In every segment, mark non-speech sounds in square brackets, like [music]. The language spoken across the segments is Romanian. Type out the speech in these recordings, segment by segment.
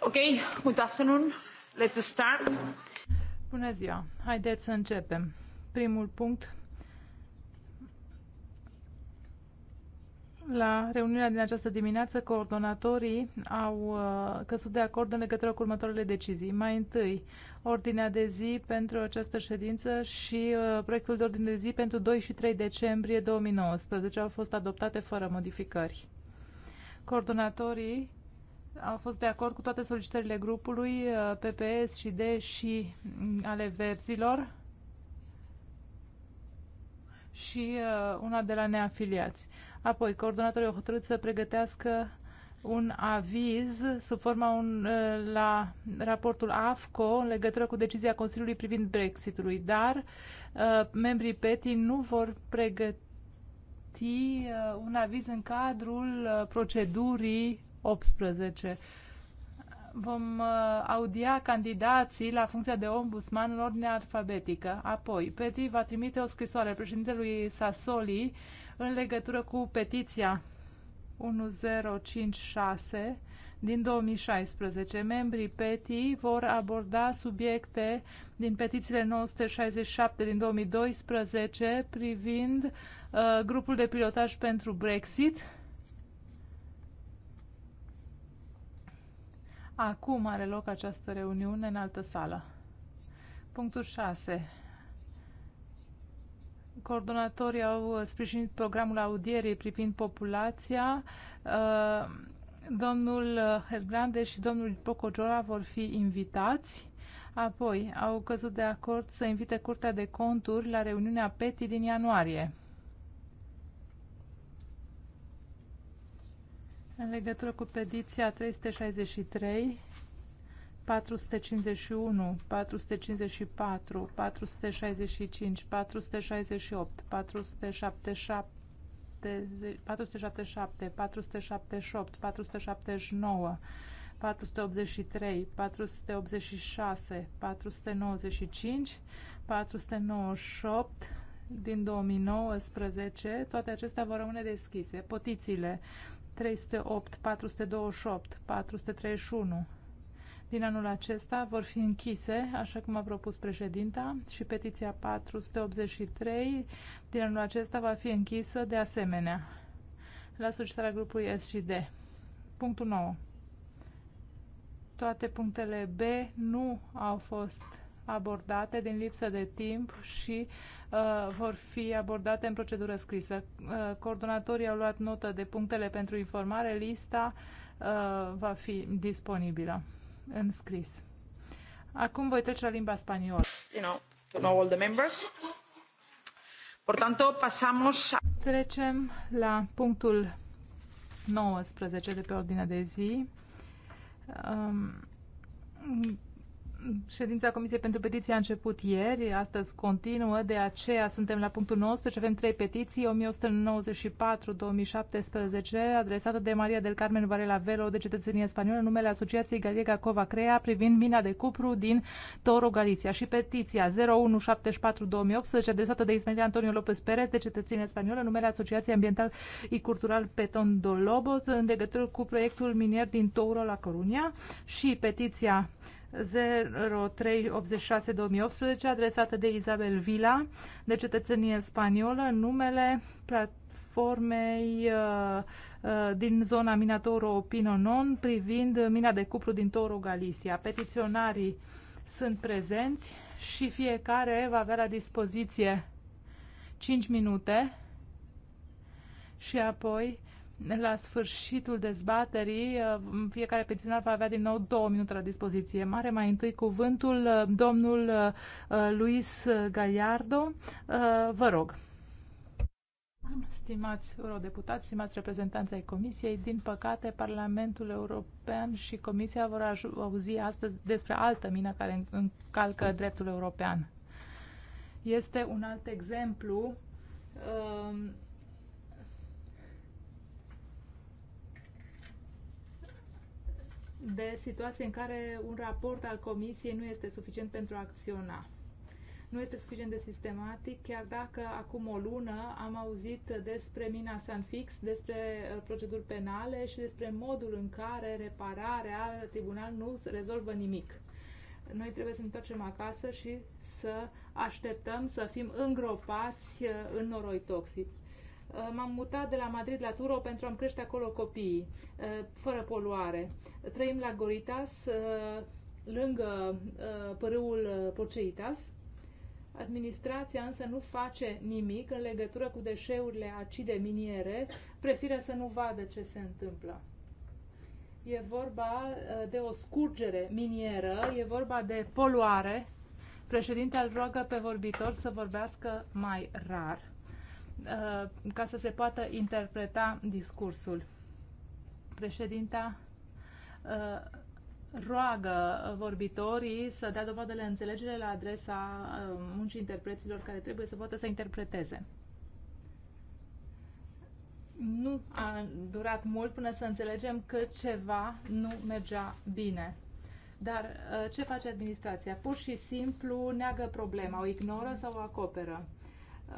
Ok, good afternoon. Let's start. Bună ziua. Haideți să începem. Primul punct La reuniunea din această dimineață, coordonatorii au uh, căsut de acord în legătură cu următoarele decizii. Mai întâi, ordinea de zi pentru această ședință și uh, proiectul de ordine de zi pentru 2 și 3 decembrie 2019 au fost adoptate fără modificări. Coordonatorii au fost de acord cu toate solicitările grupului uh, PPS și D și mm, ale verzilor și uh, una de la neafiliați. Apoi, coordonatorii au hotărât să pregătească un aviz sub forma un, uh, la raportul AFCO în legătură cu decizia Consiliului privind Brexitului, dar uh, membrii PETI nu vor pregăti un aviz în cadrul procedurii 2018. Vom uh, audia candidații la funcția de ombudsman în ordine alfabetică. Apoi, Petri va trimite o scrisoare președintelui Sassoli în legătură cu petiția 1056 din 2016. Membrii PETI vor aborda subiecte din petițiile 967 din 2012 privind uh, grupul de pilotaj pentru Brexit Acum are loc această reuniune în altă sală. Punctul 6. Coordonatorii au sprijinit programul audierii privind populația. Uh, domnul Hergrande și domnul Pocojora vor fi invitați. Apoi au căzut de acord să invite Curtea de Conturi la reuniunea PETI din ianuarie. în legătură cu petiția 363, 451, 454, 465, 468, 477, 477, 478, 479, 483, 486, 495, 498 din 2019, toate acestea vor rămâne deschise. Potițiile 308, 428, 431 din anul acesta vor fi închise, așa cum a propus președinta, și petiția 483 din anul acesta va fi închisă de asemenea la solicitarea grupului S și D. Punctul 9. Toate punctele B nu au fost abordate din lipsă de timp și uh, vor fi abordate în procedură scrisă. Uh, coordonatorii au luat notă de punctele pentru informare. Lista uh, va fi disponibilă în scris. Acum voi trece la limba spaniolă. You know, all the members. Por tanto, pasamos a... Trecem la punctul 19 de pe ordinea de zi. Um, Ședința Comisiei pentru Petiții a început ieri, astăzi continuă, de aceea suntem la punctul 19, avem trei petiții, 1194-2017, adresată de Maria del Carmen Varela Velo, de cetățenie spaniolă, numele Asociației Gallega Cova Crea, privind mina de cupru din Toro, Galicia, și petiția 0174-2018, adresată de Ismail Antonio López Perez, de cetățenie spaniolă, numele Asociației Ambiental și Cultural Peton Dolobos, în legătură cu proiectul minier din Toro la Corunia, și petiția 0386-2018, adresată de Isabel Vila, de cetățenie spaniolă, numele platformei uh, uh, din zona Mina Toro Pinonon privind mina de cupru din Toro Galicia. Petiționarii sunt prezenți și fiecare va avea la dispoziție 5 minute și apoi la sfârșitul dezbaterii, uh, fiecare pensionar va avea din nou două minute la dispoziție. Mare mai întâi cuvântul uh, domnul uh, Luis Gallardo. Vă rog. Stimați eurodeputați, stimați reprezentanți ai Comisiei, din păcate Parlamentul European și Comisia vor auzi astăzi despre altă mină care încalcă dreptul european. Este un alt exemplu uh, de situații în care un raport al Comisiei nu este suficient pentru a acționa. Nu este suficient de sistematic, chiar dacă acum o lună am auzit despre mina Sanfix, despre uh, proceduri penale și despre modul în care repararea tribunal nu rezolvă nimic. Noi trebuie să ne întoarcem acasă și să așteptăm să fim îngropați uh, în noroi toxic Uh, m-am mutat de la Madrid la Turo pentru a-mi crește acolo copiii, uh, fără poluare. Trăim la Goritas, uh, lângă părâul Poceitas. Administrația însă nu face nimic în legătură cu deșeurile acide miniere, preferă să nu vadă ce se întâmplă. E vorba de o scurgere minieră, e vorba de poluare. Președintele roagă pe vorbitor să vorbească mai rar. Uh, ca să se poată interpreta discursul. Președinta uh, roagă vorbitorii să dea dovadă de înțelegere la adresa uh, muncii interpreților care trebuie să poată să interpreteze. Nu a durat mult până să înțelegem că ceva nu mergea bine. Dar ce face administrația? Pur și simplu neagă problema, o ignoră sau o acoperă.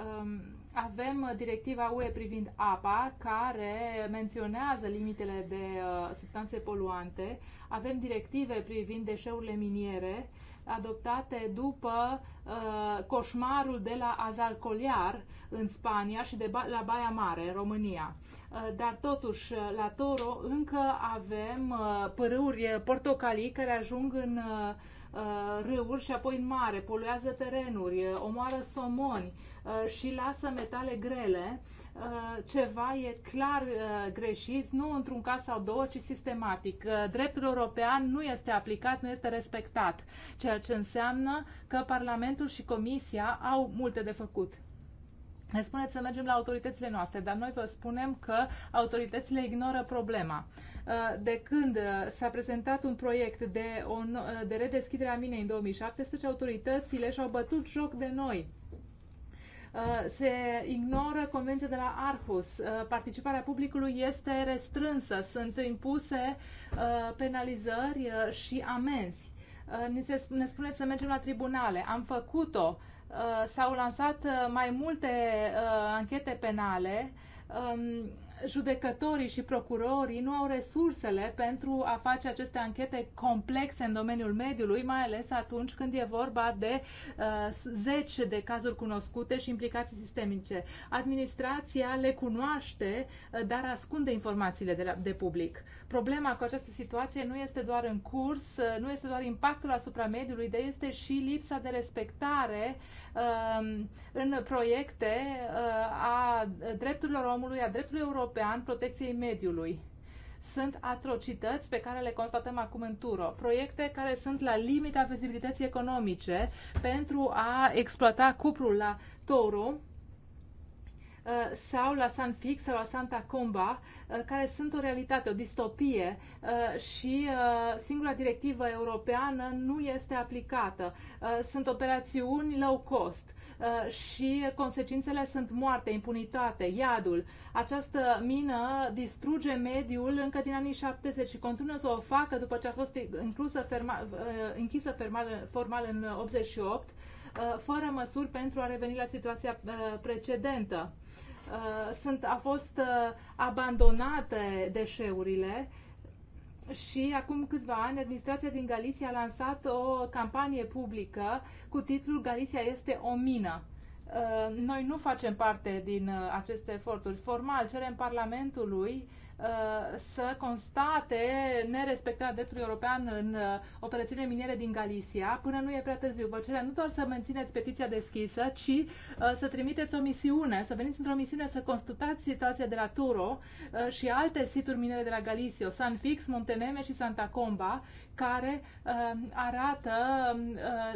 Um, avem directiva UE privind apa, care menționează limitele de uh, substanțe poluante. Avem directive privind deșeurile miniere, adoptate după uh, coșmarul de la Azalcoliar în Spania și de ba la Baia Mare, în România. Uh, dar totuși, la Toro încă avem uh, pârâuri portocalii care ajung în râuri și apoi în mare, poluează terenuri, omoară somoni, Uh, și lasă metale grele, uh, ceva e clar uh, greșit, nu într-un caz sau două, ci sistematic. Dreptul european nu este aplicat, nu este respectat, ceea ce înseamnă că Parlamentul și Comisia au multe de făcut. Ne spuneți să mergem la autoritățile noastre, dar noi vă spunem că autoritățile ignoră problema. De când s-a prezentat un proiect de, o, de redeschidere a minei în 2017, autoritățile și-au bătut joc de noi Uh, se ignoră convenția de la Arhus. Uh, participarea publicului este restrânsă. Sunt impuse uh, penalizări și amenzi. Ne spuneți să mergem la tribunale. Am făcut-o. S-au lansat mai multe anchete penale um, judecătorii și procurorii nu au resursele pentru a face aceste anchete complexe în domeniul mediului, mai ales atunci când e vorba de uh, zece de cazuri cunoscute și implicații sistemice. Administrația le cunoaște, uh, dar ascunde informațiile de, la, de public. Problema cu această situație nu este doar în curs, uh, nu este doar impactul asupra mediului, dar este și lipsa de respectare uh, în proiecte uh, a drepturilor omului, a dreptului european European Protecției Mediului. Sunt atrocități pe care le constatăm acum în Turo, proiecte care sunt la limita vizibilității economice pentru a exploata cuprul la Toro, uh, sau la San Fix sau la Santa Comba, uh, care sunt o realitate, o distopie uh, și singura directivă europeană nu este aplicată. Sunt operațiuni low cost Uh, și consecințele sunt moarte, impunitate, iadul. Această mină distruge mediul încă din anii 70 și continuă să o facă după ce a fost inclusă ferma, uh, închisă formal, formal în 88, uh, fără măsuri pentru a reveni la situația precedentă. Sunt, a fost abandonate deșeurile și acum câțiva ani, administrația din Galicia a lansat o campanie publică cu titlul Galicia este o mină. Uh, noi nu facem parte din uh, aceste eforturi. Formal cerem Parlamentului uh, Uh, să constate nerespectarea dreptului european în uh, operațiunile miniere din Galicia până nu e prea târziu. Vă cerem nu doar să mențineți petiția deschisă, ci uh, să trimiteți o misiune, să veniți într-o misiune să constatați situația de la Turo și alte situri miniere de la Galicia, San Fix, Monteneme și Santa Comba, care uh, arată uh,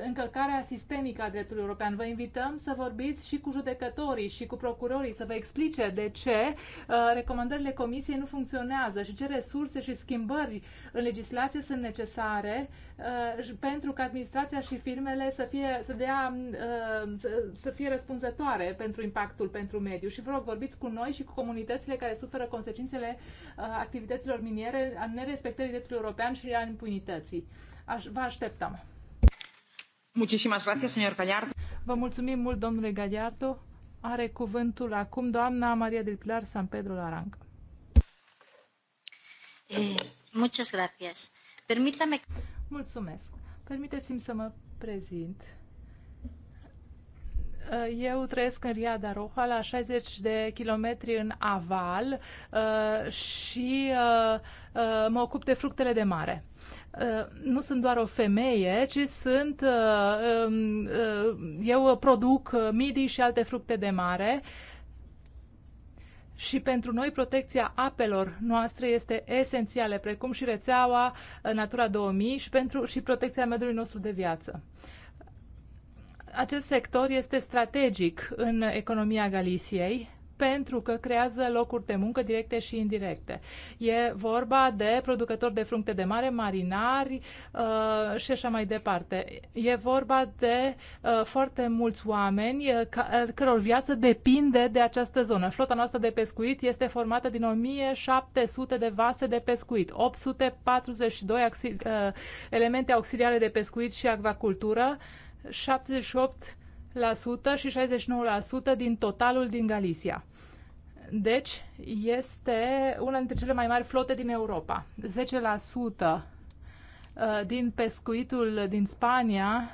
încălcarea sistemică a dreptului european. Vă invităm să vorbiți și cu judecătorii și cu procurorii, să vă explice de ce uh, recomandările Comisiei nu funcționează și ce resurse și schimbări în legislație sunt necesare pentru ca administrația și firmele să fie, să dea, să fie răspunzătoare pentru impactul pentru mediu. Și vă rog, vorbiți cu noi și cu comunitățile care suferă consecințele activităților miniere, a nerespectării dreptului european și a impunității mobilității. Aș, vă așteptăm! Muchísimas gracias, señor Gallardo. Vă mulțumim mult, domnule Gallardo. Are cuvântul acum doamna Maria del Pilar San Pedro Laranca. Eh, muchas gracias. Permítame... Mulțumesc. Permiteți-mi să mă prezint. Eh, eu trăiesc în Riada Roja, la 60 de kilometri în aval eh, și mă ocup de fructele de mare. Uh, nu sunt doar o femeie, ci sunt, uh, um, uh, eu produc midi și alte fructe de mare și pentru noi protecția apelor noastre este esențială, precum și rețeaua Natura 2000 și, pentru, și protecția mediului nostru de viață. Acest sector este strategic în economia Galiciei pentru că creează locuri de muncă directe și indirecte. E vorba de producători de fructe de mare, marinari uh, și așa mai departe. E vorba de uh, foarte mulți oameni uh, uh căror viață depinde de această zonă. Flota noastră de pescuit este formată din 1700 de vase de pescuit, 842 auxil- uh, elemente auxiliare de pescuit și acvacultură, 78 și 69% din totalul din Galicia. Deci, este una dintre cele mai mari flote din Europa. 10% uh, din pescuitul din Spania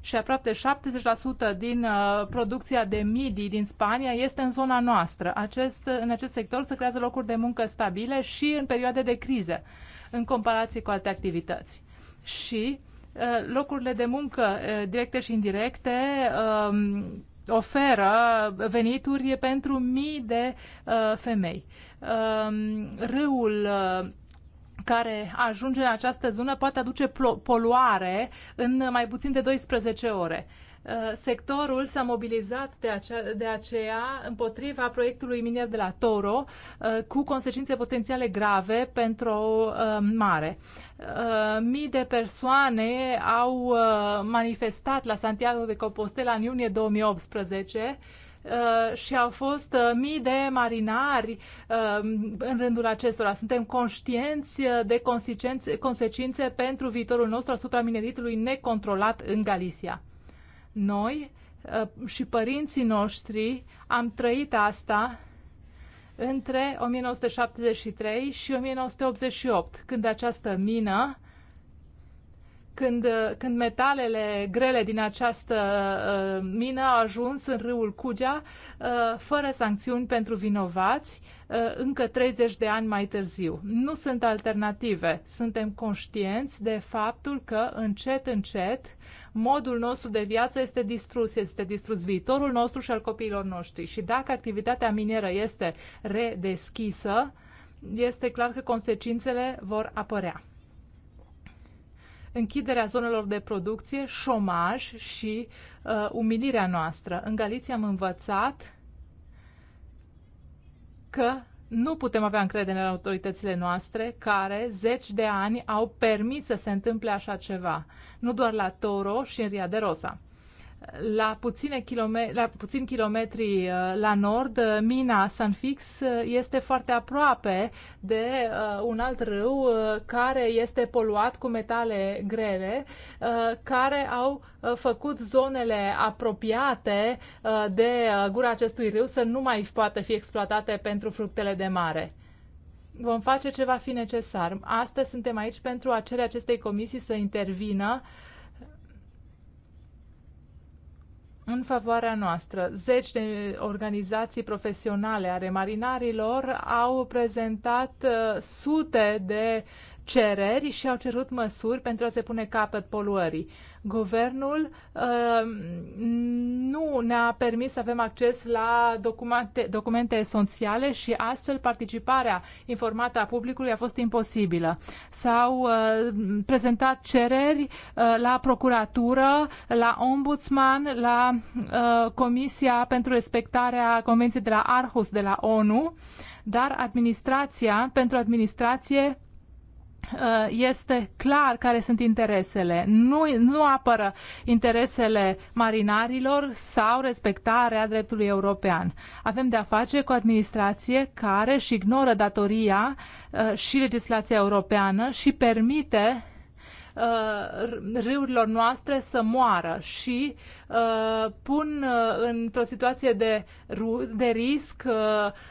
și aproape 70% din uh, producția de midi din Spania este în zona noastră. Acest, în acest sector se creează locuri de muncă stabile și în perioade de crize, în comparație cu alte activități. Și Eh, locurile de muncă eh, directe și indirecte ehm, oferă venituri pentru mii de eh, femei. Ehm, râul care ajunge în această zonă poate aduce poluare în mai puțin de 12 ore. Uh, sectorul s-a mobilizat de, acea, de aceea împotriva proiectului minier de la Toro uh, cu consecințe potențiale grave pentru uh, mare. Mii de persoane au manifestat la Santiago de Compostela în iunie 2018 și au fost mii de marinari în rândul acestora. Suntem conștienți de consecințe, consecințe pentru viitorul nostru asupra mineritului necontrolat în Galicia. Noi uh, și părinții noștri am trăit asta între 1973 și 1988, când această mină când, când metalele grele din această uh, mină au ajuns în râul Cugea, uh, fără sancțiuni pentru vinovați, uh, încă 30 de ani mai târziu. Nu sunt alternative. Suntem conștienți de faptul că, încet, încet, modul nostru de viață este distrus, este distrus viitorul nostru și al copiilor noștri. Și dacă activitatea minieră este redeschisă, este clar că consecințele vor apărea închiderea zonelor de producție, șomaj și uh, umilirea noastră. În Galiția am învățat că nu putem avea încredere în autoritățile noastre care zeci de ani au permis să se întâmple așa ceva, nu doar la Toro și în Ria de Rosa. La, puține kilome- la puțin kilometri uh, la nord, uh, mina Sanfix uh, este foarte aproape de un alt râu care este poluat cu metale grele, care au făcut zonele apropiate de gura acestui râu să nu mai poată fi exploatate pentru fructele de mare vom face ce va fi necesar. Astăzi suntem aici pentru a cere acestei comisii să intervină în favoarea noastră. Zeci de organizații profesionale ale marinarilor au prezentat uh, sute de cereri și au cerut măsuri pentru a se pune capăt poluării. Guvernul uh, nu ne-a permis să avem acces la documente, documente esențiale și astfel participarea informată a publicului a fost imposibilă. S-au uh, prezentat cereri uh, la procuratură, la ombudsman, la uh, Comisia pentru respectarea Convenției de la Arhus de la ONU, dar administrația, pentru administrație, Uh, este clar care sunt interesele. Nu, nu apără interesele marinarilor sau respectarea dreptului european. Avem de-a face cu administrație care își ignoră datoria uh, și legislația europeană și permite Uh, râurilor noastre să moară și uh, pun uh, într-o situație de, de risc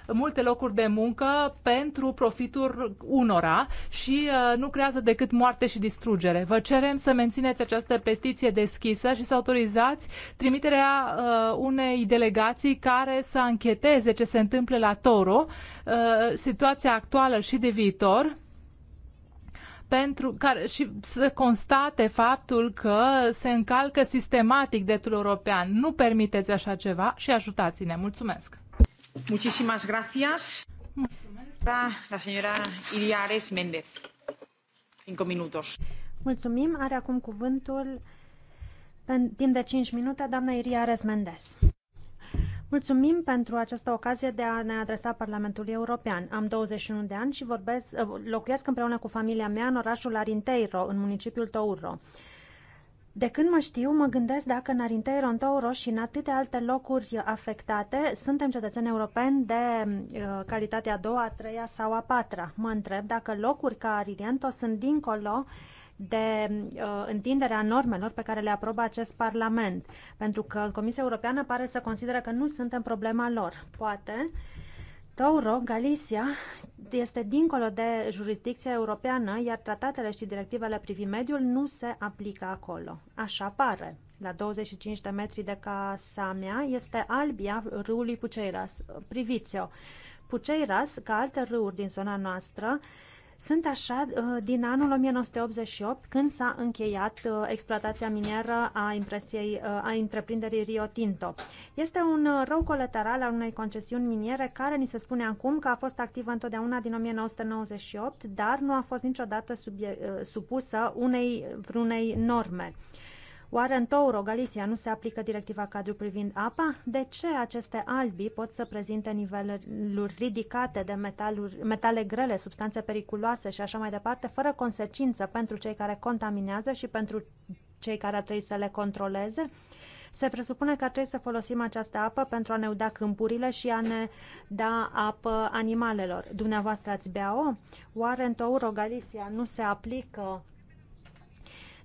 multe locuri de muncă pentru profitul unora și nu creează decât moarte și distrugere. Vă cerem să mențineți această pestiție deschisă și să autorizați trimiterea unei delegații care să încheteze ce se întâmplă la Toro, situația actuală și de viitor pentru care, și să constate faptul că se încalcă sistematic dreptul european. Nu permiteți așa ceva și ajutați-ne. Mulțumesc! Muchísimas gracias. Mulțumesc. La, señora Iriares Méndez, Cinco minutos. Mulțumim. Are acum cuvântul în timp de 5 minute, doamna Iria Méndez. Mulțumim pentru această ocazie de a ne adresa Parlamentului European. Am 21 de ani și vorbesc, locuiesc împreună cu familia mea în orașul Arinteiro, în municipiul Touro. De când mă știu, mă gândesc dacă în Arinteiro, în Touro și în atâtea alte locuri afectate suntem cetățeni europeni de uh, calitatea a doua, a treia sau a patra. Mă întreb dacă locuri ca Aririento sunt dincolo de uh, întinderea normelor pe care le aprobă acest Parlament, pentru că Comisia Europeană pare să consideră că nu suntem problema lor. Poate Tauro, Galicia, este dincolo de jurisdicția europeană, iar tratatele și directivele privind mediul nu se aplică acolo. Așa pare. La 25 de metri de casa mea este albia râului Puceiras. Priviți-o. Puceiras, ca alte râuri din zona noastră, uh, sunt așa uh, din anul 1988, când s-a încheiat uh, exploatația minieră a, impresiei, uh, a întreprinderii Rio Tinto. Este un rău colateral al unei concesiuni miniere care ni se spune acum că a fost activă întotdeauna din 1998, dar nu a fost niciodată subie, supusă unei, unei norme. Oare în Touro, Galicia, nu se aplică directiva cadru privind apa? De ce aceste albi pot să prezinte niveluri ridicate de metaluri, metale grele, substanțe periculoase și așa mai departe, fără consecință pentru cei care contaminează și pentru cei care ar trebui să le controleze? Se presupune că trebuie să folosim această apă pentru a ne uda câmpurile și a ne da apă animalelor. Dumneavoastră ați bea-o? Oare în Touro, Galicia, nu se aplică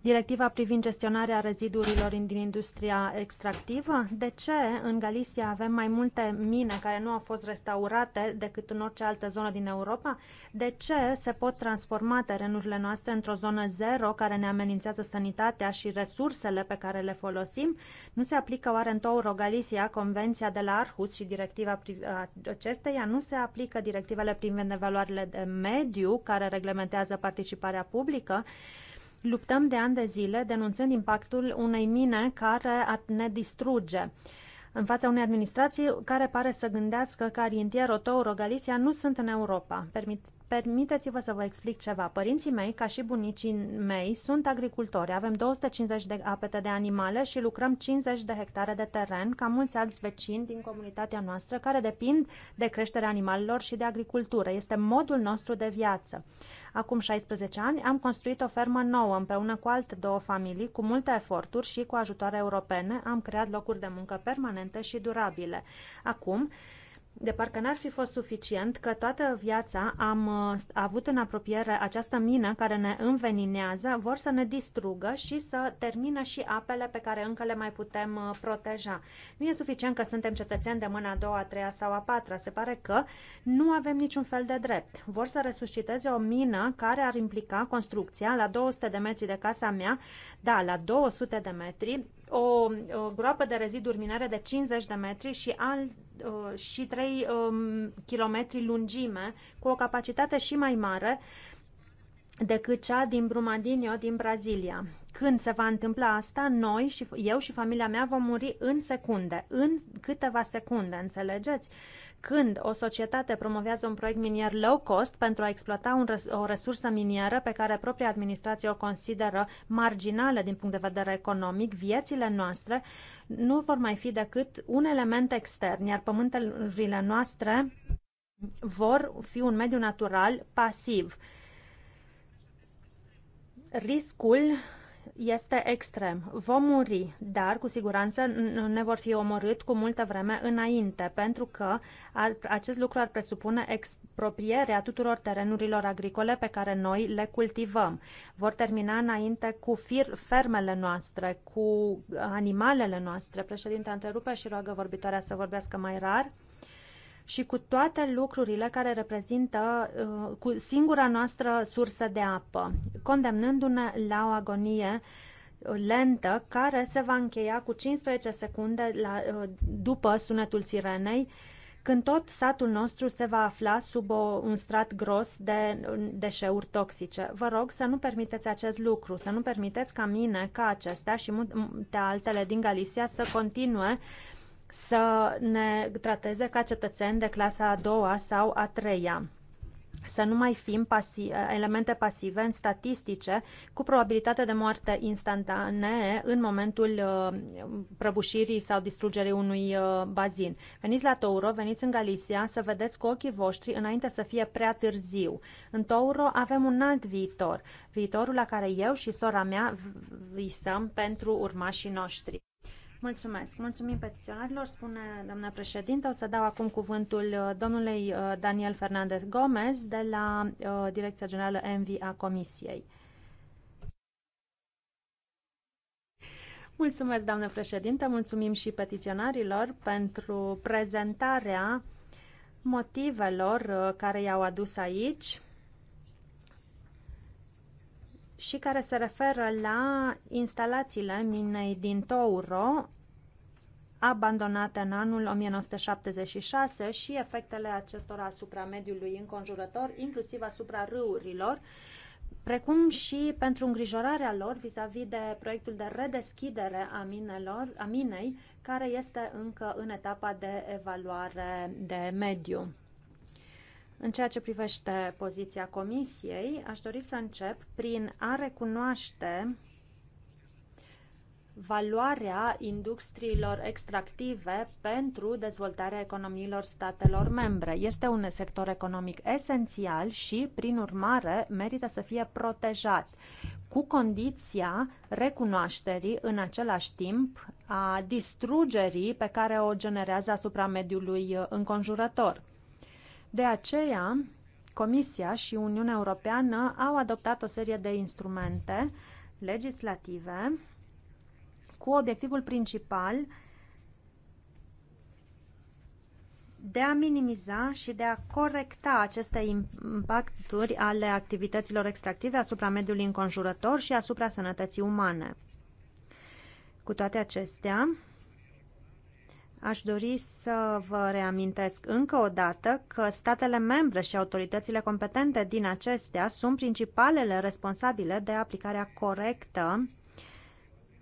Directiva privind gestionarea rezidurilor din industria extractivă? De ce în Galicia avem mai multe mine care nu au fost restaurate decât în orice altă zonă din Europa? De ce se pot transforma terenurile noastre într-o zonă zero care ne amenințează sănătatea și resursele pe care le folosim? Nu se aplică oare în Touro Galicia Convenția de la Arhus și directiva acesteia? Nu se aplică directivele privind evaluările de mediu care reglementează participarea publică? Luptăm de ani de zile denunțând impactul unei mine care ne distruge în fața unei administrații care pare să gândească că Arientiero, Rotou, Galicia nu sunt în Europa. Permit Permiteți-vă să vă explic ceva. Părinții mei, ca și bunicii mei, sunt agricultori. Avem 250 de apete de animale și lucrăm 50 de hectare de teren, ca mulți alți vecini din comunitatea noastră, care depind de creșterea animalelor și de agricultură. Este modul nostru de viață. Acum 16 ani am construit o fermă nouă împreună cu alte două familii, cu multe eforturi și cu ajutoare europene am creat locuri de muncă permanente și durabile. Acum, de parcă n-ar fi fost suficient că toată viața am uh, avut în apropiere această mină care ne înveninează, vor să ne distrugă și să termină și apele pe care încă le mai putem uh, proteja. Nu e suficient că suntem cetățeni de mâna a doua, a treia sau a patra. Se pare că nu avem niciun fel de drept. Vor să resusciteze o mină care ar implica construcția la 200 de metri de casa mea, da, la 200 de metri, o, o groapă de reziduri minere de 50 de metri și alt Uh, și 3 um, km lungime, cu o capacitate și mai mare decât cea din Brumadinho din Brazilia. Când se va întâmpla asta, noi și eu și familia mea vom muri în secunde, în câteva secunde, înțelegeți? când o societate promovează un proiect minier low cost pentru a exploata un res- o resursă minieră pe care propria administrație o consideră marginală din punct de vedere economic, viețile noastre nu vor mai fi decât un element extern, iar pământurile noastre vor fi un mediu natural pasiv. Riscul este extrem. Vom muri, dar cu siguranță ne vor fi omorât cu multă vreme înainte, pentru că ar, acest lucru ar presupune exproprierea tuturor terenurilor agricole pe care noi le cultivăm. Vor termina înainte cu fir, fermele noastre, cu animalele noastre. Președinte, întrerupe și roagă vorbitoarea să vorbească mai rar și cu toate lucrurile care reprezintă uh, cu singura noastră sursă de apă, condamnându-ne la o agonie uh, lentă care se va încheia cu 15 secunde la, uh, după sunetul sirenei, când tot satul nostru se va afla sub o, un strat gros de deșeuri toxice. Vă rog să nu permiteți acest lucru, să nu permiteți ca mine, ca acestea și multe altele din Galicia să continue să ne trateze ca cetățeni de clasa a doua sau a treia să nu mai fim pasi- elemente pasive în statistice cu probabilitate de moarte instantanee în momentul uh, prăbușirii sau distrugerii unui uh, bazin. Veniți la Touro, veniți în Galicia să vedeți cu ochii voștri înainte să fie prea târziu. În Touro avem un alt viitor, viitorul la care eu și sora mea visăm pentru urmașii noștri. Mulțumesc. Mulțumim petiționarilor, spune doamna președinte. O să dau acum cuvântul uh, domnului uh, Daniel Fernandez Gomez de la uh, Direcția Generală ENVI a Comisiei. Mulțumesc, doamnă președinte, mulțumim și petiționarilor pentru prezentarea motivelor care i-au adus aici și care se referă la instalațiile minei din Touro, abandonate în anul 1976 și efectele acestora asupra mediului înconjurător, inclusiv asupra râurilor, precum și pentru îngrijorarea lor vis-a-vis -vis de proiectul de redeschidere a, minelor, a minei, care este încă în etapa de evaluare de mediu. În ceea ce privește poziția Comisiei, aș dori să încep prin a recunoaște valoarea industriilor extractive pentru dezvoltarea economiilor statelor membre. Este un sector economic esențial și, prin urmare, merită să fie protejat cu condiția recunoașterii în același timp a distrugerii pe care o generează asupra mediului înconjurător. De aceea, Comisia și Uniunea Europeană au adoptat o serie de instrumente legislative cu obiectivul principal de a minimiza și de a corecta aceste impacturi ale activităților extractive asupra mediului înconjurător și asupra sănătății umane. Cu toate acestea, Aș dori să vă reamintesc încă o dată că statele membre și autoritățile competente din acestea sunt principalele responsabile de aplicarea corectă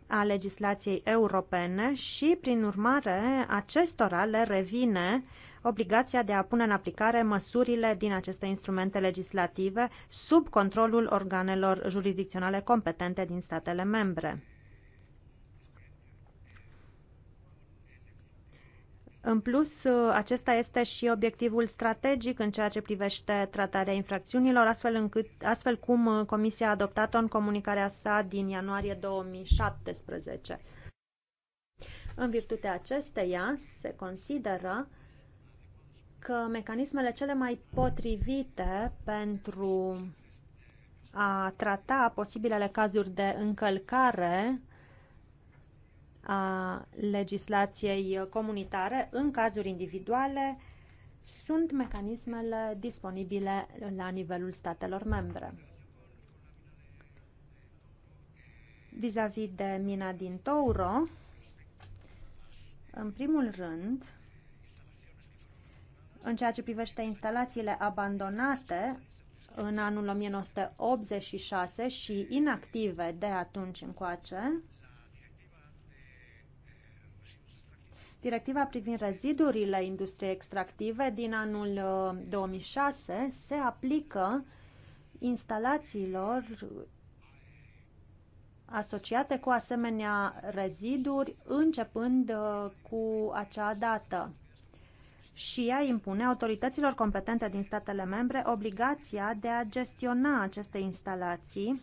a legislației europene și, prin urmare, acestora le revine obligația de a pune în aplicare măsurile din aceste instrumente legislative sub controlul organelor jurisdicționale competente din statele membre. În plus, acesta este și obiectivul strategic în ceea ce privește tratarea infracțiunilor, astfel, încât, astfel cum Comisia a adoptat-o în comunicarea sa din ianuarie 2017. În virtutea acesteia, se consideră că mecanismele cele mai potrivite pentru a trata posibilele cazuri de încălcare a legislației comunitare în cazuri individuale sunt mecanismele disponibile la nivelul statelor membre. Vis-a-vis -vis de mina din Touro, în primul rând, în ceea ce privește instalațiile abandonate în anul 1986 și inactive de atunci încoace, Directiva privind rezidurile industriei extractive din anul 2006 uh, se aplică instalațiilor asociate cu asemenea reziduri începând uh, cu acea dată și ea impune autorităților competente din statele membre obligația de a gestiona aceste instalații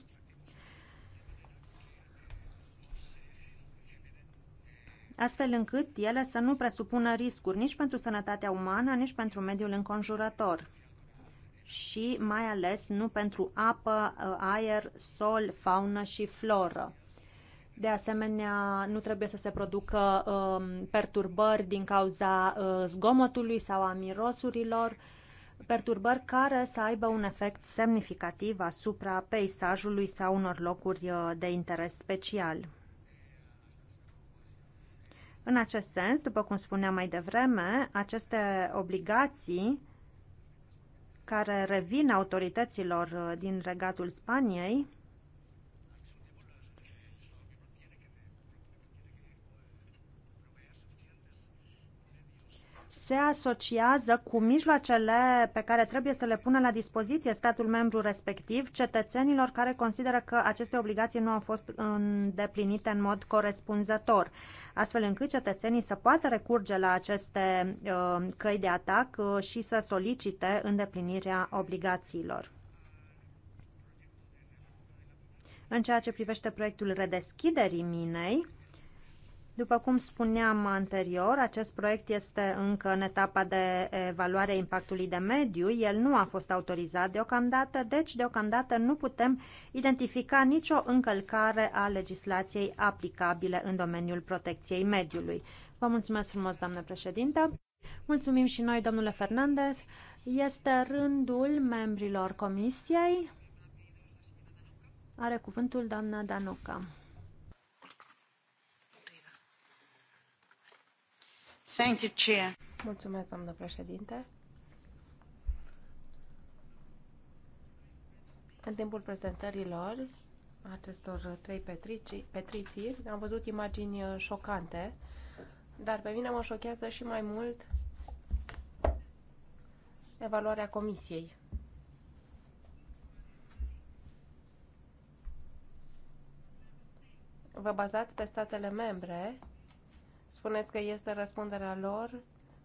astfel încât ele să nu presupună riscuri nici pentru sănătatea umană, nici pentru mediul înconjurător și mai ales nu pentru apă, aer, sol, faună și floră. De asemenea, nu trebuie să se producă um, perturbări din cauza uh, zgomotului sau a mirosurilor, perturbări care să aibă un efect semnificativ asupra peisajului sau unor locuri uh, de interes special. În acest sens, după cum spuneam mai devreme, aceste obligații care revin autorităților uh, din regatul Spaniei se asociază cu mijloacele pe care trebuie să le pună la dispoziție statul membru respectiv cetățenilor care consideră că aceste obligații nu au fost îndeplinite în mod corespunzător, astfel încât cetățenii să poată recurge la aceste uh, căi de atac uh, și să solicite îndeplinirea obligațiilor. În ceea ce privește proiectul redeschiderii minei, după cum spuneam anterior, acest proiect este încă în etapa de evaluare a impactului de mediu. El nu a fost autorizat deocamdată, deci deocamdată nu putem identifica nicio încălcare a legislației aplicabile în domeniul protecției mediului. Vă mulțumesc frumos, doamnă președintă. Mulțumim și noi, domnule Fernandez. Este rândul membrilor comisiei. Are cuvântul doamna Danuca. În timpul prezentărilor acestor trei petriții, am văzut imagini uh, șocante, dar pe mine mă șochează și mai mult evaluarea comisiei. Vă bazați pe statele membre spuneți că este răspunderea lor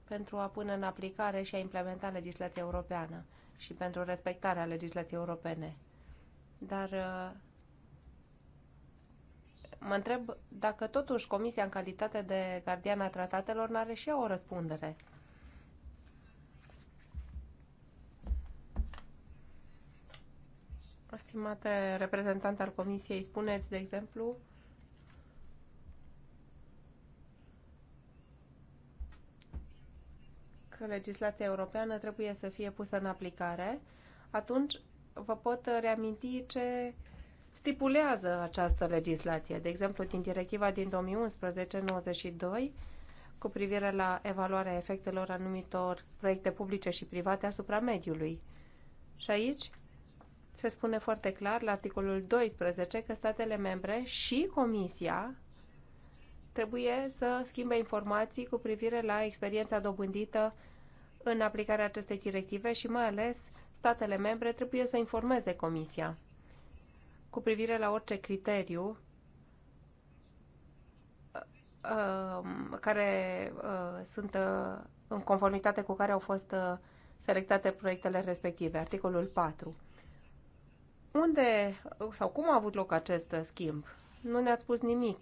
pentru a pune în aplicare și a implementa legislația europeană și pentru respectarea legislației europene. Dar uh, mă întreb dacă totuși Comisia în calitate de a tratatelor n-are și ea o răspundere. Stimate reprezentant al Comisiei, spuneți, de exemplu, legislația europeană trebuie să fie pusă în aplicare, atunci vă pot reaminti ce stipulează această legislație. De exemplu, din directiva din 2011-92, cu privire la evaluarea efectelor anumitor proiecte publice și private asupra mediului. Și aici se spune foarte clar la articolul 12 că statele membre și Comisia trebuie să schimbe informații cu privire la experiența dobândită în aplicarea acestei directive și mai ales statele membre trebuie să informeze Comisia cu privire la orice criteriu uh, care uh, sunt uh, în conformitate cu care au fost selectate proiectele respective, articolul 4. Unde sau cum a avut loc acest schimb? Nu ne-ați spus nimic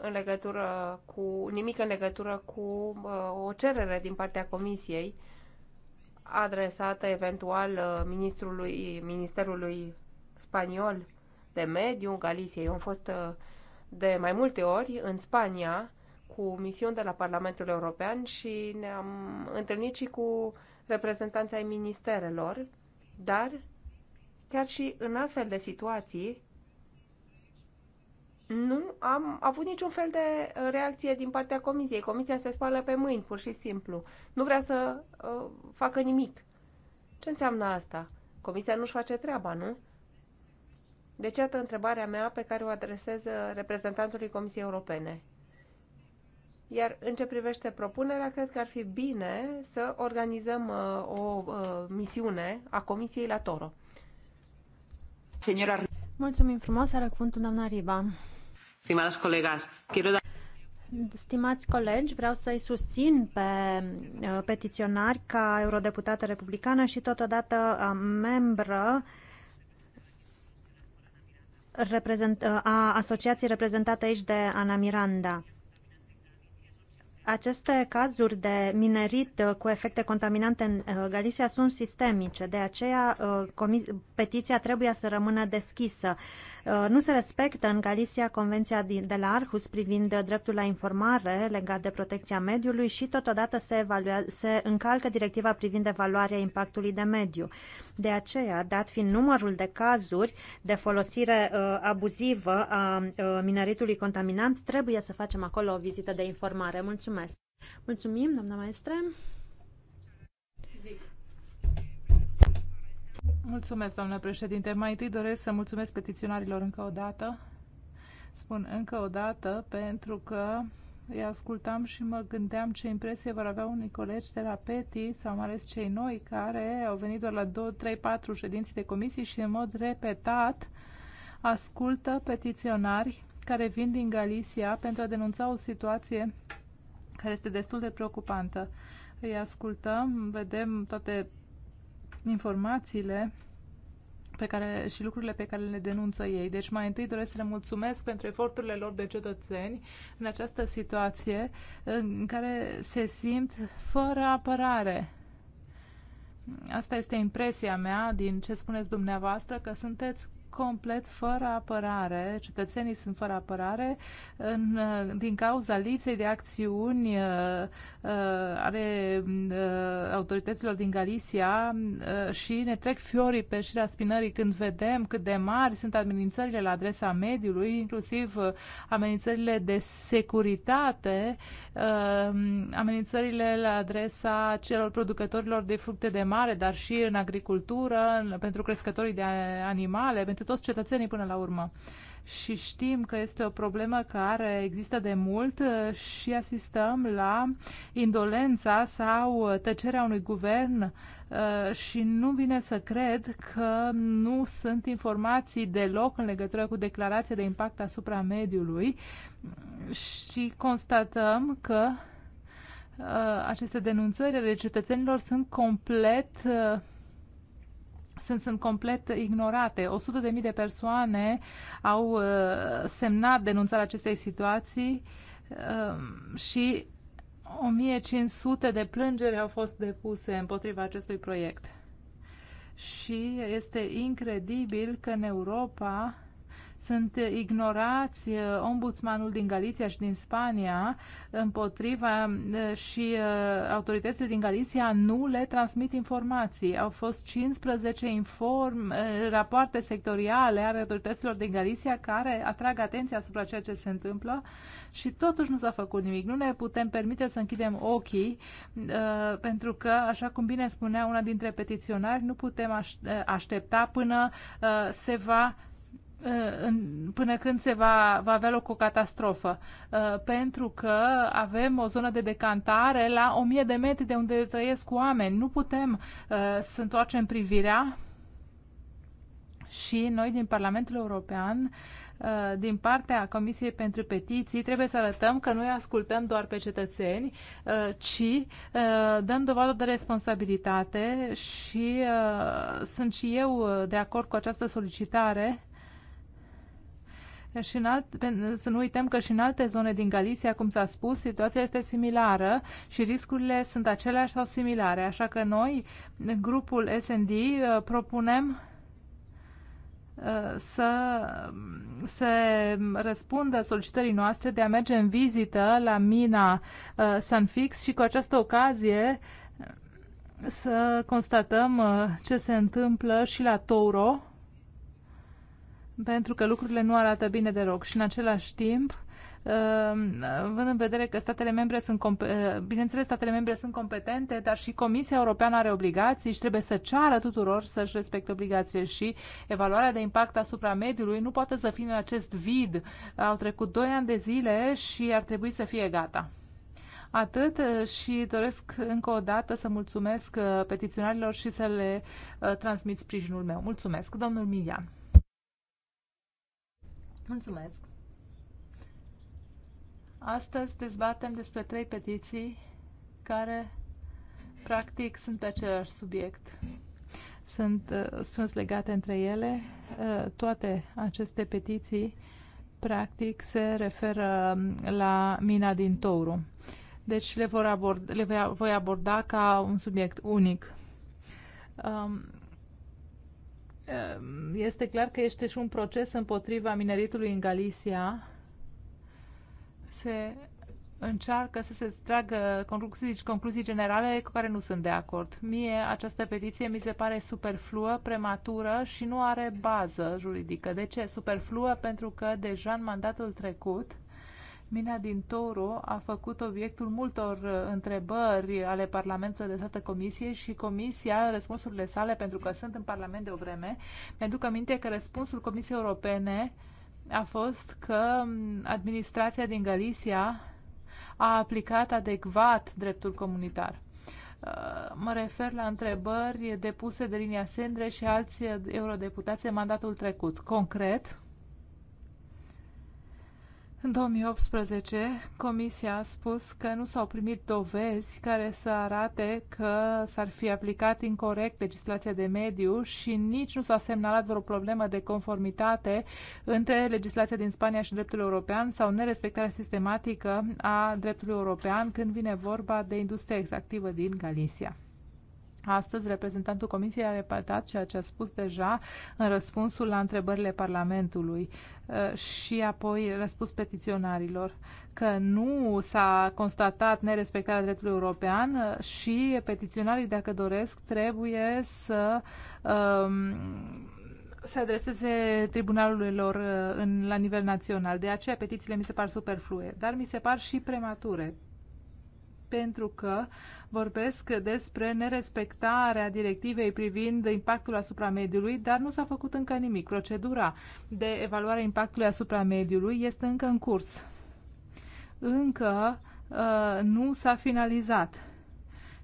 în legătură cu nimic în legătură cu uh, o cerere din partea Comisiei adresată eventual uh, ministrului, Ministerului Spaniol de Mediu, Galicia. Eu am fost uh, de mai multe ori în Spania cu misiuni de la Parlamentul European și ne-am întâlnit și cu reprezentanța ai ministerelor, dar chiar și în astfel de situații nu am avut niciun fel de reacție din partea comisiei. Comisia se spală pe mâini, pur și simplu. Nu vrea să uh, facă nimic. Ce înseamnă asta? Comisia nu-și face treaba, nu? Deci, iată întrebarea mea pe care o adresez uh, reprezentantului Comisiei Europene. Iar în ce privește propunerea, cred că ar fi bine să organizăm uh, o uh, misiune a Comisiei la Toro. Senora... Mulțumim frumos, are cuvântul doamna Riba. Stimați colegi, vreau să-i susțin pe uh, petiționari ca eurodeputată republicană și totodată uh, membră uh, a asociației reprezentată aici de Ana Miranda. Aceste cazuri de minerit uh, cu efecte contaminante în uh, Galicia sunt sistemice, de aceea uh, petiția trebuie să rămână deschisă. Nu se respectă în Galicia Convenția de la Arhus privind dreptul la informare legat de protecția mediului și totodată se, evaluea, se încalcă directiva privind evaluarea impactului de mediu. De aceea, dat fiind numărul de cazuri de folosire abuzivă a mineritului contaminant, trebuie să facem acolo o vizită de informare. Mulțumesc! Mulțumesc! Mulțumim, doamna maestre! Mulțumesc, doamnă președinte. Mai întâi doresc să mulțumesc petiționarilor încă o dată. Spun încă o dată pentru că îi ascultam și mă gândeam ce impresie vor avea unii colegi de la PETI sau mai ales cei noi care au venit doar la 2, 3, 4 ședințe de comisii și în mod repetat ascultă petiționari care vin din Galicia pentru a denunța o situație care este destul de preocupantă. Îi ascultăm, vedem toate informațiile pe care, și lucrurile pe care le denunță ei. Deci mai întâi doresc să le mulțumesc pentru eforturile lor de cetățeni în această situație în care se simt fără apărare. Asta este impresia mea din ce spuneți dumneavoastră, că sunteți complet fără apărare, cetățenii sunt fără apărare în, din cauza lipsei de acțiuni uh, uh, ale uh, autorităților din Galicia uh, și ne trec fiorii pe șirea spinării când vedem cât de mari sunt amenințările la adresa mediului, inclusiv uh, amenințările de securitate, uh, amenințările la adresa celor producătorilor de fructe de mare, dar și în agricultură, în, pentru crescătorii de animale, pentru toți cetățenii până la urmă. Și știm că este o problemă care există de mult uh, și asistăm la indolența sau uh, tăcerea unui guvern uh, și nu vine să cred că nu sunt informații deloc în legătură cu declarația de impact asupra mediului și constatăm că aceste denunțări ale cetățenilor sunt complet uh, sunt, sunt complet ignorate. 100.000 de persoane au uh, semnat denunțarea acestei situații um, și 1500 de plângeri au fost depuse împotriva acestui proiect. Și este incredibil că în Europa sunt ignorați uh, ombudsmanul din Galiția și din Spania împotriva uh, și uh, autoritățile din Galiția nu le transmit informații. Au fost 15 inform, rapoarte sectoriale ale autorităților din Galiția care atrag atenția asupra ceea ce se întâmplă și totuși nu s-a făcut nimic. Nu ne putem permite să închidem ochii pentru că, așa cum bine spunea una dintre petiționari, nu putem aștepta până se va Uh, până când se va, va avea loc o catastrofă. Uh, pentru că avem o zonă de decantare la 1000 de metri de unde trăiesc oameni. Nu putem uh, să întoarcem privirea și noi din Parlamentul European, din partea Comisiei pentru Petiții, trebuie să arătăm că noi ascultăm doar pe cetățeni, ci dăm dovadă de responsabilitate și sunt și eu de acord cu această solicitare și în alt, să nu uităm că și în alte zone din Galicia, cum s-a spus, situația este similară și riscurile sunt aceleași sau similare. Așa că noi, grupul S&D, uh, propunem uh, să se răspundă solicitării noastre de a merge în vizită la mina uh, Sanfix și cu această ocazie să constatăm ce se întâmplă și la Touro pentru că lucrurile nu arată bine deloc și în același timp um, având în vedere că statele membre sunt, uh, bineînțeles, statele membre sunt competente, dar și Comisia Europeană are obligații și trebuie să ceară tuturor să-și respecte obligațiile și evaluarea de impact asupra mediului nu poate să fie în acest vid. Au trecut 2 ani de zile și ar trebui să fie gata. Atât uh, și doresc încă o dată să mulțumesc uh, petiționarilor și să le transmit sprijinul meu. Mulțumesc, domnul Milian. Mulțumesc! Astăzi dezbatem despre trei petiții care, practic, sunt pe același subiect. Sunt uh, strâns legate între ele. Uh, toate aceste petiții, practic, se referă um, la mina din Touru. Deci le, vor aborda, le voi aborda ca un subiect unic. Um, Ehm, este clar că este și un proces împotriva mineritului în Galicia. Se încearcă să se tragă concluzii, concluzii generale cu care nu sunt de acord. Mie această petiție mi se pare superfluă, prematură și nu are bază juridică. De ce? Superfluă pentru că deja în mandatul trecut Mina din Toro a făcut obiectul multor uh, întrebări ale Parlamentului de adresate Comisie și Comisia, răspunsurile sale, pentru că sunt în Parlament de o vreme, mi-aduc aminte că răspunsul Comisiei Europene a fost că mm, administrația din Galicia a aplicat adecvat dreptul comunitar. Uh, mă refer la întrebări depuse de linia Sendre și alți uh, eurodeputați în mandatul trecut. Concret, în 2018, Comisia a spus că nu s-au primit dovezi care să arate că s-ar fi aplicat incorrect legislația de mediu și nici nu s-a semnalat vreo problemă de conformitate între legislația din Spania și dreptul european sau nerespectarea sistematică a dreptului european când vine vorba de industria extractivă din Galicia. Astăzi, reprezentantul Comisiei a repetat ceea ce a spus deja în răspunsul la întrebările Parlamentului uh, și apoi răspuns petiționarilor că nu s-a constatat nerespectarea dreptului european uh, și petiționarii, dacă doresc, trebuie să um, se adreseze lor uh, în, la nivel național. De aceea petițiile mi se par superflue, dar mi se par și premature pentru că vorbesc despre nerespectarea directivei privind impactul asupra mediului, dar nu s-a făcut încă nimic. Procedura de evaluare a impactului asupra mediului este încă în curs. Încă uh, nu s-a finalizat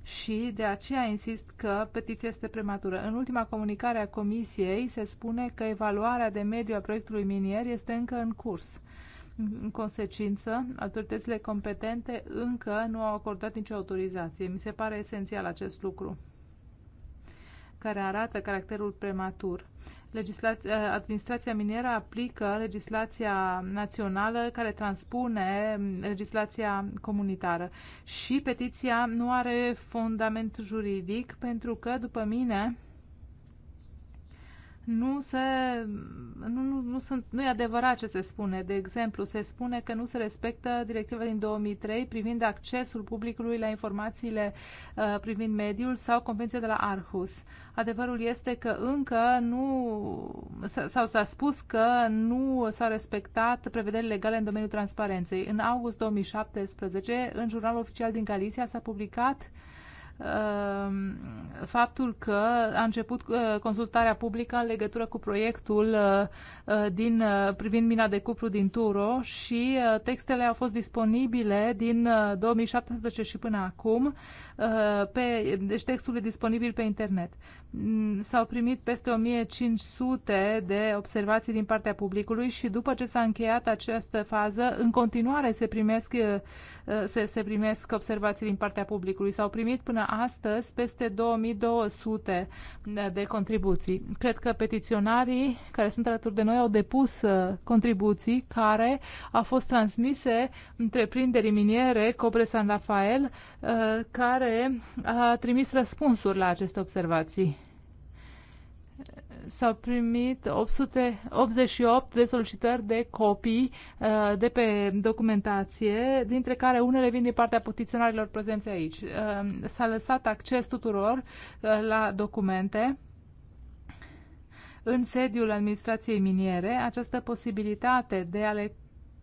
și de aceea insist că petiția este prematură. În ultima comunicare a Comisiei se spune că evaluarea de mediu a proiectului minier este încă în curs în consecință, autoritățile competente încă nu au acordat nicio autorizație. Mi se pare esențial acest lucru, care arată caracterul prematur. Legislația, eh, administrația minieră aplică legislația națională care transpune mm, legislația comunitară și petiția nu are fundament juridic pentru că, după mine, nu, se, nu, nu, nu, sunt, nu e adevărat ce se spune. De exemplu, se spune că nu se respectă directiva din 2003 privind accesul publicului la informațiile uh, privind mediul sau convenția de la Arhus. Adevărul este că încă nu, sau s-a spus că nu s-au respectat prevederile legale în domeniul transparenței. În august 2017, în jurnalul oficial din Galicia s-a publicat uh, Ehm, faptul că a început uh, consultarea publică în legătură cu proiectul uh, uh, din, privind mina de cupru din Turo și textele au fost disponibile din 2017 și până acum. Pe, deci textul e disponibil pe internet. Mm, s-au primit peste 1500 de observații din partea publicului și după ce s-a încheiat această fază, în continuare se primesc, eh, eh, se, se primesc observații din partea publicului. S-au primit până astăzi peste 2200 de contribuții. Cred că petiționarii care sunt alături de noi au depus eh, contribuții care au fost transmise întreprinderii miniere Cobre San Rafael, care a trimis răspunsuri la aceste observații s-au primit 888 de solicitări de copii uh, de pe documentație, dintre care unele vin din partea petiționarilor prezenți aici. Uh, s-a lăsat acces tuturor uh, la documente în sediul administrației miniere. Această posibilitate de a le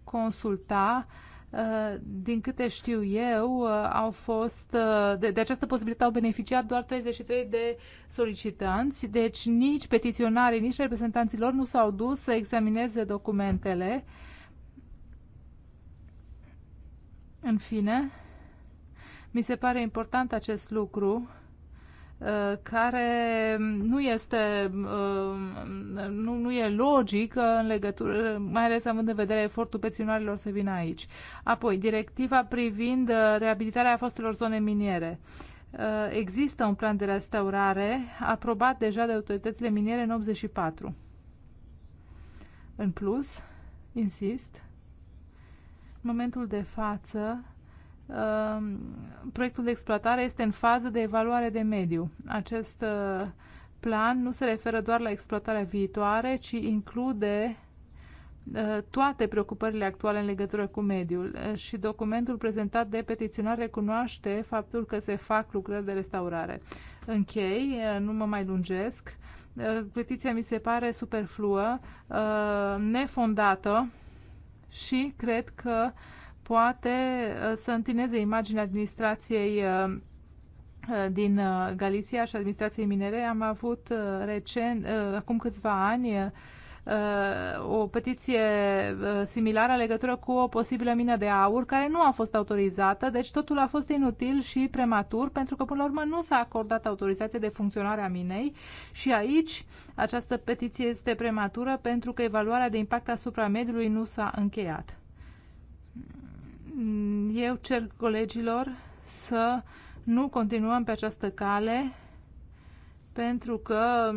consulta uh, Uh, din câte știu eu, uh, au fost, uh, de, de această posibilitate au beneficiat doar 33 de solicitanți, deci nici petiționarii, nici reprezentanții lor nu s-au dus să examineze documentele. În fine, mi se pare important acest lucru Uh, care nu este uh, nu, nu e logic în legătură, mai ales având în vedere efortul pensionarilor să vină aici. Apoi, directiva privind uh, reabilitarea fostelor zone miniere. Există un plan de restaurare aprobat deja de autoritățile miniere în 84. În plus, insist, în momentul de față Um, proiectul de exploatare este în fază de evaluare de mediu. Acest uh, plan nu se referă doar la exploatarea viitoare, ci include uh, toate preocupările actuale în legătură cu mediul uh, și documentul prezentat de petiționar recunoaște faptul că se fac lucrări de restaurare. Închei, nu mă mai lungesc. Petiția mi se pare superfluă, nefondată și cred că uh, poate uh, să întineze imaginea administrației uh, uh, din Galicia și administrației minere. Am avut recent, acum câțiva ani, o petiție similară în legătură cu o posibilă mină de aur care nu a fost autorizată, deci totul a fost inutil și prematur pentru că până la urmă nu s-a acordat autorizație de funcționare a minei și aici această petiție este prematură pentru că evaluarea de impact asupra mediului nu s-a încheiat eu cer colegilor să nu continuăm pe această cale pentru că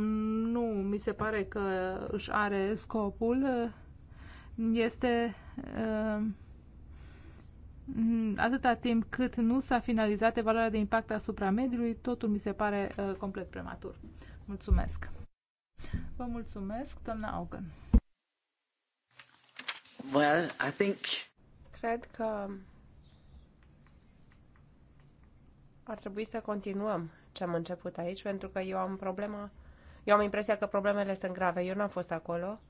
nu mi se pare că își are scopul. Este uh, atâta timp cât nu s-a finalizat evaluarea de impact asupra mediului, totul mi se pare uh, complet prematur. Mulțumesc! Vă mulțumesc, doamna Augen. Well, I think cred că ar trebui să continuăm ce am început aici, pentru că eu am problema, eu am impresia că problemele sunt grave. Eu n-am fost acolo,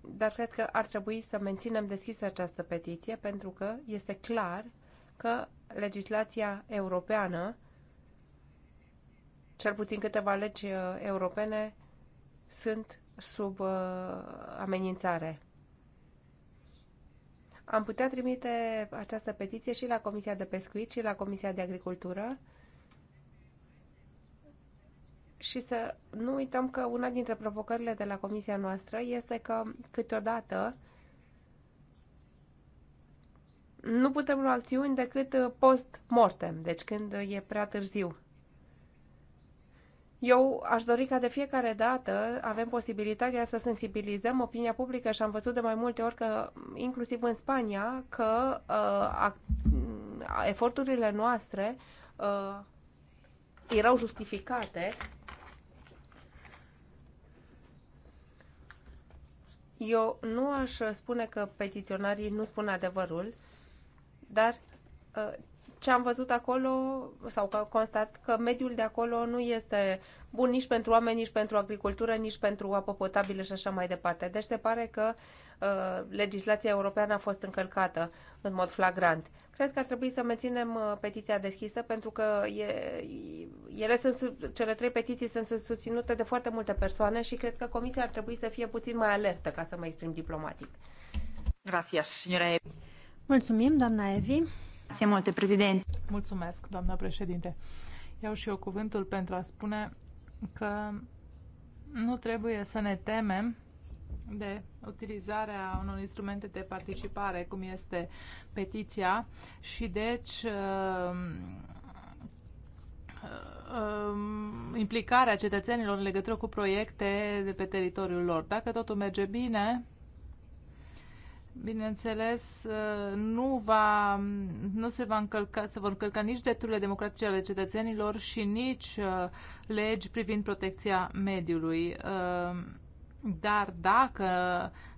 dar cred că ar trebui să menținem deschisă această petiție, pentru că este clar că legislația europeană, cel puțin câteva legi uh, europene, sunt sub uh, amenințare. Am putea trimite această petiție și la Comisia de Pescuit și la Comisia de Agricultură și să nu uităm că una dintre provocările de la Comisia noastră este că câteodată nu putem lua acțiuni decât post-mortem, deci când e prea târziu. Eu aș dori ca de fiecare dată avem posibilitatea să sensibilizăm opinia publică și am văzut de mai multe ori că, inclusiv în Spania, că uh, mm, eforturile noastre uh, erau justificate. Eu nu aș spune că petiționarii nu spun adevărul, dar uh, ce am văzut acolo, sau că constat că mediul de acolo nu este bun nici pentru oameni, nici pentru agricultură, nici pentru apă potabilă și așa mai departe. Deci se pare că uh, legislația europeană a fost încălcată în mod flagrant. Cred că ar trebui să menținem uh, petiția deschisă pentru că e, ele sunt, cele trei petiții sunt susținute de foarte multe persoane și cred că comisia ar trebui să fie puțin mai alertă, ca să mă exprim diplomatic. Gracias, señora Evi. Mulțumim, doamna Evi. Se multe, prezident. Mulțumesc, doamna președinte. Iau și eu cuvântul pentru a spune că nu trebuie să ne temem de utilizarea unor instrumente de participare, cum este petiția, și deci uh, uh, uh, implicarea cetățenilor în legătură cu proiecte de pe teritoriul lor. Dacă totul merge bine, bineînțeles, uh, nu, va, nu se, va încălca, se vor încălca nici drepturile democratice ale cetățenilor și nici uh, legi privind protecția mediului. Uh, dar dacă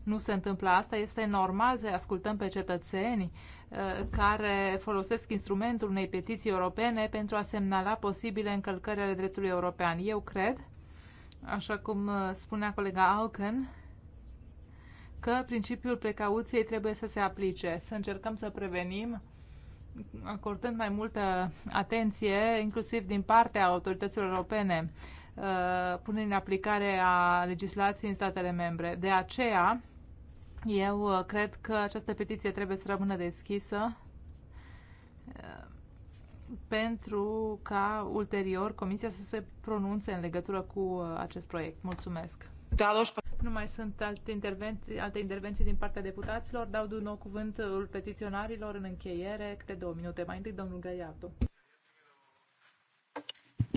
nu se întâmplă asta, este normal să ascultăm pe cetățeni care folosesc instrumentul unei petiții europene pentru a semnala posibile încălcări ale dreptului european. Eu cred, așa cum spunea colega Auken, că principiul precauției trebuie să se aplice, să încercăm să prevenim acordând mai multă atenție, inclusiv din partea autorităților europene, uh, punând în aplicare a legislației în statele membre. De aceea, eu uh, cred că această petiție trebuie să rămână deschisă uh, pentru ca ulterior Comisia să se pronunțe în legătură cu acest proiect. Mulțumesc! Nu mai sunt alte intervenții, alte intervenții din partea deputaților. Dau din nou cuvântul petiționarilor în încheiere, câte două minute. Mai întâi, domnul Gaiardo.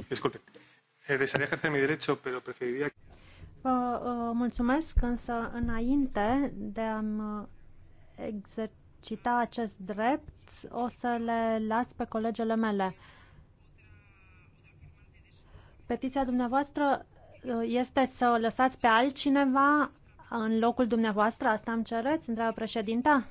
Disculpe. Eh, desearía ejercer mi derecho, pero preferiría... Vă eh, mulțumesc, însă înainte de a eh, exercita acest drept, o să le las pe colegele mele. Petiția dumneavoastră este să lăsați pe altcineva în locul dumneavoastră? Asta îmi cereți? Întreabă președinta.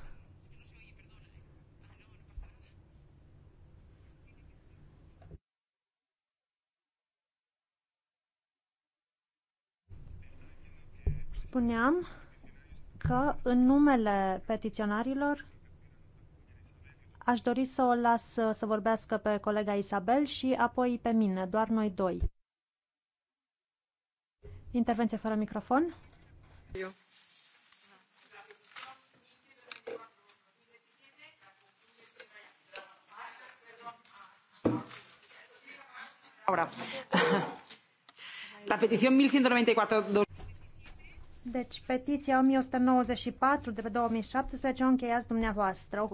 Spuneam că în numele petiționarilor aș dori să o las să vorbească pe colega Isabel și apoi pe mine, doar noi doi. Intervenție fără microfon. Eu. Ahora. La petición 1194. Deci, petiția 1194 de pe 2017 o încheiați dumneavoastră.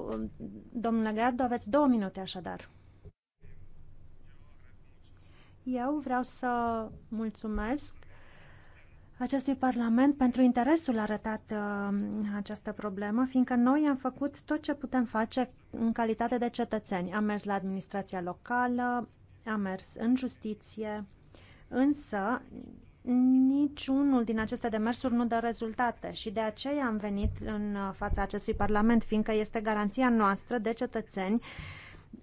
Domnule Gardu, aveți două minute așadar. Eu vreau să mulțumesc acestui Parlament pentru interesul arătat uh, această problemă, fiindcă noi am făcut tot ce putem face în calitate de cetățeni. Am mers la administrația locală, am mers în justiție, însă niciunul din aceste demersuri nu dă rezultate și de aceea am venit în uh, fața acestui Parlament, fiindcă este garanția noastră de cetățeni uh,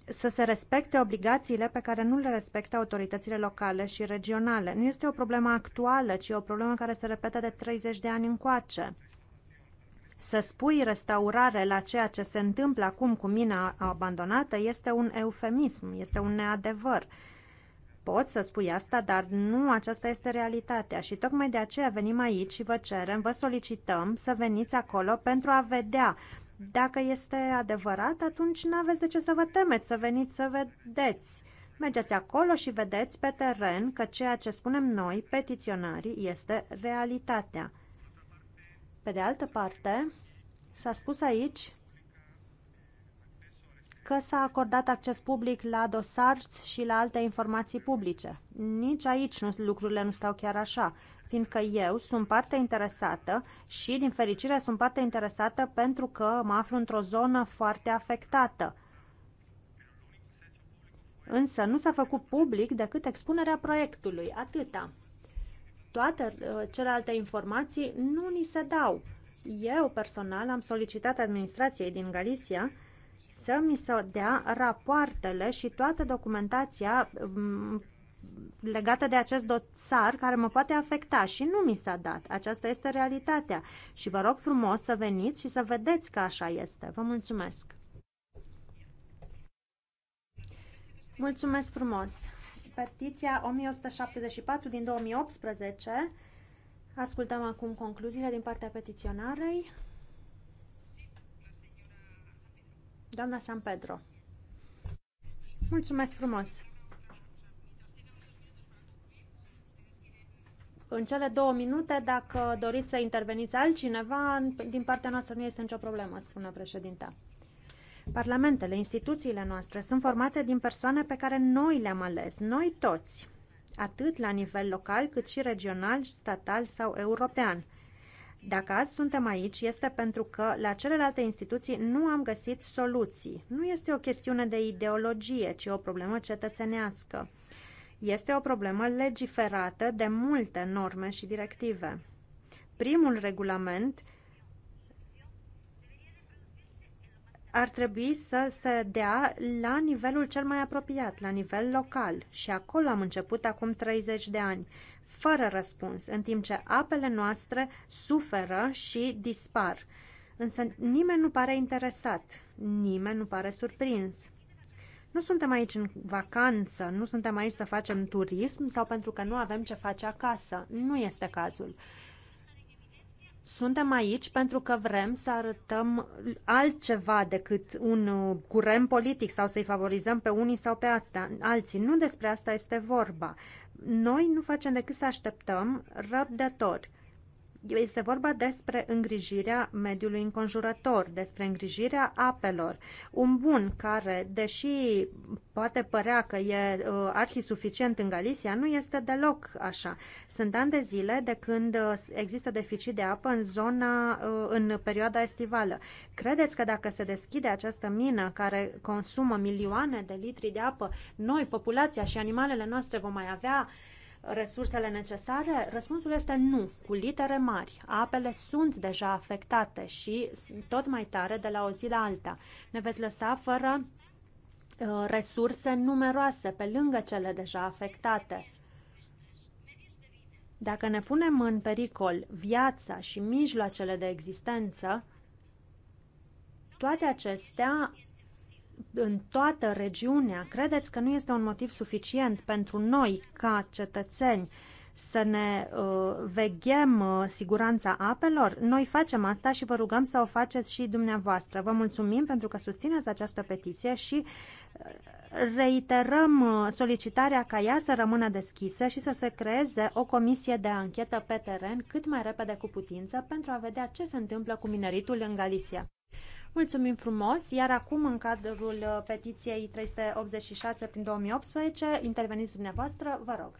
să se respecte obligațiile pe care nu le respectă autoritățile locale și regionale. Nu este o problemă actuală, ci o problemă care se repetă de 30 de ani încoace. Să spui restaurare la ceea ce se întâmplă acum cu mina abandonată este un eufemism, este un neadevăr. Poți să spui asta, dar nu aceasta este realitatea și tocmai de aceea venim aici și vă cerem, vă solicităm să veniți acolo pentru a vedea dacă este adevărat, atunci nu aveți de ce să vă temeți, să veniți să vedeți. Mergeți acolo și vedeți pe teren că ceea ce spunem noi, petiționarii, este realitatea. Pe de altă parte, s-a spus aici că s-a acordat acces public la dosar și la alte informații publice. Nici aici nu, lucrurile nu stau chiar așa, fiindcă eu sunt parte interesată și, din fericire, sunt parte interesată pentru că mă aflu într-o zonă foarte afectată. Însă nu s-a făcut public decât expunerea proiectului, atâta. Toate uh, celelalte informații nu ni se dau. Eu personal am solicitat administrației din Galicia să mi se dea rapoartele și toată documentația mm, legată de acest dosar care mă poate afecta și nu mi s-a dat. Aceasta este realitatea și vă rog frumos să veniți și să vedeți că așa este. Vă mulțumesc! Mulțumesc frumos! Petiția 1174 din 2018. Ascultăm acum concluziile din partea petiționarei. Doamna San Pedro. Mulțumesc frumos! În cele două minute, dacă doriți să interveniți altcineva, din partea noastră nu este nicio problemă, spune președinta. Parlamentele, instituțiile noastre sunt formate din persoane pe care noi le-am ales, noi toți, atât la nivel local cât și regional, statal sau european. Dacă azi suntem aici, este pentru că la celelalte instituții nu am găsit soluții. Nu este o chestiune de ideologie, ci o problemă cetățenească. Este o problemă legiferată de multe norme și directive. Primul regulament ar trebui să se dea la nivelul cel mai apropiat, la nivel local. Și acolo am început acum 30 de ani fără răspuns, în timp ce apele noastre suferă și dispar. Însă nimeni nu pare interesat, nimeni nu pare surprins. Nu suntem aici în vacanță, nu suntem aici să facem turism sau pentru că nu avem ce face acasă. Nu este cazul. Suntem aici pentru că vrem să arătăm altceva decât un uh, curent politic sau să-i favorizăm pe unii sau pe asta, alții. Nu despre asta este vorba. Noi nu facem decât să așteptăm răbdători este vorba despre îngrijirea mediului înconjurător, despre îngrijirea apelor. Un bun care, deși poate părea că e uh, arhisuficient în Galicia, nu este deloc așa. Sunt ani de zile de când uh, există deficit de apă în zona, uh, în perioada estivală. Credeți că dacă se deschide această mină care consumă milioane de litri de apă, noi, populația și animalele noastre vom mai avea uh, resursele necesare? Răspunsul este nu, cu litere mari. Apele sunt deja afectate și tot mai tare de la o zi la alta. Ne veți lăsa fără uh, resurse numeroase pe lângă cele deja afectate. Dacă ne punem în pericol viața și mijloacele de existență, toate acestea în toată regiunea, credeți că nu este un motiv suficient pentru noi, ca cetățeni, să ne uh, veghem uh, siguranța apelor? Noi facem asta și vă rugăm să o faceți și dumneavoastră. Vă mulțumim pentru că susțineți această petiție și uh, reiterăm uh, solicitarea ca ea să rămână deschisă și să se creeze o comisie de anchetă pe teren cât mai repede cu putință pentru a vedea ce se întâmplă cu mineritul în Galicia. Mulțumim frumos! Iar acum, în cadrul uh, petiției 386 prin 2018, interveniți dumneavoastră, vă rog.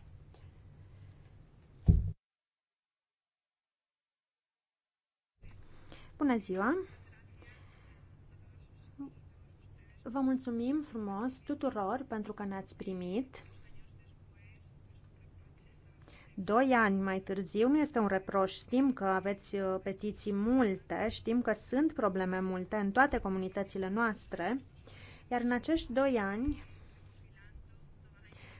Bună ziua! Vă mulțumim frumos tuturor pentru că ne-ați primit doi ani mai târziu nu este un reproș. Știm că aveți uh, petiții multe, știm că sunt probleme multe în toate comunitățile noastre, iar în acești doi ani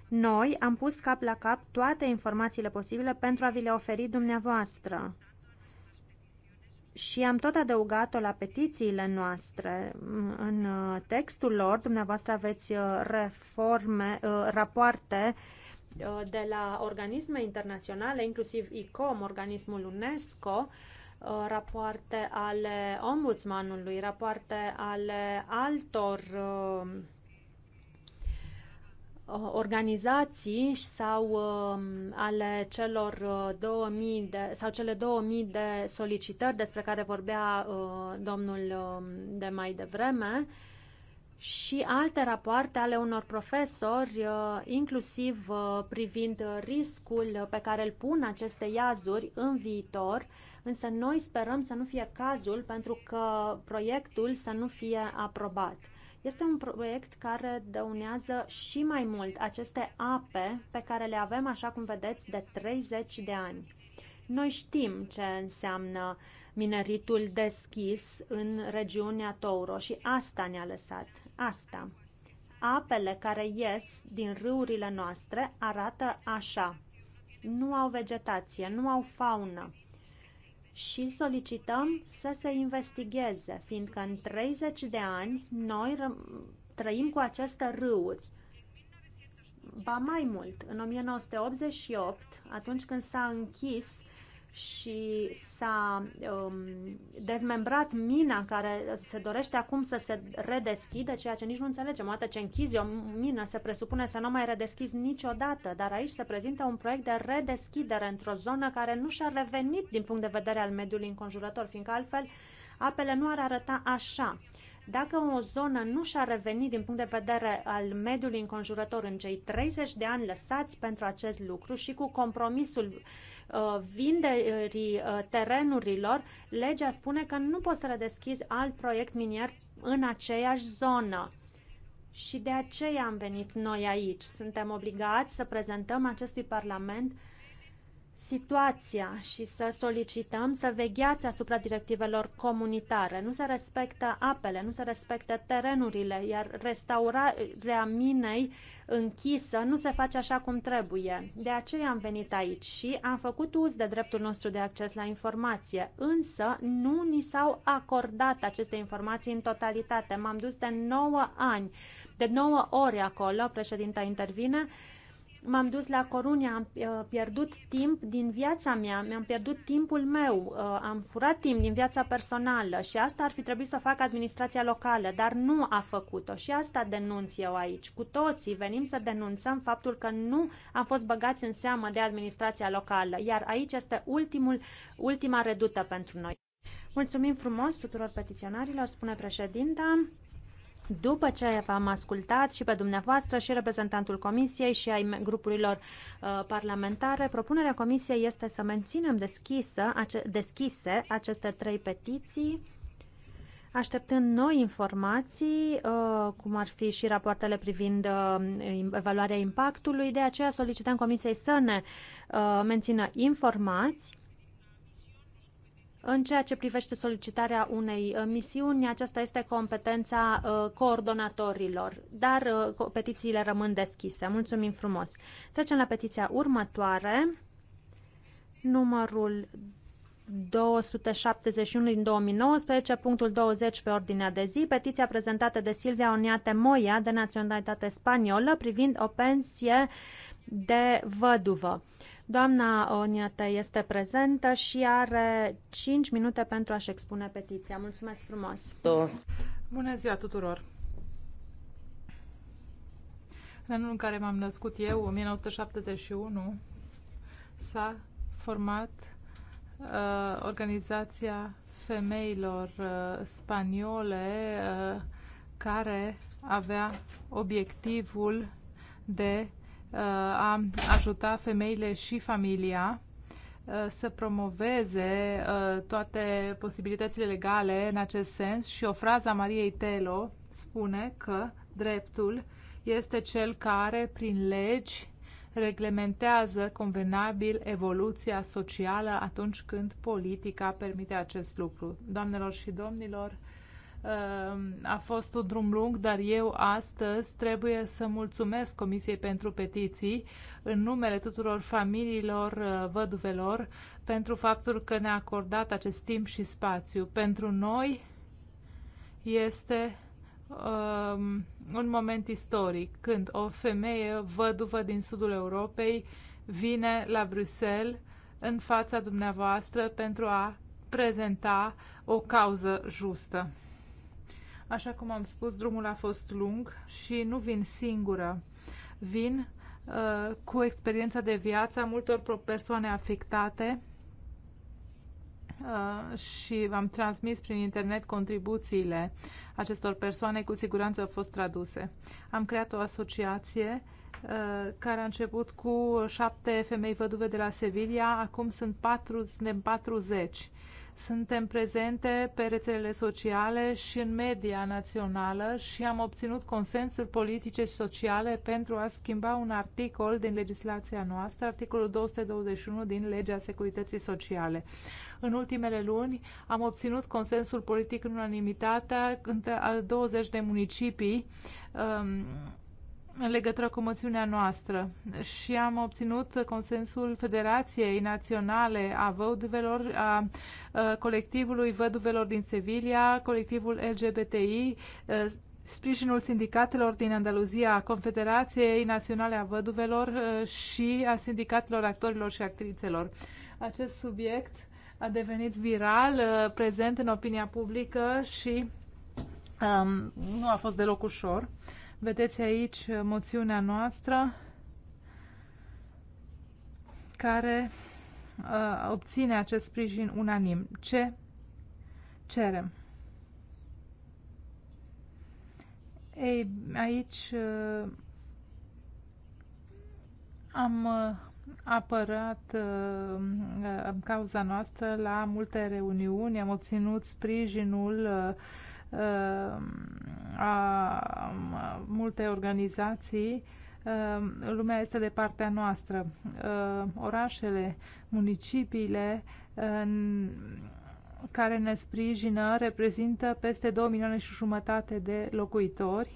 noi am pus cap la cap toate informațiile posibile pentru a vi le oferi dumneavoastră. Și am tot adăugat-o la petițiile noastre. În uh, textul lor, dumneavoastră aveți uh, reforme, rapoarte uh, Uh, de la organisme internaționale, inclusiv ICOM, organismul UNESCO, uh, rapoarte ale ombudsmanului, rapoarte ale altor uh, organizații sau um, ale celor 2000 de, sau cele 2000 de solicitări despre care vorbea domnul um, de mai devreme, și alte rapoarte ale unor profesori, uh, inclusiv uh, privind riscul pe care îl pun aceste iazuri în viitor, însă noi sperăm să nu fie cazul pentru că proiectul să nu fie aprobat. Este un proiect care dăunează și mai mult aceste ape pe care le avem, așa cum vedeți, de 30 de ani. Noi știm ce înseamnă mineritul deschis în regiunea Touro și asta ne-a lăsat asta. Apele care ies din râurile noastre arată așa. Nu au vegetație, nu au faună. Și solicităm să se investigheze, fiindcă în 30 de ani noi trăim cu aceste râuri. Ba mai mult, în 1988, atunci când s-a închis și s-a um, dezmembrat mina care se dorește acum să se redeschidă, ceea ce nici nu înțelegem. Odată ce închizi o mină, se presupune să nu mai redeschizi niciodată, dar aici se prezintă un proiect de redeschidere într-o zonă care nu și-a revenit din punct de vedere al mediului înconjurător, fiindcă altfel apele nu ar arăta așa. Dacă o zonă nu și-a revenit din punct de vedere al mediului înconjurător în cei 30 de ani lăsați pentru acest lucru și cu compromisul uh, vinderii uh, terenurilor, legea spune că nu poți să redeschizi alt proiect minier în aceeași zonă. Și de aceea am venit noi aici. Suntem obligați să prezentăm acestui Parlament uh, situația și să solicităm să vegheați asupra directivelor comunitare. Nu se respectă apele, nu se respectă terenurile, iar restaurarea minei închisă nu se face așa cum trebuie. De aceea am venit aici și am făcut uz de dreptul nostru de acces la informație, însă nu ni s-au acordat aceste informații în totalitate. M-am dus de 9 ani, de 9 ori acolo, președinta intervine, M-am dus la Corunia, am uh, pierdut timp din viața mea, mi-am pierdut timpul meu, uh, am furat timp din viața personală și asta ar fi trebuit să facă administrația locală, dar nu a făcut-o și asta denunț eu aici. Cu toții venim să denunțăm faptul că nu am fost băgați în seamă de administrația locală, iar aici este ultimul, ultima redută pentru noi. Mulțumim frumos tuturor petiționarilor, spune președinta. După ce v-am ascultat și pe dumneavoastră și reprezentantul Comisiei și ai grupurilor uh, parlamentare, propunerea Comisiei este să menținem deschisă, ace- deschise aceste trei petiții, așteptând noi informații, uh, cum ar fi și rapoartele privind uh, evaluarea impactului. De aceea solicităm Comisiei să ne uh, mențină informații. În ceea ce privește solicitarea unei uh, misiuni, aceasta este competența uh, coordonatorilor, dar uh, petițiile rămân deschise. Mulțumim frumos! Trecem la petiția următoare, numărul 271 din 2019, punctul 20 pe ordinea de zi, petiția prezentată de Silvia Oniate Moia, de naționalitate spaniolă, privind o pensie de văduvă. Doamna Oniate este prezentă și are 5 minute pentru a-și expune petiția. Mulțumesc frumos! Bună ziua tuturor! În anul în care m-am născut eu, 1971, s-a format uh, organizația femeilor uh, spaniole uh, care avea obiectivul de a ajuta femeile și familia uh, să promoveze uh, toate posibilitățile legale în acest sens și o frază a Mariei Telo spune că dreptul este cel care, prin legi, reglementează convenabil evoluția socială atunci când politica permite acest lucru. Doamnelor și domnilor, Ehm, a fost un drum lung, dar eu astăzi trebuie să mulțumesc Comisiei pentru Petiții în numele tuturor familiilor eh, văduvelor pentru faptul că ne-a acordat acest timp și spațiu. Pentru noi este um, un moment istoric când o femeie văduvă din sudul Europei vine la Bruxelles în fața dumneavoastră pentru a prezenta o cauză justă. Așa cum am spus, drumul a fost lung și nu vin singură. Vin uh, cu experiența de viață a multor persoane afectate uh, și am transmis prin internet contribuțiile acestor persoane, cu siguranță au fost traduse. Am creat o asociație uh, care a început cu șapte femei văduve de la Sevilla, acum sunt patru suntem 40. Suntem prezente pe rețelele sociale și în media națională și am obținut consensuri politice și sociale pentru a schimba un articol din legislația noastră, articolul 221 din Legea Securității Sociale. În ultimele luni am obținut consensul politic în unanimitate între 20 de municipii um, în legătură cu moțiunea noastră și am obținut consensul Federației Naționale a Văduvelor, a, a colectivului Văduvelor din Sevilla, colectivul LGBTI, a, sprijinul sindicatelor din Andaluzia, a Confederației Naționale a Văduvelor și a sindicatelor actorilor și actrițelor. Acest subiect a devenit viral, prezent în opinia publică și um, nu a fost deloc ușor. Vedeți aici moțiunea noastră care uh, obține acest sprijin unanim. Ce cerem? Ei, aici uh, am uh, apărat uh, uh cauza noastră la multe reuniuni, am obținut sprijinul uh, a multe organizații, lumea este de partea noastră. Orașele, municipiile care ne sprijină reprezintă peste 2 milioane și jumătate de locuitori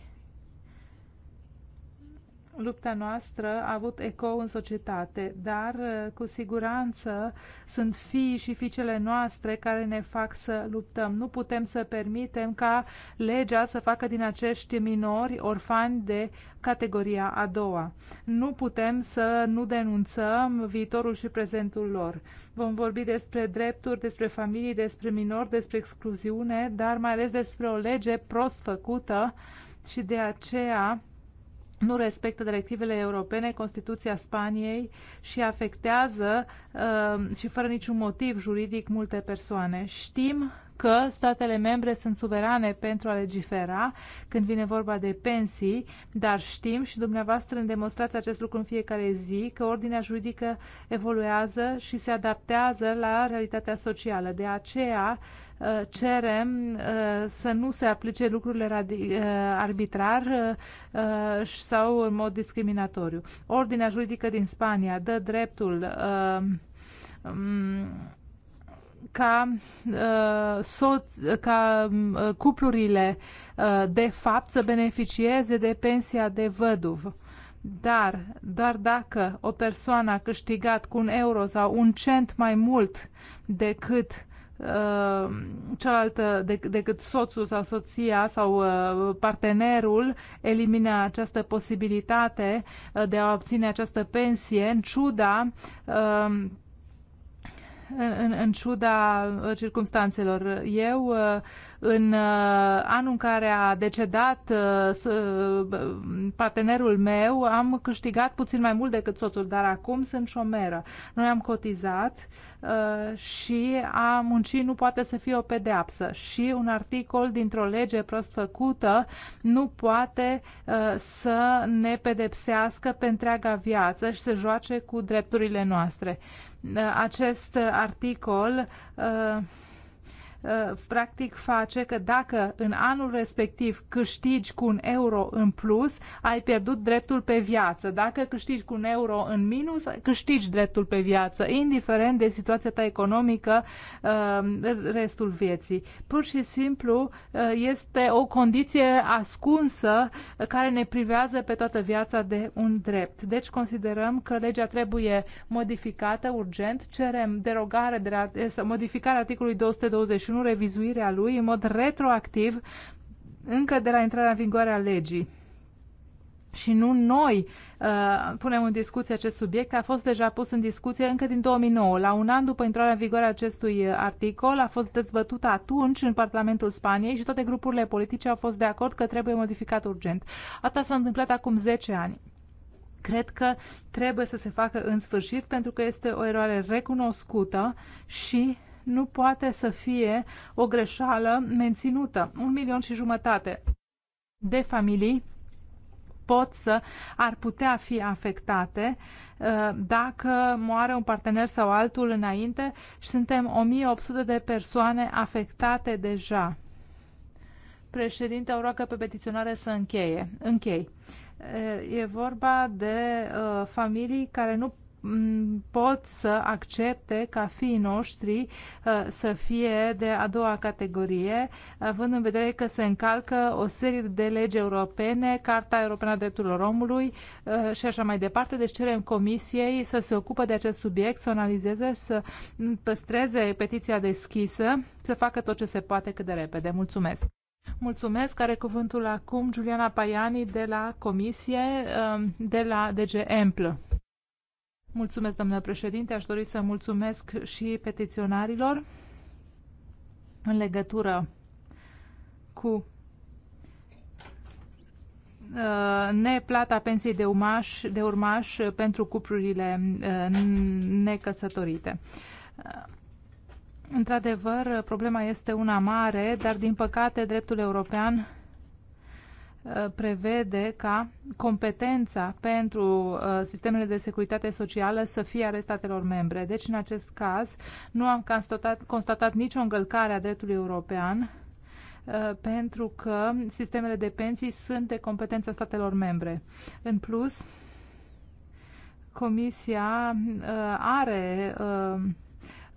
Lupta noastră a avut ecou în societate, dar uh, cu siguranță sunt fii și fiicele noastre care ne fac să luptăm. Nu putem să permitem ca legea să facă din acești minori orfani de categoria a doua. Nu putem să nu denunțăm viitorul și prezentul lor. Vom vorbi despre drepturi, despre familii, despre minori, despre excluziune, dar mai ales despre o lege prost făcută și de aceea nu respectă directivele europene, Constituția Spaniei și afectează uh, și fără niciun motiv juridic multe persoane. Știm că statele membre sunt suverane pentru a legifera când vine vorba de pensii, dar știm și dumneavoastră îmi demonstrați acest lucru în fiecare zi, că ordinea juridică evoluează și se adaptează la realitatea socială. De aceea Uh, cerem uh, să nu se aplice lucrurile uh, arbitrar sau în mod discriminatoriu. Ordinea juridică din Spania dă dreptul um, ca soț, ca cuplurile de fapt să beneficieze de pensia de văduv. Dar doar dacă o persoană a câștigat cu un euro sau un cent mai mult decât Uh, cealaltă dec- decât soțul sau soția sau uh, partenerul elimina această posibilitate uh, de a obține această pensie în ciuda în, în, în ciuda uh, circumstanțelor. Eu, uh, în uh, anul în care a decedat partenerul meu, am câștigat puțin mai mult decât soțul, dar acum sunt șomeră. Noi am cotizat și a muncii nu poate să fie o pedeapsă și un articol dintr-o lege prost făcută nu poate să ne pedepsească pe întreaga viață și să joace cu drepturile noastre acest articol uh, Uh, practic face că dacă în anul respectiv câștigi cu un euro în plus, ai pierdut dreptul pe viață. Dacă câștigi cu un euro în minus, câștigi dreptul pe viață, indiferent de situația ta economică uh, restul vieții. Pur și simplu uh, este o condiție ascunsă care ne privează pe toată viața de un drept. Deci considerăm că legea trebuie modificată urgent, cerem derogare de la, eh, modificarea articolului 221 nu revizuirea lui în mod retroactiv încă de la intrarea în vigoare a legii. Și nu noi uh, punem în discuție acest subiect, a fost deja pus în discuție încă din 2009. La un an după intrarea în vigoare a acestui uh, articol, a fost dezbătut atunci în Parlamentul Spaniei și toate grupurile politice au fost de acord că trebuie modificat urgent. Asta s-a întâmplat acum 10 ani cred că trebuie să se facă în sfârșit pentru că este o eroare recunoscută și nu poate să fie o greșeală menținută. Un milion și jumătate de familii pot să ar putea fi afectate uh, dacă moare un partener sau altul înainte și suntem 1800 de persoane afectate deja. Președinte, o roagă pe petiționare să încheie. Închei. Uh, e vorba de uh, familii care nu pot să accepte ca fiii noștri uh, să fie de a doua categorie, având în vedere că se încalcă o serie de legi europene, Carta Europeană a Drepturilor Omului uh, și așa mai departe. Deci cerem Comisiei să se ocupe de acest subiect, să o analizeze, să păstreze petiția deschisă, să facă tot ce se poate cât de repede. Mulțumesc! Mulțumesc. Are cuvântul acum Juliana Paiani de la Comisie, uh, de la DG EMPL. Mulțumesc, domnule președinte. Aș dori să mulțumesc și petiționarilor în legătură cu uh, neplata pensiei de, umaș, de urmaș pentru cuplurile uh, necăsătorite. Uh, într-adevăr, problema este una mare, dar din păcate dreptul european Uh, prevede ca competența pentru uh, sistemele de securitate socială să fie ale statelor membre. Deci, în acest caz, nu am constatat, constatat nicio încălcare a dreptului european uh, pentru că sistemele de pensii sunt de competența statelor membre. În plus, Comisia are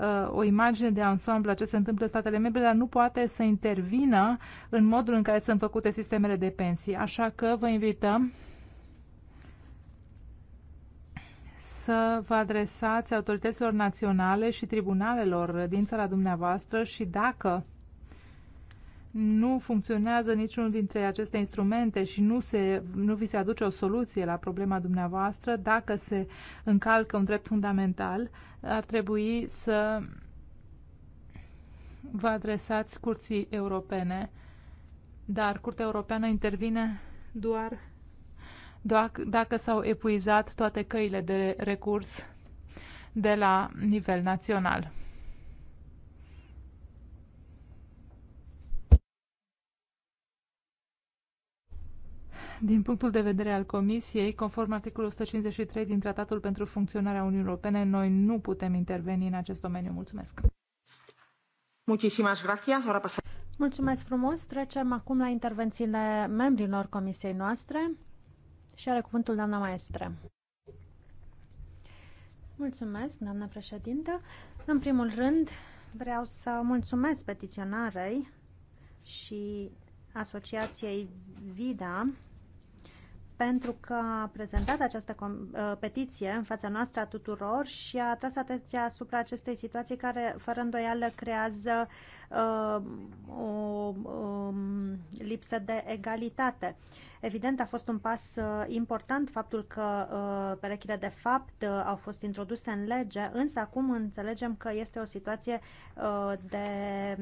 Uh, o imagine de ansamblu a ce se întâmplă în statele membre, dar nu poate să intervină în modul în care sunt făcute sistemele de pensii. Așa că vă invităm să vă adresați autorităților naționale și tribunalelor din țara dumneavoastră și dacă nu funcționează niciunul dintre aceste instrumente și nu, se, nu vi se aduce o soluție la problema dumneavoastră, dacă se încalcă un drept fundamental, ar trebui să vă adresați curții europene. Dar Curtea Europeană intervine doar dacă s-au epuizat toate căile de recurs de la nivel național. Din punctul de vedere al Comisiei, conform articolul 153 din Tratatul pentru funcționarea Uniunii Europene, noi nu putem interveni în acest domeniu. Mulțumesc! gracias. Mulțumesc frumos. Trecem acum la intervențiile membrilor comisiei noastre și are cuvântul doamna maestre. Mulțumesc, doamna președintă. În primul rând, vreau să mulțumesc petiționarei și asociației VIDA pentru că a prezentat această uh, petiție în fața noastră a tuturor și a atras atenția asupra acestei situații care, fără îndoială, creează uh, o um, lipsă de egalitate. Uh, Evident, a fost un pas uh, important faptul că uh, perechile de fapt uh, au fost introduse în lege, însă acum înțelegem că este o situație de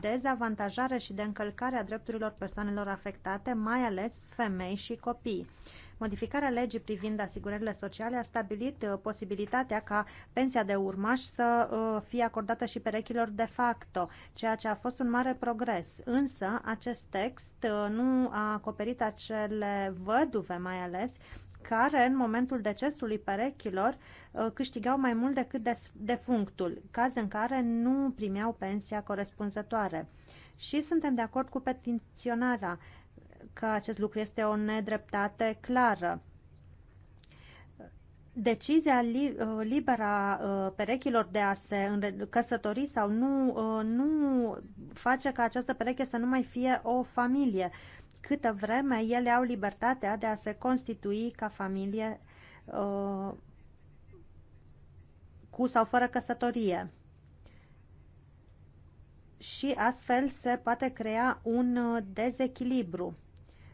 dezavantajare și de încălcare a drepturilor persoanelor afectate, mai ales femei și copii. Modificarea legii privind asigurările sociale a stabilit uh, posibilitatea ca pensia de urmaș să uh, fie acordată și perechilor de facto, ceea ce a fost un mare progres. Însă, acest text uh, nu a acoperit acele văduve mai ales care în momentul decesului perechilor câștigau mai mult decât defunctul, caz în care nu primeau pensia corespunzătoare. Și suntem de acord cu petiționarea că acest lucru este o nedreptate clară. Decizia li, uh, liberă a uh, perechilor de a se căsători sau nu, uh, nu face ca această pereche să nu mai fie o familie. Câtă vreme ele au libertatea de a se constitui ca familie cu sau fără căsătorie și astfel se poate crea un dezechilibru.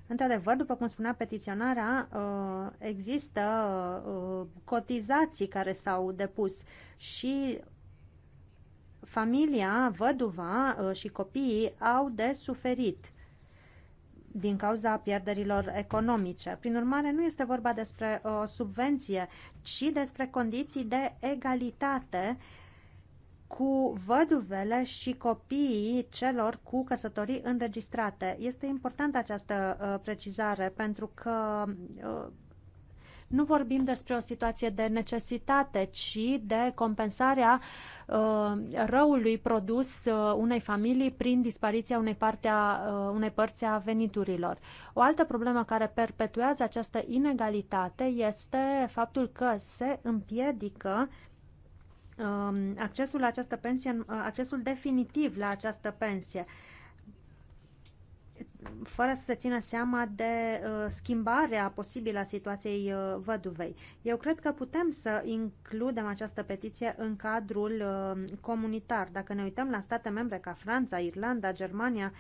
Într-adevăr, după cum spunea petiționarea, uh, există uh, cotizații care s-au depus și familia, văduva uh, și copiii au de suferit din cauza pierderilor economice. Prin urmare, nu este vorba despre o subvenție, ci despre condiții de egalitate uh, cu văduvele și copiii celor cu căsătorii înregistrate. Este importantă această uh, precizare pentru că uh, nu vorbim despre o situație de necesitate, ci de compensarea uh, răului produs uh, unei familii prin dispariția unei, parte a, uh, unei părți a veniturilor. O altă problemă care perpetuează această inegalitate este faptul că se împiedică uh, Um, accesul la această pensie, uh, accesul definitiv la această pensie fără să se țină seama de uh, schimbarea posibilă a situației uh, văduvei. Eu cred că putem să includem această petiție în cadrul uh, comunitar. Dacă ne uităm la state membre ca Franța, Irlanda, Germania,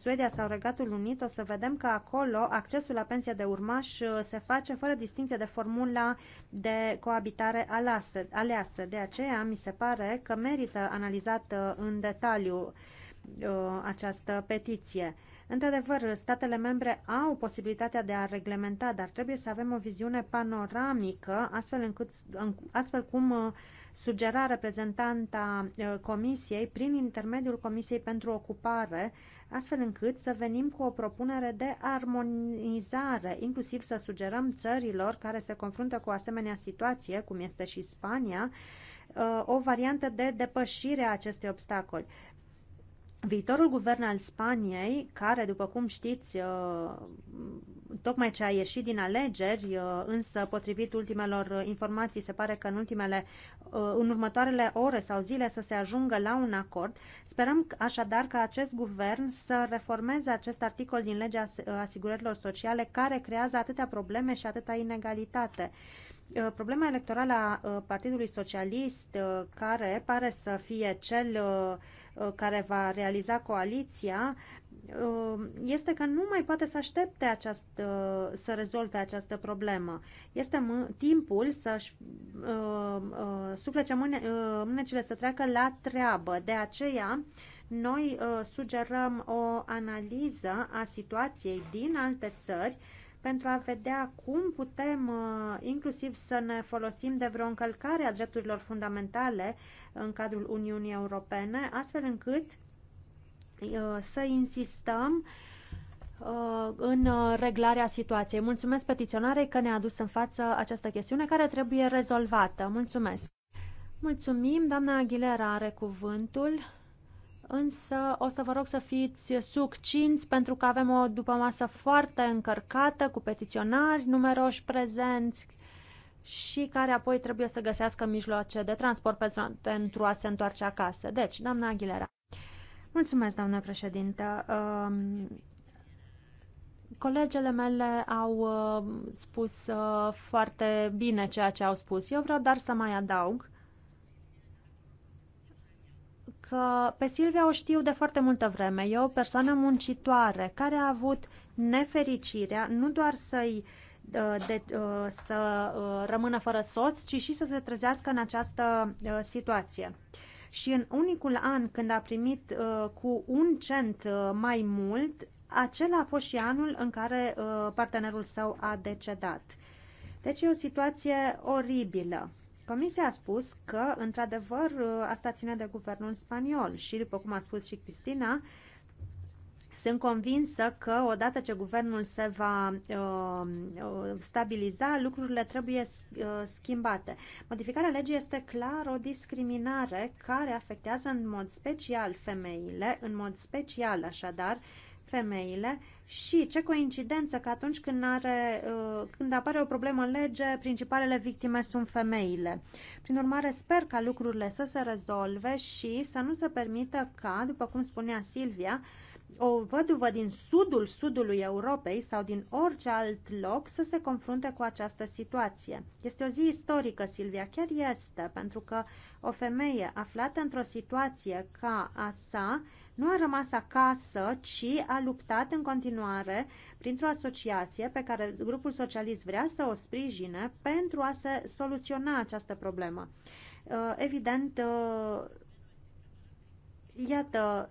Suedia sau Regatul Unit, o să vedem că acolo accesul la pensia de urmaș se face fără distinție de formula de coabitare aleasă. De aceea mi se pare că merită analizată în detaliu această petiție. Într-adevăr, statele membre au posibilitatea de a reglementa, dar trebuie să avem o viziune panoramică, astfel, încât, astfel cum uh, sugera reprezentanta uh, Comisiei prin intermediul Comisiei pentru Ocupare, astfel încât să venim cu o propunere de armonizare, inclusiv să sugerăm țărilor care se confruntă cu o asemenea situație, cum este și Spania, uh, o variantă de depășire a acestui obstacol. Viitorul guvern al Spaniei, care, după cum știți, uh, tocmai ce a ieșit din alegeri, uh, însă, potrivit ultimelor informații, se pare că în, ultimele, uh, în următoarele ore sau zile să se ajungă la un acord. Sperăm așadar ca acest guvern să reformeze acest articol din legea asigurărilor sociale, care creează atâtea probleme și atâta inegalitate. Problema electorală a Partidului Socialist, care pare să fie cel Uh, care va realiza coaliția uh, este că nu mai poate să aștepte această, uh, să rezolve această problemă. Este timpul să-și uh, uh, suflece mâne, uh, mânecile să treacă la treabă. De aceea, noi uh, sugerăm o analiză a situației din alte țări uh, pentru a vedea cum putem uh, inclusiv să ne folosim de vreo încălcare a drepturilor fundamentale în cadrul Uniunii Europene, astfel încât uh, să insistăm uh, în reglarea situației. Mulțumesc petiționarei că ne-a adus în față această chestiune care trebuie rezolvată. Mulțumesc! Mulțumim, doamna Aguilera are cuvântul însă o să vă rog să fiți succinți pentru că avem o dupămasă foarte încărcată cu petiționari numeroși prezenți și care apoi trebuie să găsească mijloace de transport pentru a se întoarce acasă. Deci, doamna Aguilera. Mulțumesc, doamnă președintă. Um, colegele mele au uh, spus uh, foarte bine ceea ce au spus. Eu vreau dar să mai adaug că pe Silvia o știu de foarte multă vreme. E o persoană muncitoare care a avut nefericirea nu doar să-i uh, de, uh, să uh, rămână fără soț, ci și să se trezească în această situație. Și în unicul an când a primit cu un cent mai mult, acela a fost și anul în care partenerul său a decedat. Deci e o situație oribilă. Comisia a spus că, într-adevăr, asta ține de guvernul spaniol și, după cum a spus și Cristina, sunt convinsă că odată ce guvernul se va uh, uh stabiliza, lucrurile trebuie uh, schimbate. Modificarea legii este clar o discriminare care afectează în mod special femeile, în mod special așadar femeile și ce coincidență că atunci când, are, uh, când apare o problemă în lege, principalele victime sunt femeile. Prin urmare, sper ca lucrurile să se rezolve și să nu se permită ca, după cum spunea Silvia, o văduvă din sudul sudului Europei sau din orice alt loc să se confrunte cu această situație. Este o zi istorică, Silvia, chiar este, pentru că o femeie aflată într-o situație ca a sa nu a rămas acasă, ci a luptat în continuare printr-o asociație pe care grupul socialist vrea să o sprijine pentru a se soluționa această problemă. Uh, evident, uh, iată,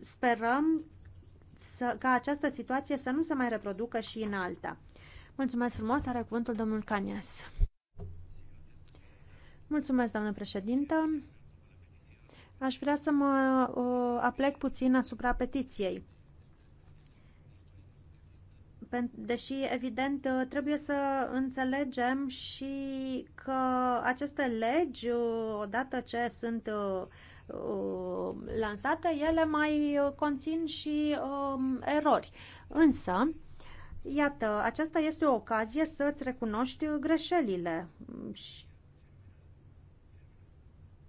sperăm să, ca această situație să nu se mai reproducă și în alta. Mulțumesc frumos, are cuvântul domnul Canias. Mulțumesc, doamnă președintă. Aș vrea să mă uh, aplec puțin asupra petiției. Deși, evident, ă, trebuie să înțelegem și că aceste legi, ă, odată ce sunt lansate, ele mai conțin și erori. Însă, iată, aceasta este o ocazie să-ți recunoști greșelile și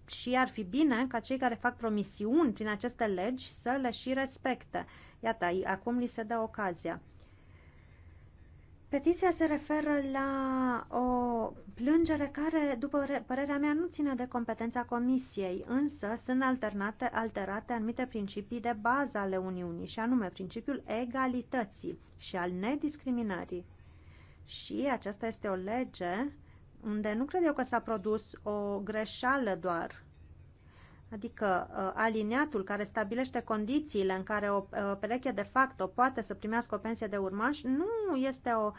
și ar fi bine ca cei care fac promisiuni prin aceste legi să le și respecte. Iată, acum li se dă ocazia. Petiția se referă la o plângere care, după părerea mea, nu ține de competența Comisiei, însă sunt alternate, alterate anumite principii de bază ale Uniunii, și anume principiul egalității și al nediscriminării. Și aceasta este o lege unde nu cred eu că s-a produs o greșeală doar, adică uh, aliniatul care stabilește condițiile în care o uh, pereche de facto poate să primească o pensie de urmaș, nu este o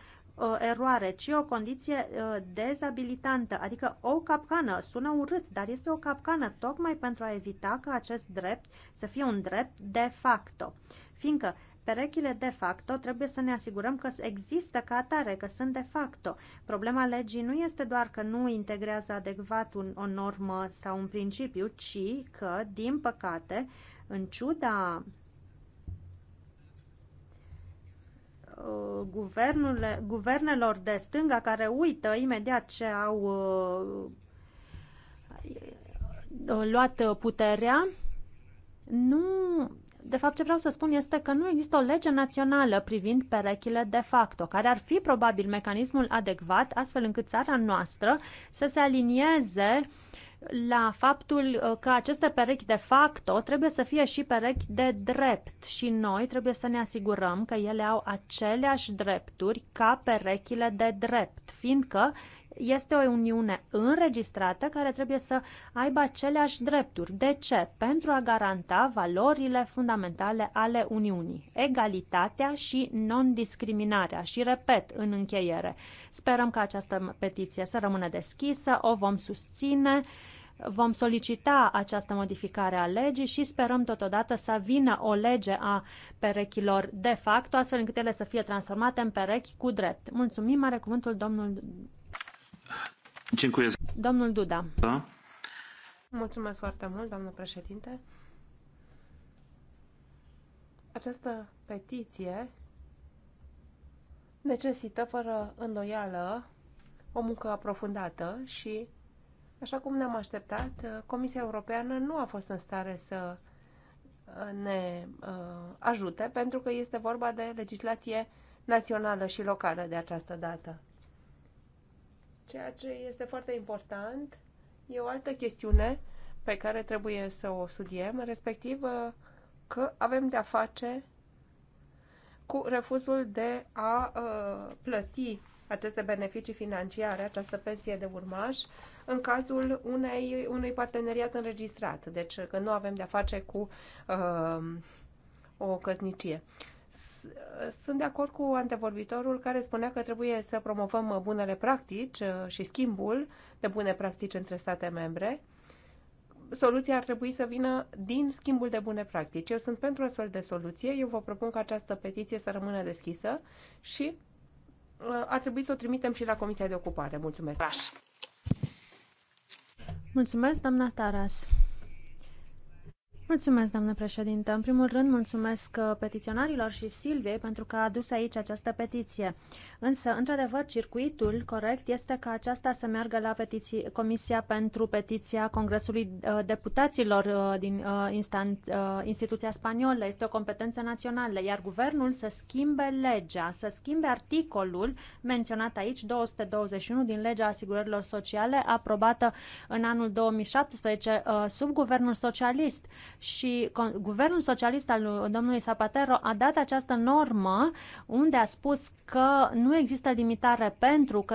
eroare, ci o condiție uh, dezabilitantă, adică o capcană. Sună urât, dar este o capcană tocmai pentru a evita ca acest drept să fie un drept de facto. Fiindcă perechile de facto trebuie să ne asigurăm că există ca atare, că sunt de facto. Problema legii nu este doar că nu integrează adecvat un, o normă sau un principiu, ci că, din păcate, în ciuda uh, guvernelor de stânga care uită imediat ce au uh, luat puterea, nu de fapt, ce vreau să spun este că nu există o lege națională privind perechile de facto, care ar fi probabil mecanismul adecvat astfel încât țara noastră să se alinieze la faptul uh, că aceste perechi de facto trebuie să fie și perechi de drept și noi trebuie să ne asigurăm că ele au aceleași drepturi ca perechile de drept, fiindcă este o uniune înregistrată care trebuie să aibă aceleași drepturi. De ce? Pentru a garanta valorile fundamentale ale Uniunii, egalitatea și non-discriminarea. Și repet în încheiere, sperăm că această petiție să rămână deschisă, o vom susține vom solicita această modificare a legii și sperăm totodată să vină o lege a perechilor de facto, astfel încât ele să fie transformate în perechi cu drept. Mulțumim, are cuvântul domnul Domnul Duda. Da? Mulțumesc foarte mult, doamnă președinte. Această petiție necesită, fără îndoială, o muncă aprofundată și, așa cum ne-am așteptat, Comisia Europeană nu a fost în stare să uh, ne uh, ajute, pentru că este vorba de legislație națională și locală de această dată. Ceea ce este foarte important e o altă chestiune pe care trebuie să o studiem, respectiv uh, că avem de-a face cu refuzul de a uh, plăti aceste beneficii financiare, această pensie de urmaș, în cazul unei, unui parteneriat înregistrat. Deci că nu avem de-a face cu uh, o căsnicie. Uh, sunt de acord cu antevorbitorul care spunea că trebuie să promovăm bunele practici uh, și schimbul de bune practici între state membre. Soluția ar trebui să vină din schimbul de bune practici. Eu sunt pentru astfel de soluție. Eu vă propun ca această petiție să rămână deschisă și uh, ar trebui să o trimitem și la Comisia de Ocupare. Mulțumesc! Mulțumesc, doamna Taras! Mulțumesc, doamnă președintă. În primul rând, mulțumesc uh, petiționarilor și Silviei pentru că a adus aici această petiție. Însă, într-adevăr, circuitul corect este ca aceasta să meargă la petiții, Comisia pentru Petiția Congresului uh, Deputaților uh, din instant, instituția spaniolă. Este o competență națională, iar guvernul să schimbe legea, să schimbe articolul menționat aici, 221 din legea asigurărilor sociale, aprobată în anul 2017 sub guvernul socialist și guvernul socialist al domnului Zapatero a dat această normă unde a spus că nu există limitare pentru că,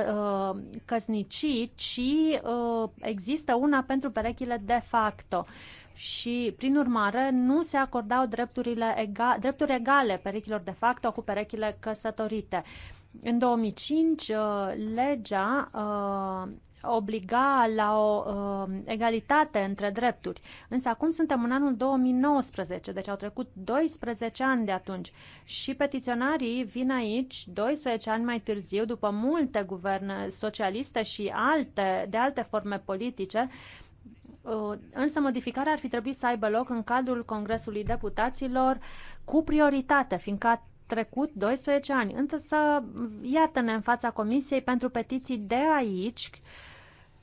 uh, căsnicii, ci uh, există una pentru perechile de facto și, prin urmare, nu se acordau drepturile ega- drepturi egale perechilor de facto cu perechile căsătorite. În 2005, uh, legea uh, obliga la o uh, egalitate între drepturi. Însă acum suntem în anul 2019, deci au trecut 12 ani de atunci și petiționarii vin aici 12 ani mai târziu, după multe guverne socialiste și alte, de alte forme politice, uh, însă modificarea ar fi trebuit să aibă loc în cadrul Congresului Deputaților cu prioritate, fiindcă a trecut 12 ani. Însă, iată-ne în fața Comisiei pentru Petiții de aici, uh,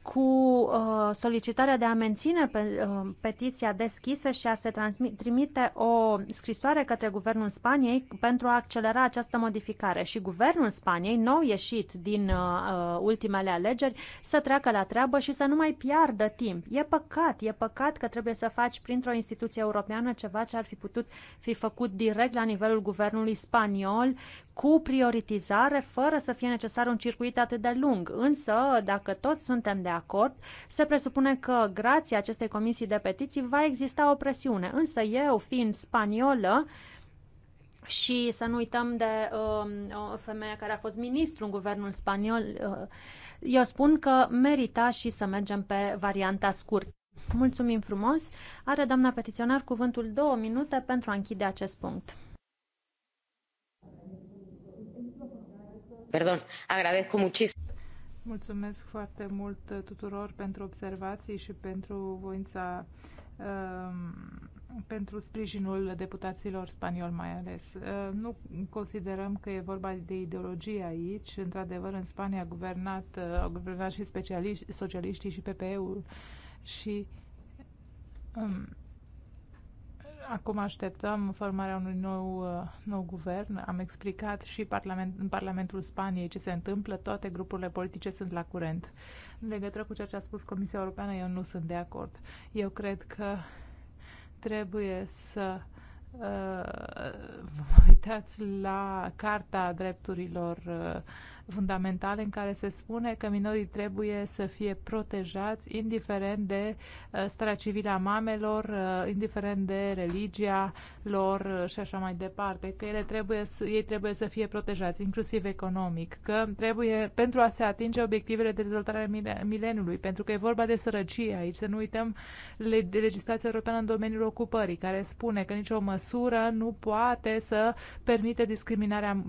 cu uh, solicitarea de a menține pe, uh, petiția deschisă și a se trimite o scrisoare către Guvernul Spaniei pentru a accelera această modificare. Și Guvernul Spaniei, nou ieșit din uh, uh, ultimele alegeri, să treacă la treabă și să nu mai piardă timp. E păcat, e păcat că trebuie să faci printr-o instituție europeană ceva ce ar fi putut fi făcut direct la nivelul Guvernului Spaniol, cu prioritizare, fără să fie necesar un circuit atât de lung. Însă, dacă toți suntem de de acord, se presupune că, grație acestei comisii de petiții, va exista o presiune. Însă eu, fiind spaniolă, și să nu uităm de uh, o femeie care a fost ministru în guvernul spaniol, uh, eu spun că merita și să mergem pe varianta scurtă. Mulțumim frumos. Are doamna petiționar cuvântul două minute pentru a închide acest punct. Perdón, agradezco muchísimo. Mulțumesc foarte mult tuturor pentru observații și pentru voința um, pentru sprijinul deputaților spanioli mai ales. Uh, nu considerăm că e vorba de ideologie aici. Într-adevăr, în Spania a guvernat, uh, au guvernat și specialiști, socialiștii și PPE-ul și um, Acum așteptăm formarea unui nou, uh, nou guvern. Am explicat și parlament, în Parlamentul Spaniei ce se întâmplă. Toate grupurile politice sunt la curent. În legătură cu ceea ce a spus Comisia Europeană, eu nu sunt de acord. Eu cred că trebuie să uh, vă [laughs] uitați la Carta Drepturilor uh, fundamentale în care se spune că minorii trebuie să fie protejați indiferent de uh, starea civilă a mamelor, uh, indiferent de religia lor uh, și așa mai departe, că ele trebuie să, ei trebuie să fie protejați, inclusiv economic, că trebuie, pentru a se atinge obiectivele de dezvoltare mileniului, pentru că e vorba de sărăcie aici, să nu uităm de legislația europeană în domeniul ocupării, care spune că nicio măsură nu poate să permite discriminarea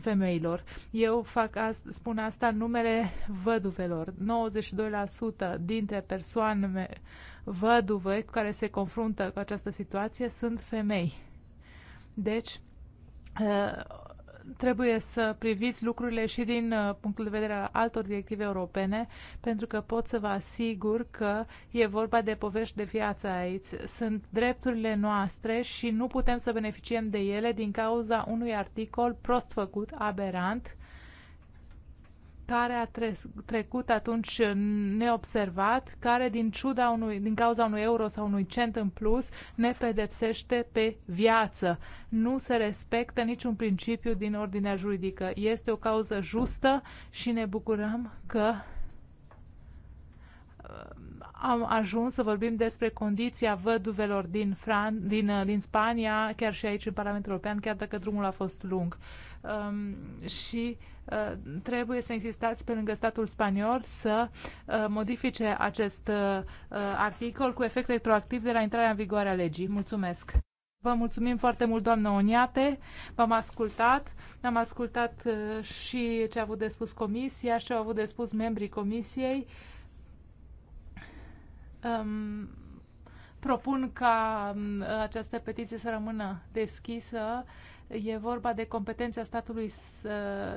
femeilor. Eu fac asta, spun asta în numele văduvelor. 92% dintre persoane văduve care se confruntă cu această situație sunt femei. Deci, uh, trebuie să priviți lucrurile și din uh, punctul de vedere al altor directive europene, pentru că pot să vă asigur că e vorba de povești de viață aici. Sunt drepturile noastre și nu putem să beneficiem de ele din cauza unui articol prost făcut, aberant, care a trecut atunci neobservat, care din, ciuda unui, din cauza unui euro sau unui cent în plus ne pedepsește pe viață. Nu se respectă niciun principiu din ordinea juridică. Este o cauză justă și ne bucurăm că uh, am ajuns să vorbim despre condiția văduvelor din, Fran- din, uh, din Spania, chiar și aici în Parlamentul European, chiar dacă drumul a fost lung. Um, și uh, Uh, trebuie să insistați pe lângă statul spaniol să uh, modifice acest uh, articol cu efect retroactiv de la intrarea în vigoare a legii. Mulțumesc! Vă mulțumim foarte mult, doamnă Oniate, v-am ascultat, am ascultat și ce a avut de spus comisia și ce au avut de spus membrii comisiei. Um, propun ca um, această petiție să rămână deschisă E vorba de competența statului,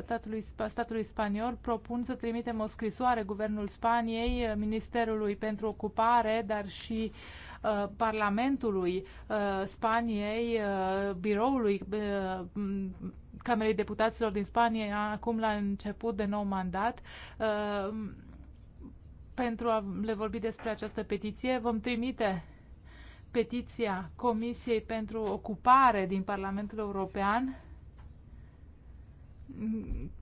statului, statului spaniol. Propun să trimitem o scrisoare Guvernul Spaniei, Ministerului pentru Ocupare, dar și uh, Parlamentului uh, Spaniei, uh, biroului Camerei Deputaților din Spania, acum la început de nou mandat, pentru a le vorbi despre această petiție. Vom trimite petiția Comisiei pentru Ocupare din Parlamentul European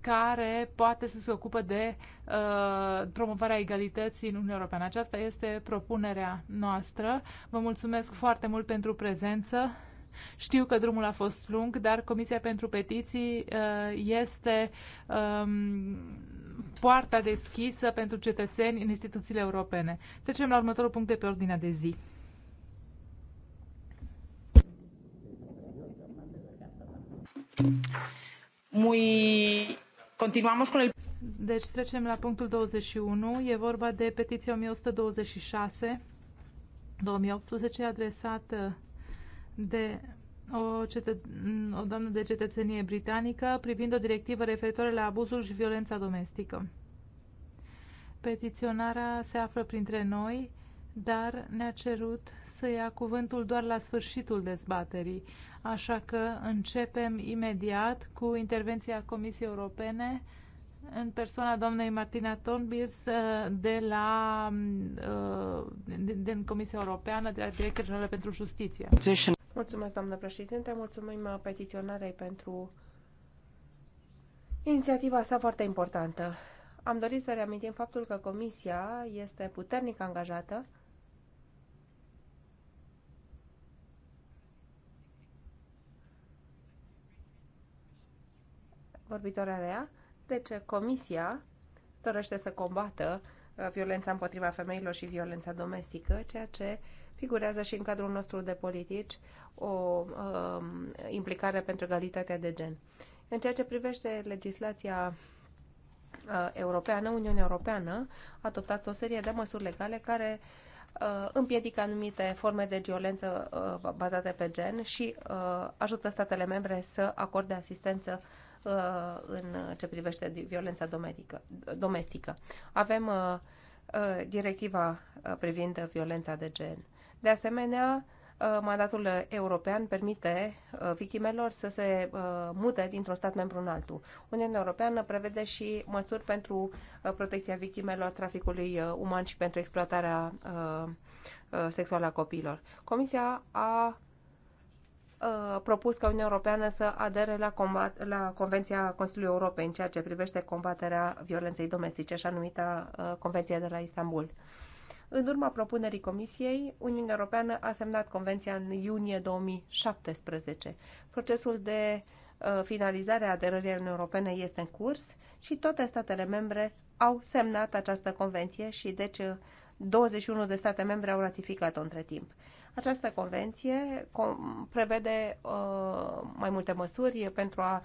care poate să se ocupă de uh, promovarea egalității în Uniunea Europeană. Aceasta este propunerea noastră. Vă mulțumesc foarte mult pentru prezență. Știu că drumul a fost lung, dar Comisia pentru Petiții uh, este um, poarta deschisă pentru cetățeni în instituțiile europene. Trecem la următorul punct de pe ordinea de zi. Muy... Continuamos con el... Deci trecem la punctul 21. E vorba de petiția 1126 2018 adresată de o, cetă... o doamnă de cetățenie britanică privind o directivă referitoare la abuzul și violența domestică. Petiționarea se află printre noi, dar ne-a cerut să ia cuvântul doar la sfârșitul dezbaterii. Așa că începem imediat cu intervenția Comisiei Europene în persoana doamnei Martina Tornbils uh, de la uh, din Comisia Europeană, de la Direcția Generală pentru Justiție. Mulțumesc, doamnă președinte, mulțumim petiționarei pentru inițiativa sa foarte importantă. Am dorit să reamintim faptul că Comisia este puternic angajată vorbitoarea rea. ce Comisia dorește să combată uh, violența împotriva femeilor și violența domestică, ceea ce figurează și în cadrul nostru de politici o um, implicare pentru egalitatea de gen. În ceea ce privește legislația uh, europeană, Uniunea Europeană a adoptat o serie de măsuri legale care uh, împiedică anumite forme de violență uh, bazate pe gen și uh, ajută statele membre să acorde asistență uh, Uh, în ce privește violența domestică. Avem uh, uh, directiva privind violența de gen. De asemenea, mandatul european permite victimelor să se mute dintr-un stat membru în altul. Uniunea Europeană prevede și măsuri pentru protecția victimelor traficului uman și pentru exploatarea sexuală a copiilor. Comisia a Uh, propus ca Uniunea Europeană să adere la, combat, la Convenția Consiliului Europei în ceea ce privește combaterea violenței domestice, așa numita uh, convenția Convenție de la Istanbul. În urma propunerii Comisiei, Uniunea Europeană a semnat Convenția în iunie 2017. Procesul de uh, finalizare a aderării Uniunii Europene este în curs și toate statele membre au semnat această convenție și deci 21 de state membre au ratificat-o între timp. Această convenție prevede uh, mai multe măsuri pentru a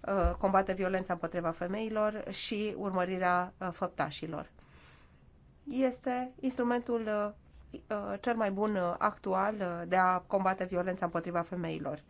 uh, combate violența împotriva femeilor și urmărirea uh, făptașilor. Este instrumentul uh, uh, cel mai bun uh, actual de a combate violența împotriva femeilor.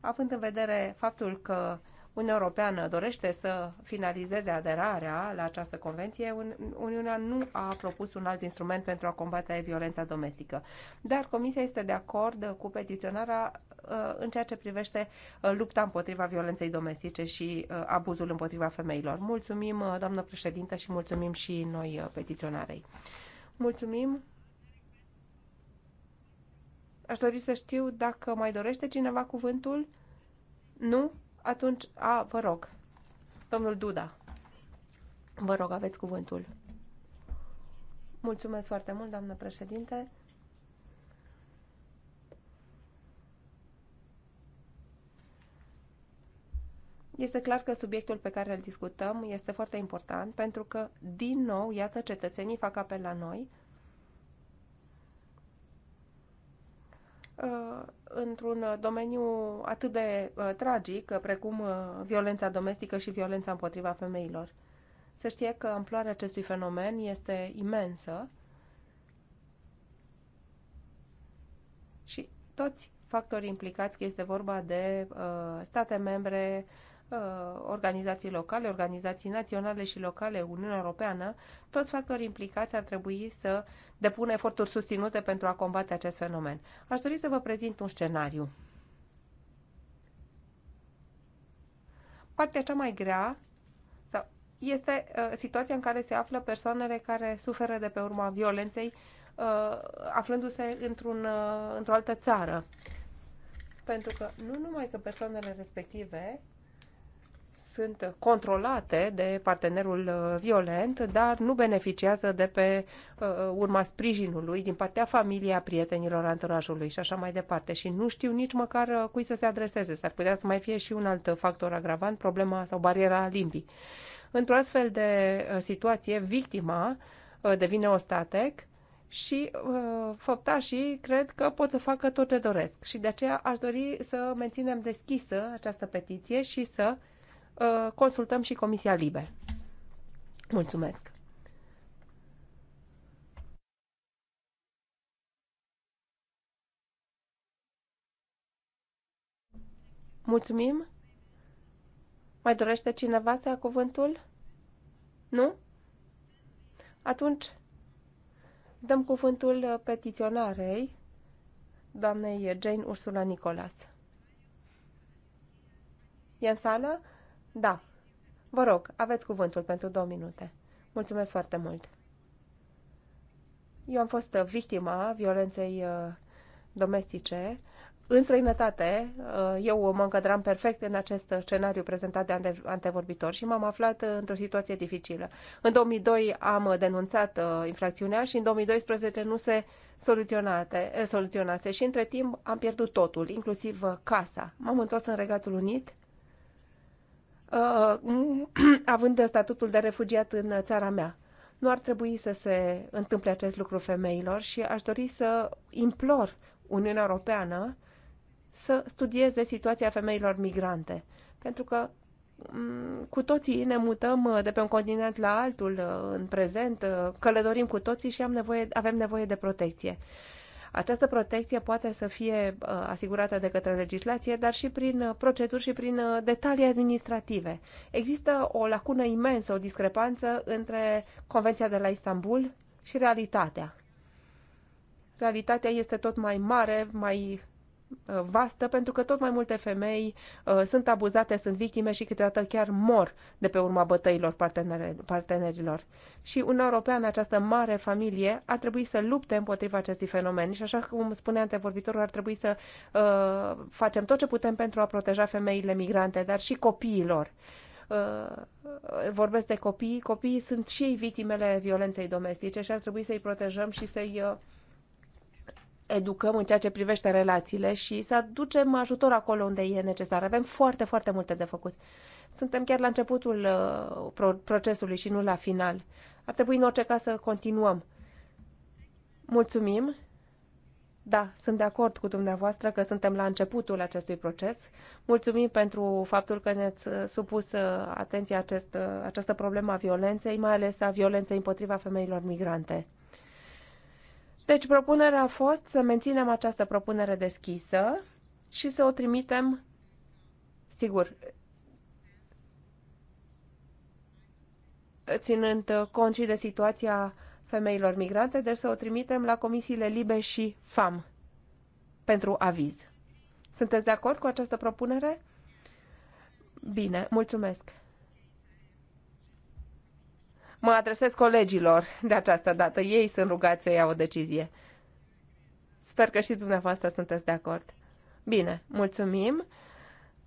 Având în vedere faptul că uh, Uniunea Europeană dorește să finalizeze aderarea la această convenție, Uniunea nu a propus un alt instrument pentru a combate violența domestică. Dar Comisia este de acord cu petiționarea uh, în ceea ce privește uh, lupta împotriva violenței domestice și uh, abuzul împotriva femeilor. Mulțumim, doamnă președintă, și mulțumim și noi petiționarei. Mulțumim. Aș dori să știu dacă mai dorește cineva cuvântul. Nu? Atunci, a, vă rog, domnul Duda, vă rog, aveți cuvântul. Mulțumesc foarte mult, doamnă președinte. Este clar că subiectul pe care îl discutăm este foarte important pentru că, din nou, iată, cetățenii fac apel la noi Uh, într-un domeniu atât de uh, tragic uh, precum violența domestică și violența împotriva femeilor. Să știe că amploarea acestui fenomen este imensă și toți factorii implicați, că este vorba de uh, state membre, Uh, organizații locale, organizații naționale și locale, Uniunea Europeană, toți factorii implicați ar trebui să depună eforturi susținute pentru a combate acest fenomen. Aș dori să vă prezint un scenariu. Partea cea mai grea sau este uh, situația în care se află persoanele care suferă de pe urma violenței uh, aflându-se într-un, într-o altă țară. Pentru că nu numai că persoanele respective sunt controlate de partenerul uh, violent, dar nu beneficiază de pe uh, urma sprijinului din partea familiei, a prietenilor, anturajului și așa mai departe. Și nu știu nici măcar uh, cui să se adreseze. S-ar putea să mai fie și un alt factor agravant, problema sau bariera limbii. Într-o astfel de situație, victima devine o ostatec și uh, făptașii cred că pot să facă tot ce doresc. Și de aceea aș dori să menținem deschisă această petiție și să Uh, consultăm și Comisia Libe. Mulțumesc! Mulțumim! Mai dorește cineva să ia cuvântul? Nu? Atunci dăm cuvântul uh, petiționarei, doamnei Jane Ursula Nicolas. E în sală? Da. Vă rog, aveți cuvântul pentru două minute. Mulțumesc foarte mult. Eu am fost uh, victima violenței uh, domestice în străinătate. Uh, eu mă încadram perfect în acest scenariu prezentat de antevorbitor și m-am aflat într-o situație dificilă. În 2002 am denunțat infracțiunea și în 2012 nu se soluționase și între timp am pierdut totul, inclusiv casa. M-am întors în Regatul Unit Uh, [clears throat] având statutul de refugiat în țara mea. Nu ar trebui să se întâmple acest lucru femeilor și aș dori să implor Uniunea Europeană să studieze situația femeilor migrante. Pentru că mm, cu toții ne mutăm uh, de pe un continent la altul uh, în prezent, călătorim cu toții și am nevoie, avem nevoie de protecție. Această protecție poate să fie uh, asigurată de către legislație, dar și prin uh, proceduri și prin uh, detalii administrative. Există o lacună imensă, o discrepanță între Convenția de la Istanbul și realitatea. Realitatea este tot mai mare, mai Uh, vastă pentru că tot mai multe femei uh, sunt abuzate, sunt victime și câteodată chiar mor de pe urma bătăilor partenerilor. Și un Europeană, această mare familie, ar trebui să lupte împotriva acestui fenomen și așa cum spunea antevorbitorul, ar trebui să uh, facem tot ce putem pentru a proteja femeile migrante, dar și copiilor. Uh, vorbesc de copii, copiii sunt și ei victimele violenței domestice și ar trebui să-i protejăm și să-i uh, educăm în ceea ce privește relațiile și să aducem ajutor acolo unde e necesar. Avem foarte, foarte multe de făcut. Suntem chiar la începutul uh, procesului și nu la final. Ar trebui în orice caz să continuăm. Mulțumim! Da, sunt de acord cu dumneavoastră că suntem la începutul acestui proces. Mulțumim pentru faptul că ne-ați uh, supus uh, atenția acest, această problemă a violenței, mai ales a violenței împotriva femeilor migrante. Deci propunerea a fost să menținem această propunere deschisă și să o trimitem, sigur, ținând cont și de situația femeilor migrante, deci să o trimitem la comisiile LIBE și FAM pentru aviz. Sunteți de acord cu această propunere? Bine, mulțumesc. Mă adresez colegilor de această dată. Ei sunt rugați să iau o decizie. Sper că și dumneavoastră sunteți de acord. Bine, mulțumim.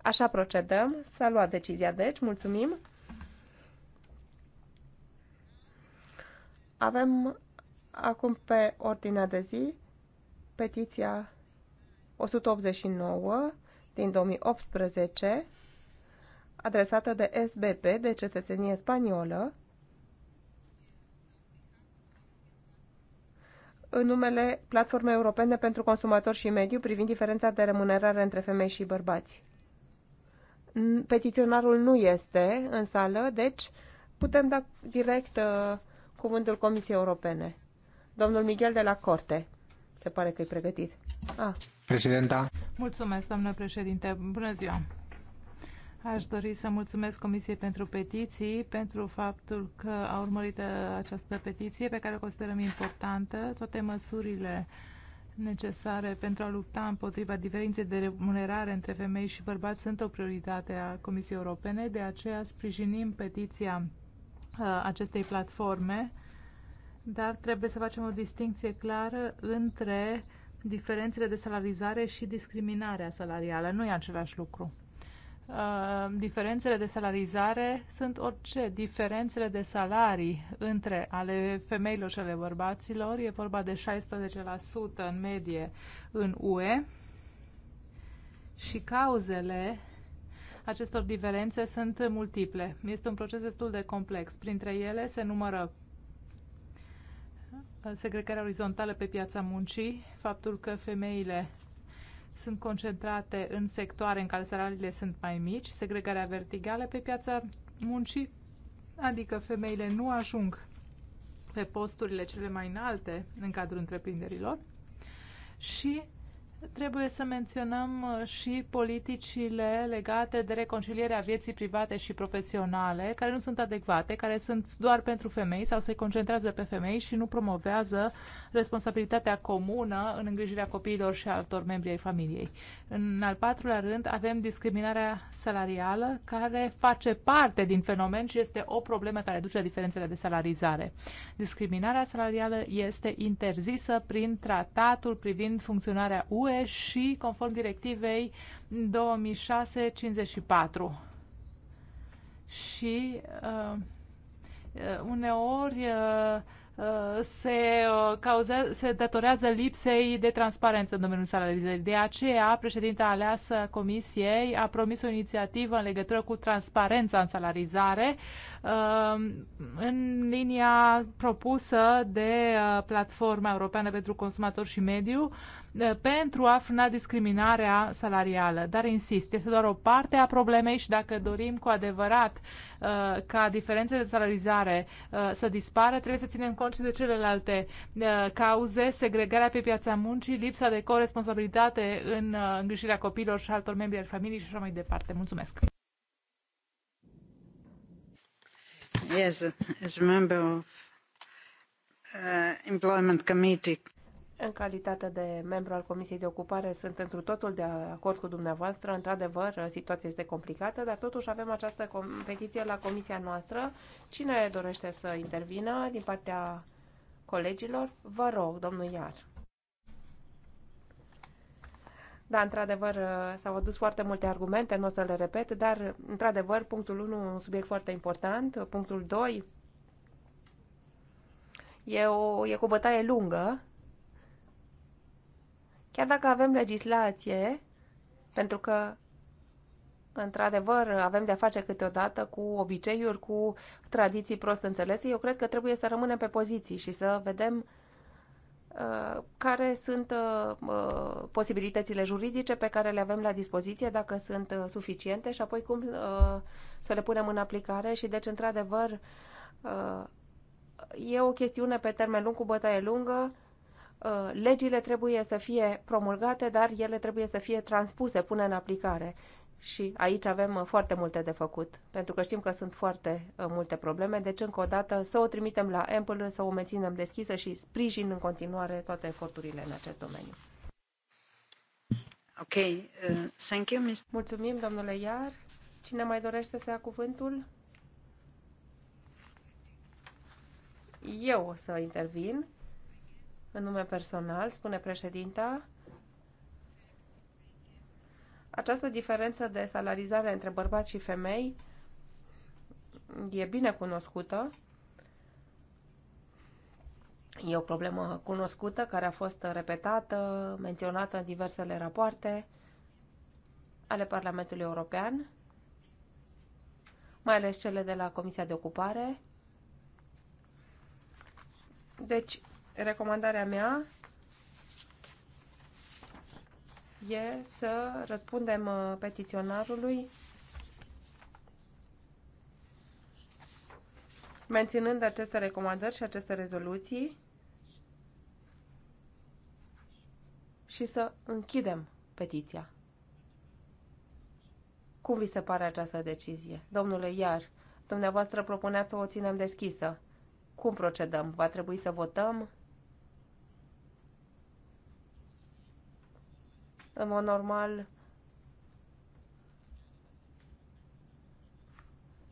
Așa procedăm. S-a luat decizia, deci. Mulțumim. Avem acum pe ordinea de zi petiția 189 din 2018 adresată de SBP de cetățenie spaniolă în numele Platformei Europene pentru Consumator și Mediu privind diferența de remunerare între femei și bărbați. Petiționarul nu este în sală, deci putem da direct uh, cuvântul Comisiei Europene. Domnul Miguel de la Corte. Se pare că e pregătit. Ah. Președinta. Mulțumesc, doamnă președinte. Bună ziua. Aș dori să mulțumesc Comisiei pentru petiții, pentru faptul că a urmărit uh, această petiție pe care o considerăm importantă. Toate măsurile necesare pentru a lupta împotriva diferenței de remunerare între femei și bărbați sunt o prioritate a Comisiei Europene, de aceea sprijinim petiția uh, acestei platforme, dar trebuie să facem o distinție clară între diferențele de salarizare și discriminarea salarială. Nu e același lucru. Uh, diferențele de salarizare sunt orice diferențele de salarii între ale femeilor și ale bărbaților. E vorba de 16% în medie în UE și cauzele acestor diferențe sunt multiple. Este un proces destul de complex. Printre ele se numără uh, segregarea orizontală pe piața muncii, faptul că femeile sunt concentrate în sectoare în care salariile sunt mai mici, segregarea verticală pe piața muncii, adică femeile nu ajung pe posturile cele mai înalte în cadrul întreprinderilor și Trebuie să menționăm uh, și politicile legate de reconcilierea vieții private și profesionale, care nu sunt adecvate, care sunt doar pentru femei sau se concentrează pe femei și nu promovează responsabilitatea comună în îngrijirea copiilor și altor membri ai familiei. În al patrulea rând, avem discriminarea salarială, care face parte din fenomen și este o problemă care duce la diferențele de salarizare. Discriminarea salarială este interzisă prin tratatul privind funcționarea UE UE și conform directivei 2006-54. Și uh, uh, uneori uh, uh se, uh, cauze, se datorează lipsei de transparență în domeniul salarizării. De aceea, președinta aleasă Comisiei a promis o inițiativă în legătură cu transparența în salarizare Um, în linia propusă de uh, Platforma Europeană pentru Consumator și Mediu uh, pentru a frâna discriminarea salarială. Dar insist, este doar o parte a problemei și dacă dorim cu adevărat uh, ca diferențele de salarizare să dispară, trebuie să ținem cont și de celelalte cauze, segregarea pe piața muncii, lipsa de corresponsabilitate în îngrijirea copiilor și altor membri ai familiei și așa mai departe. Mulțumesc! Uh, În calitate de membru al Comisiei de Ocupare, sunt întru totul de acord cu dumneavoastră. Într-adevăr, situația este complicată, dar totuși avem această competiție la Comisia noastră. Cine dorește să intervină din partea colegilor? Vă rog, domnul Iar. Da, într-adevăr, uh, s-au adus foarte multe argumente, nu o să le repet, dar, într-adevăr, punctul 1, un subiect foarte important, punctul 2, e, o, e cu bătaie lungă. Chiar dacă avem legislație, pentru că într-adevăr, avem de-a face câteodată cu obiceiuri, cu tradiții prost înțelese, eu cred că trebuie să rămânem pe poziții și să vedem care sunt uh, posibilitățile juridice pe care le avem la dispoziție, dacă sunt uh, suficiente și apoi cum uh, să le punem în aplicare și deci, într-adevăr, e o chestiune pe termen lung cu bătaie lungă, legile trebuie să fie promulgate, dar ele trebuie să fie transpuse, pune în aplicare. Și aici avem uh, foarte multe de făcut, pentru că știm că sunt foarte uh, multe probleme, deci încă o dată să o trimitem la Ample, să o menținem deschisă și sprijin în continuare toate eforturile în acest domeniu. Ok, uh, thank you, Mr. Mulțumim, domnule Iar. Cine mai dorește să ia cuvântul? Eu o să intervin în nume personal, spune președinta. Această diferență de salarizare între bărbați și femei e bine cunoscută. E o problemă cunoscută care a fost repetată, menționată în diversele rapoarte ale Parlamentului European, mai ales cele de la Comisia de Ocupare. Deci, recomandarea mea e să răspundem uh, petiționarului menținând aceste recomandări și aceste rezoluții și să închidem petiția. Cum vi se pare această decizie? Domnule Iar, dumneavoastră propuneați să o ținem deschisă. Cum procedăm? Va trebui să votăm? în mod normal,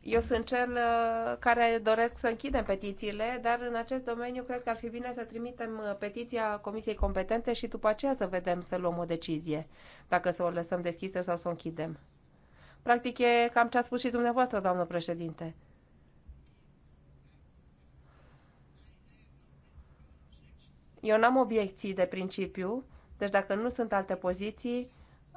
eu sunt cel uh, care doresc să închidem petițiile, dar în acest domeniu cred că ar fi bine să trimitem uh, petiția Comisiei Competente și după aceea să vedem să luăm o decizie, dacă să o lăsăm deschisă sau să o închidem. Practic e cam ce a spus și dumneavoastră, doamnă președinte. Eu n-am obiecții de principiu, deci dacă nu sunt alte poziții,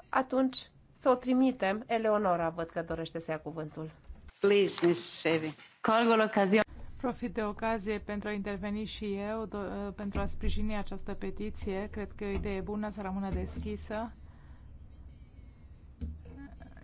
atunci să o trimitem. Eleonora, văd că dorește să ia cuvântul. Please, Miss Sevi. Colgul ocazia. Profit de ocazie pentru a interveni și eu, do- uh, pentru a sprijini această petiție. Cred că e o idee bună să rămână deschisă.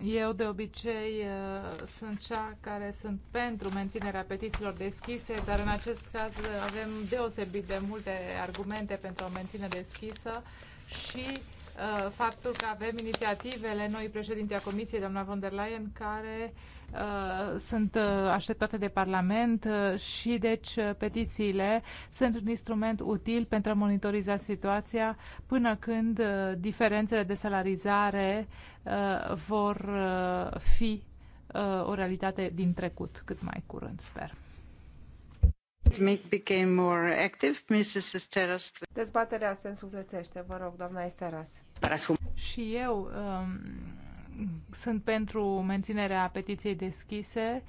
Eu de obicei uh, sunt cea care sunt pentru menținerea petițiilor deschise, dar în acest caz uh, avem deosebit de multe argumente pentru a menține deschisă și uh, faptul că avem inițiativele noi președinte a Comisiei, doamna von der Leyen, care uh, sunt uh, așteptate de Parlament uh, și deci petițiile sunt un instrument util pentru a monitoriza situația până când diferențele de salarizare vor fi o realitate din trecut cât mai curând, sper. Dezbaterea se însuflețește, vă rog, doamna Esteras. Și eu um, sunt pentru menținerea petiției deschise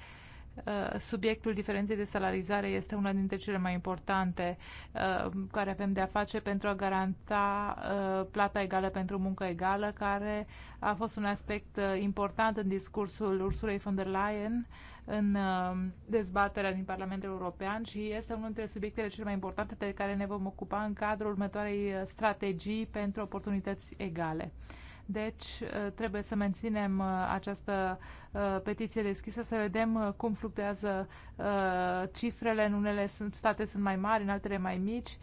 uh, subiectul diferenței de salarizare este una dintre cele mai importante uh, care avem de a face pentru a garanta uh, plata egală pentru muncă egală, care a fost un aspect uh, important în discursul Ursulei von der Leyen în um, dezbaterea din Parlamentul European și este unul dintre subiectele cele mai importante pe care ne vom ocupa în cadrul următoarei uh, strategii pentru oportunități egale. Deci uh, trebuie să menținem uh, această uh, petiție deschisă, să vedem cum fluctuează cifrele. În unele state sunt mai mari, în altele mai mici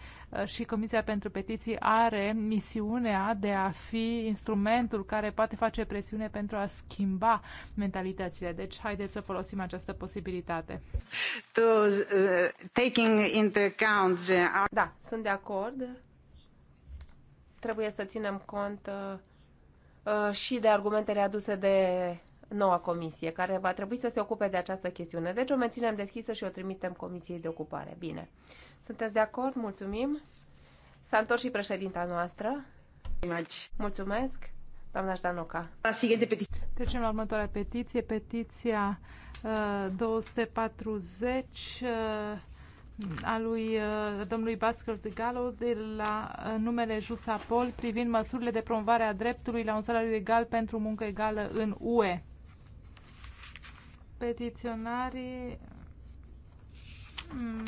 și Comisia pentru Petiții are misiunea de a fi instrumentul care poate face presiune pentru a schimba mentalitățile. Deci haideți să folosim această posibilitate. To, uh, taking into account the... Da, sunt de acord. Trebuie să ținem cont uh, Uh, și de argumentele aduse de noua comisie, care va trebui să se ocupe de această chestiune. Deci o menținem deschisă și o trimitem comisiei de ocupare. Bine. Sunteți de acord? Mulțumim. S-a întors și președinta noastră. Mulțumesc. Doamna Ștanoca. La siguiente petiție. Trecem la următoarea petiție. Petiția uh, 240 uh, a lui uh, domnului Bascăr de Galo de la uh, numele Jusapol privind măsurile de promovare a dreptului la un salariu egal pentru muncă egală în UE. Petiționarii mm,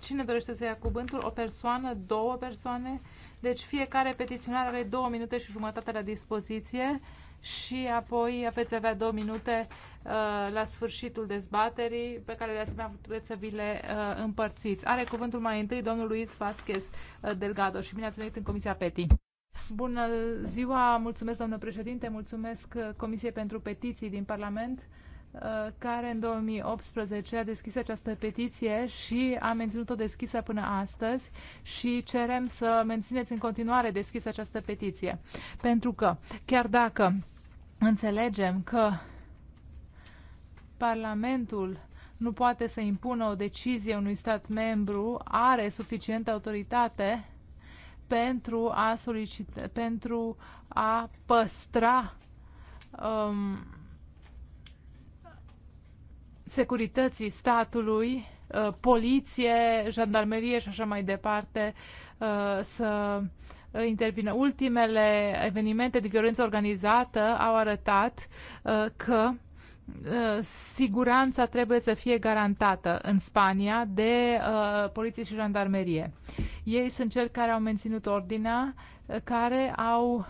Cine dorește să ia cuvântul? O persoană? Două persoane? Deci fiecare petiționar are două minute și jumătate la dispoziție și apoi veți avea două minute uh, la sfârșitul dezbaterii pe care de asemenea puteți să vi le uh, împărțiți. Are cuvântul mai întâi domnul Luis Vasquez uh, Delgado și bine ați venit în Comisia PETI. Bună ziua, mulțumesc domnule președinte, mulțumesc uh, Comisiei pentru Petiții din Parlament Uh, care în 2018 a deschis această petiție și a menținut-o deschisă până astăzi și cerem să mențineți în continuare deschisă această petiție. Pentru că, chiar dacă înțelegem că Parlamentul nu poate să impună o decizie unui stat membru, are suficientă autoritate pentru a solicita, pentru a păstra um, securității statului, uh, poliție, jandarmerie și așa mai departe uh, să intervină. Ultimele evenimente de violență organizată au arătat uh, că siguranța trebuie să fie garantată în Spania de poliție și jandarmerie. Ei sunt cei care au menținut ordinea, care au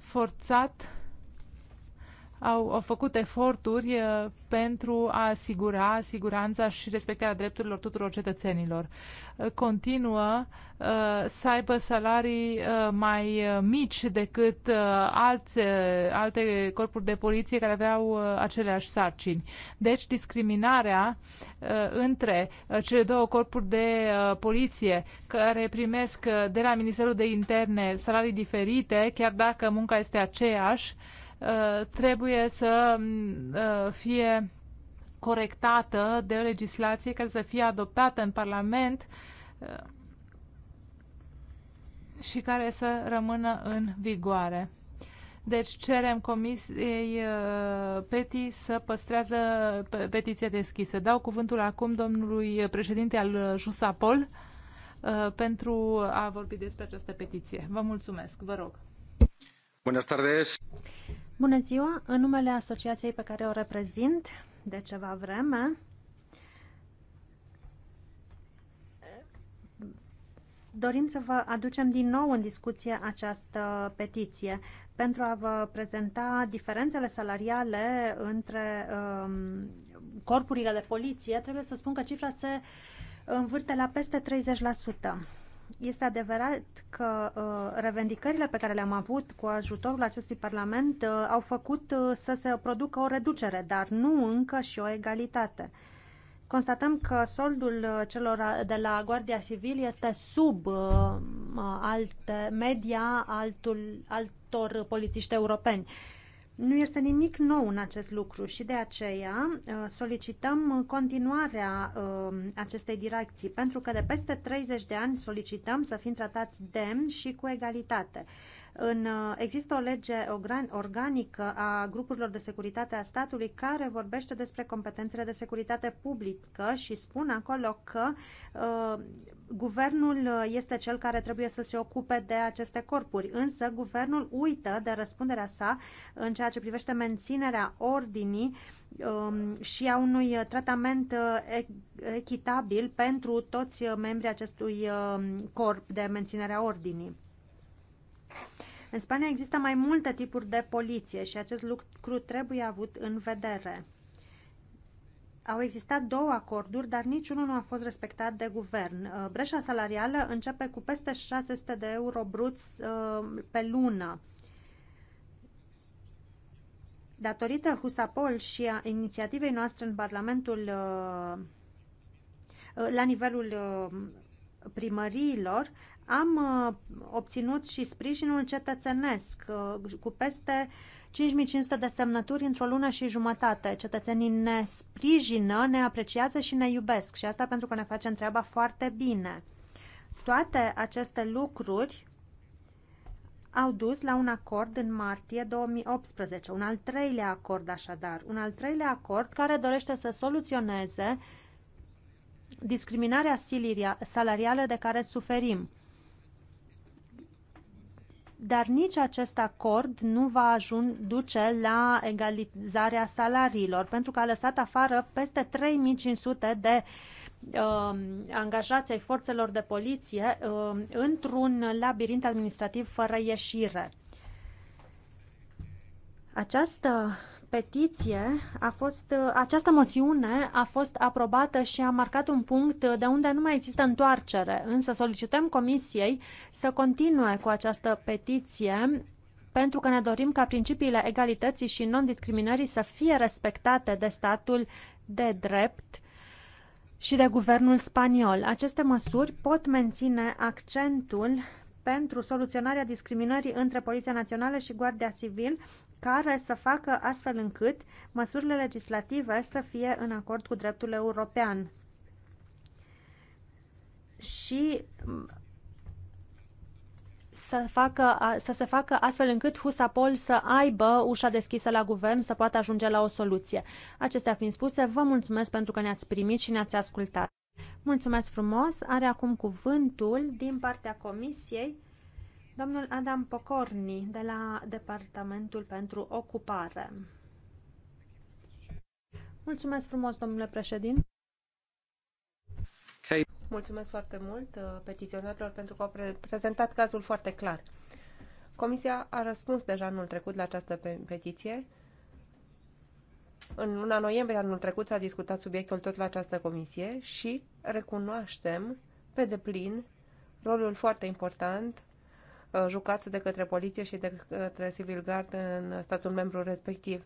forțat au, au făcut eforturi uh, pentru a asigura siguranța și respectarea drepturilor tuturor cetățenilor. Uh, continuă uh, să aibă salarii mai mici decât alte, alte corpuri de poliție care aveau aceleași sarcini. Deci discriminarea între cele două corpuri de poliție care primesc de la Ministerul de Interne salarii diferite, chiar dacă munca este aceeași, Uh, trebuie să mm, uh, fie corectată de o legislație care să fie adoptată în Parlament uh, și care să rămână în vigoare. Deci cerem comisiei PETI să păstrează petiția deschisă. Dau cuvântul acum domnului președinte al Jusapol pentru a vorbi despre această petiție. Vă mulțumesc, vă rog. Buenas tardes. Bună ziua! În numele asociației pe care o reprezint de ceva vreme, dorim să vă aducem din nou în discuție această petiție pentru a vă prezenta diferențele salariale între um, corpurile de poliție. Trebuie să spun că cifra se învârte la peste 30%. Este adevărat că uh, revendicările pe care le-am avut cu ajutorul acestui Parlament uh, au făcut uh, să se producă o reducere, dar nu încă și o egalitate. Constatăm că soldul uh, celor de la Guardia Civil este sub uh, alte media altul, altor polițiști europeni. Uh, nu este nimic nou în acest lucru și de aceea uh, solicităm continuarea uh, acestei direcții, pentru că de peste 30 de ani solicităm să fim tratați demn și cu egalitate. În, uh, există o lege organică a grupurilor de securitate a statului care vorbește despre competențele de securitate publică și spun acolo că uh, Guvernul uh, este cel care trebuie să se ocupe de aceste corpuri, însă guvernul uită de răspunderea sa în ceea ce privește menținerea ordinii um, și a unui uh, tratament uh, echitabil pentru toți membrii acestui um, corp de menținere a ordinii. În Spania există mai multe tipuri de poliție și acest lucru trebuie avut în vedere. Au existat două acorduri, dar niciunul nu a fost respectat de guvern. Uh, breșa salarială începe cu peste 600 de euro bruți uh, pe lună. Datorită Husapol și a inițiativei noastre în Parlamentul uh, la nivelul primăriilor, am obținut și sprijinul cetățenesc cu peste 5500 de semnături într-o lună și jumătate. Cetățenii ne sprijină, ne apreciază și ne iubesc și asta pentru că ne facem treaba foarte bine. Toate aceste lucruri au dus la un acord în martie 2018, un al treilea acord așadar, un al treilea acord care dorește să soluționeze discriminarea salarială de care suferim dar nici acest acord nu va duce la egalizarea salariilor, pentru că a lăsat afară peste 3500 de uh, angajați ai forțelor de poliție uh, într-un labirint administrativ fără ieșire. Această petiție a fost, această moțiune a fost aprobată și a marcat un punct de unde nu mai există întoarcere, însă solicităm Comisiei să continue cu această petiție pentru că ne dorim ca principiile egalității și non-discriminării să fie respectate de statul de drept și de guvernul spaniol. Aceste măsuri pot menține accentul pentru soluționarea discriminării între Poliția Națională și Guardia Civil care să facă astfel încât măsurile legislative să fie în acord cu dreptul european. Și să, facă, să se facă astfel încât Husapol să aibă ușa deschisă la guvern, să poată ajunge la o soluție. Acestea fiind spuse, vă mulțumesc pentru că ne-ați primit și ne-ați ascultat. Mulțumesc frumos! Are acum cuvântul din partea Comisiei Domnul Adam Pocorni de la Departamentul pentru Ocupare. Mulțumesc frumos, domnule președinte. Okay. Mulțumesc foarte mult uh, petiționarilor pentru că au prezentat cazul foarte clar. Comisia a răspuns deja anul trecut la această petiție. În luna noiembrie anul trecut s-a discutat subiectul tot la această comisie și recunoaștem pe deplin rolul foarte important Uh, jucat de către poliție și de către civil guard în statul membru respectiv.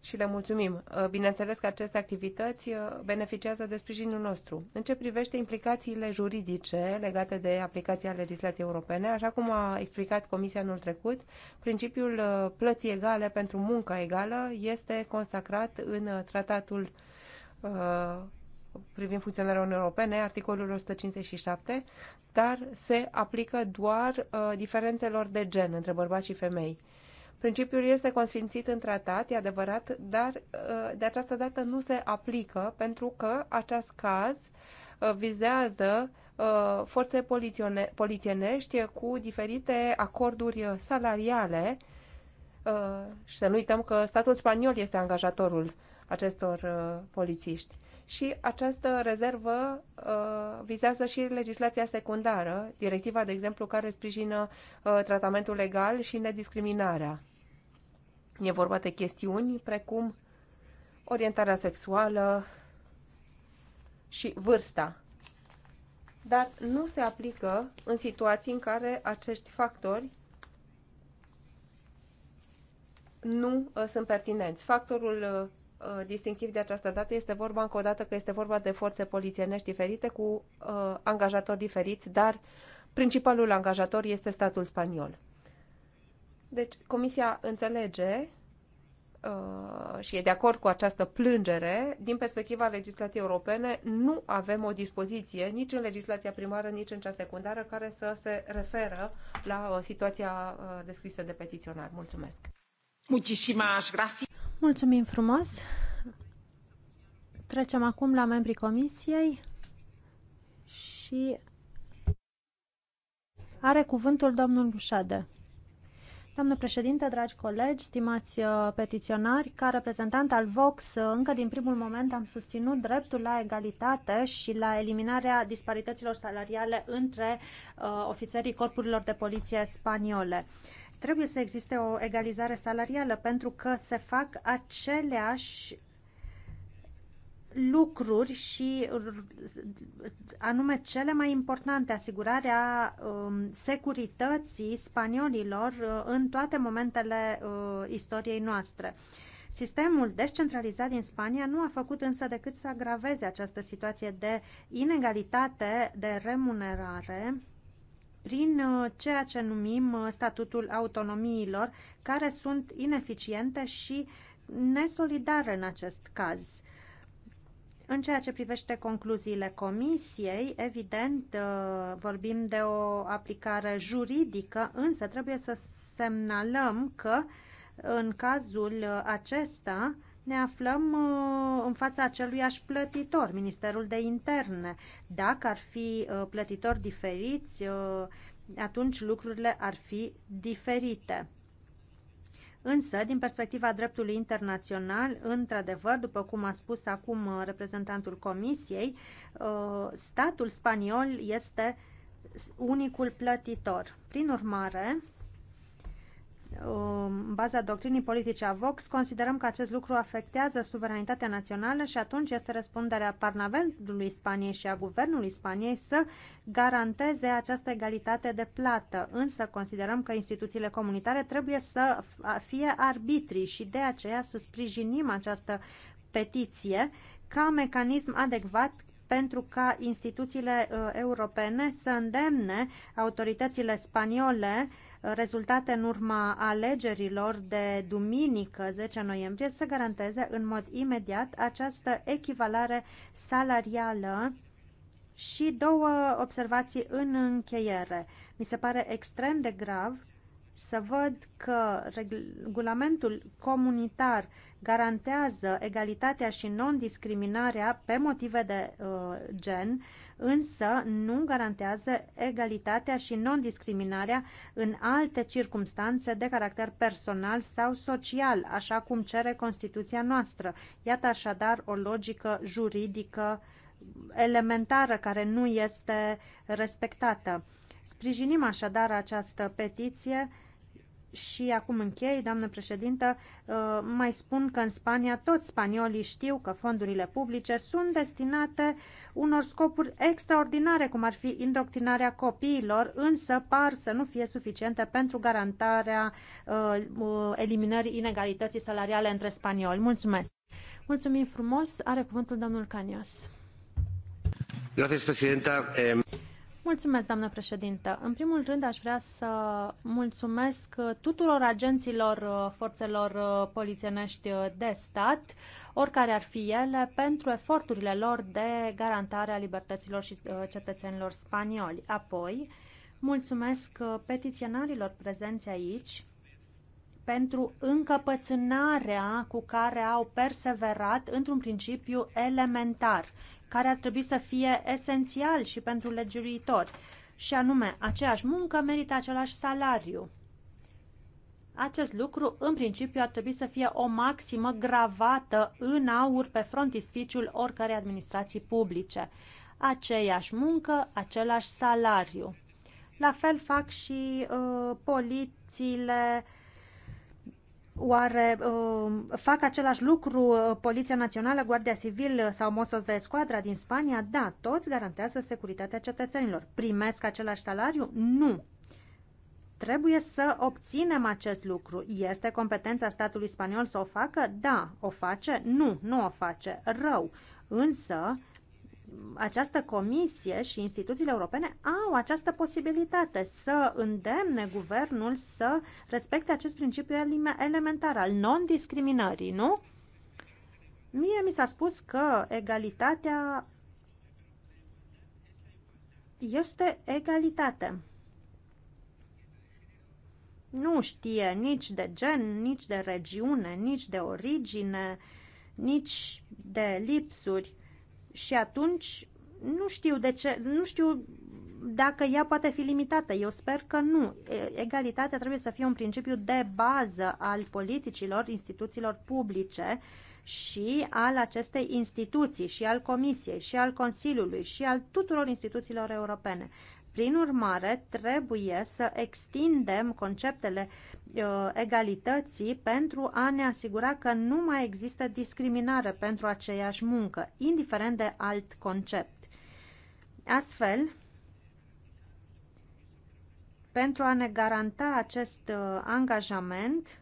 Și le mulțumim. Uh, bineînțeles că aceste activități uh, beneficiază de sprijinul nostru. În ce privește implicațiile juridice legate de aplicația legislației europene, așa cum a explicat Comisia anul trecut, principiul plății egale pentru munca egală este consacrat în tratatul privind funcționarea Uniunii Europene, articolul 157, dar se aplică doar uh, diferențelor de gen între bărbați și femei. Principiul este consfințit în tratat, e adevărat, dar uh, de această dată nu se aplică pentru că acest caz uh, vizează uh, forțe polițienești cu diferite acorduri salariale uh, și să nu uităm că statul spaniol este angajatorul acestor uh, polițiști și această rezervă uh, vizează și legislația secundară, directiva, de exemplu, care sprijină uh, tratamentul legal și nediscriminarea. E vorba de chestiuni precum orientarea sexuală și vârsta. Dar nu se aplică în situații în care acești factori nu uh, sunt pertinenți. Factorul uh, Uh, distinctiv de această dată este vorba încă o dată că este vorba de forțe polițienești diferite cu uh, angajatori diferiți, dar principalul angajator este statul spaniol. Deci comisia înțelege uh, și e de acord cu această plângere, din perspectiva legislației europene, nu avem o dispoziție nici în legislația primară, nici în cea secundară, care să se referă la uh, situația uh, descrisă de petiționar. Mulțumesc! Mulțumim frumos. Trecem acum la membrii comisiei și are cuvântul domnul Bușade. Doamnă președinte, dragi colegi, stimați uh, petiționari, ca reprezentant al Vox, uh, încă din primul moment am susținut dreptul la egalitate și la eliminarea disparităților salariale între uh, ofițerii corpurilor de poliție spaniole. Uh, Trebuie să existe o egalizare salarială pentru că se fac aceleași lucruri și anume cele mai importante, asigurarea um, securității spaniolilor uh, în toate momentele uh, istoriei noastre. Sistemul descentralizat din Spania nu a făcut însă decât să agraveze această situație de inegalitate de remunerare prin uh, ceea ce numim uh, statutul autonomiilor, care sunt ineficiente și nesolidare în acest caz. În ceea ce privește concluziile comisiei, evident, uh, vorbim de o aplicare juridică, însă trebuie să semnalăm că în cazul acesta ne aflăm uh, în fața aceluiași plătitor, Ministerul de Interne. Dacă ar fi uh, plătitori diferiți, uh, atunci lucrurile ar fi diferite. Însă, din perspectiva dreptului internațional, într-adevăr, după cum a spus acum reprezentantul Comisiei, statul spaniol este unicul plătitor. Prin urmare, Um, în baza doctrinii politice a Vox, considerăm că acest lucru afectează suveranitatea națională și atunci este răspunderea Parlamentului Spaniei și a Guvernului Spaniei să garanteze această egalitate de plată. Însă considerăm că instituțiile comunitare trebuie să fie arbitri și de aceea să sprijinim această petiție ca mecanism adecvat pentru ca instituțiile uh, europene să îndemne autoritățile spaniole uh, rezultate în urma alegerilor de duminică 10 noiembrie să garanteze în mod imediat această echivalare salarială și două observații în încheiere. Mi se pare extrem de grav să văd că regulamentul comunitar garantează egalitatea și non-discriminarea pe motive de uh, gen, însă nu garantează egalitatea și non-discriminarea în alte circumstanțe de caracter personal sau social, așa cum cere Constituția noastră. Iată așadar o logică juridică elementară care nu este respectată. Sprijinim așadar această petiție și acum închei, doamnă președintă, uh, mai spun că în Spania toți spaniolii știu că fondurile publice sunt destinate unor scopuri extraordinare, cum ar fi indoctrinarea copiilor, însă par să nu fie suficiente pentru garantarea uh, uh, eliminării inegalității salariale între spanioli. Mulțumesc! Mulțumim frumos! Are cuvântul domnul Canios. Gracias, presidenta. Eh... Mulțumesc, doamnă președintă. În primul rând, aș vrea să mulțumesc tuturor agenților uh, forțelor uh, polițienești uh, de stat, oricare ar fi ele, pentru eforturile lor de garantare a libertăților și cetățenilor spanioli. Apoi, mulțumesc petiționarilor prezenți aici, pentru încăpățânarea cu care au perseverat într-un principiu elementar, care ar trebui să fie esențial și pentru legiuitori, și anume, aceeași muncă merită același salariu. Acest lucru, în principiu, ar trebui să fie o maximă gravată în aur pe frontispiciul oricărei administrații publice. Aceeași muncă, același salariu. La fel fac și uh, polițiile uh, Oare uh, fac același lucru uh, Poliția Națională, Guardia Civil sau Mossos de Escuadra din Spania? Da, toți garantează securitatea cetățenilor. Primesc același salariu? Nu. Trebuie să obținem acest lucru. Este competența statului spaniol să o facă? Da. O face? Nu, nu o face. Rău. Însă, această comisie și instituțiile europene au această posibilitate să îndemne guvernul să respecte acest principiu elementar al non-discriminării, nu? Mie mi s-a spus că egalitatea este egalitate. Nu știe nici de gen, nici de regiune, nici de origine, nici de lipsuri și atunci nu știu de ce, nu știu dacă ea poate fi limitată. Eu sper că nu. Egalitatea trebuie să fie un principiu de bază al politicilor, instituțiilor publice și al acestei instituții, și al Comisiei, și al Consiliului, și al tuturor instituțiilor europene. Prin urmare, trebuie să extindem conceptele uh, egalității pentru a ne asigura că nu mai există discriminare pentru aceeași muncă, indiferent de alt concept. Astfel, pentru a ne garanta acest uh, angajament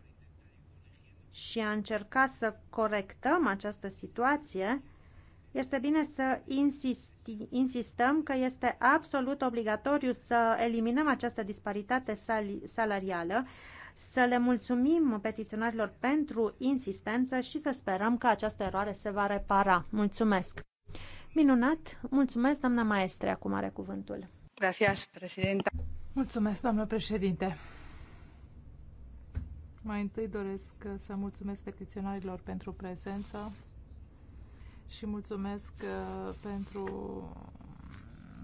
și a încerca să corectăm această situație, este bine să insisti, insistăm că este absolut obligatoriu să eliminăm această disparitate sal salarială, să le mulțumim petiționarilor pentru insistență și să sperăm că această eroare se va repara. Mulțumesc! Minunat! Mulțumesc, doamna maestre, acum are cuvântul. Gracias, presidenta. Mulțumesc, doamnă președinte. Mai întâi doresc să mulțumesc petiționarilor pentru prezență și mulțumesc uh, pentru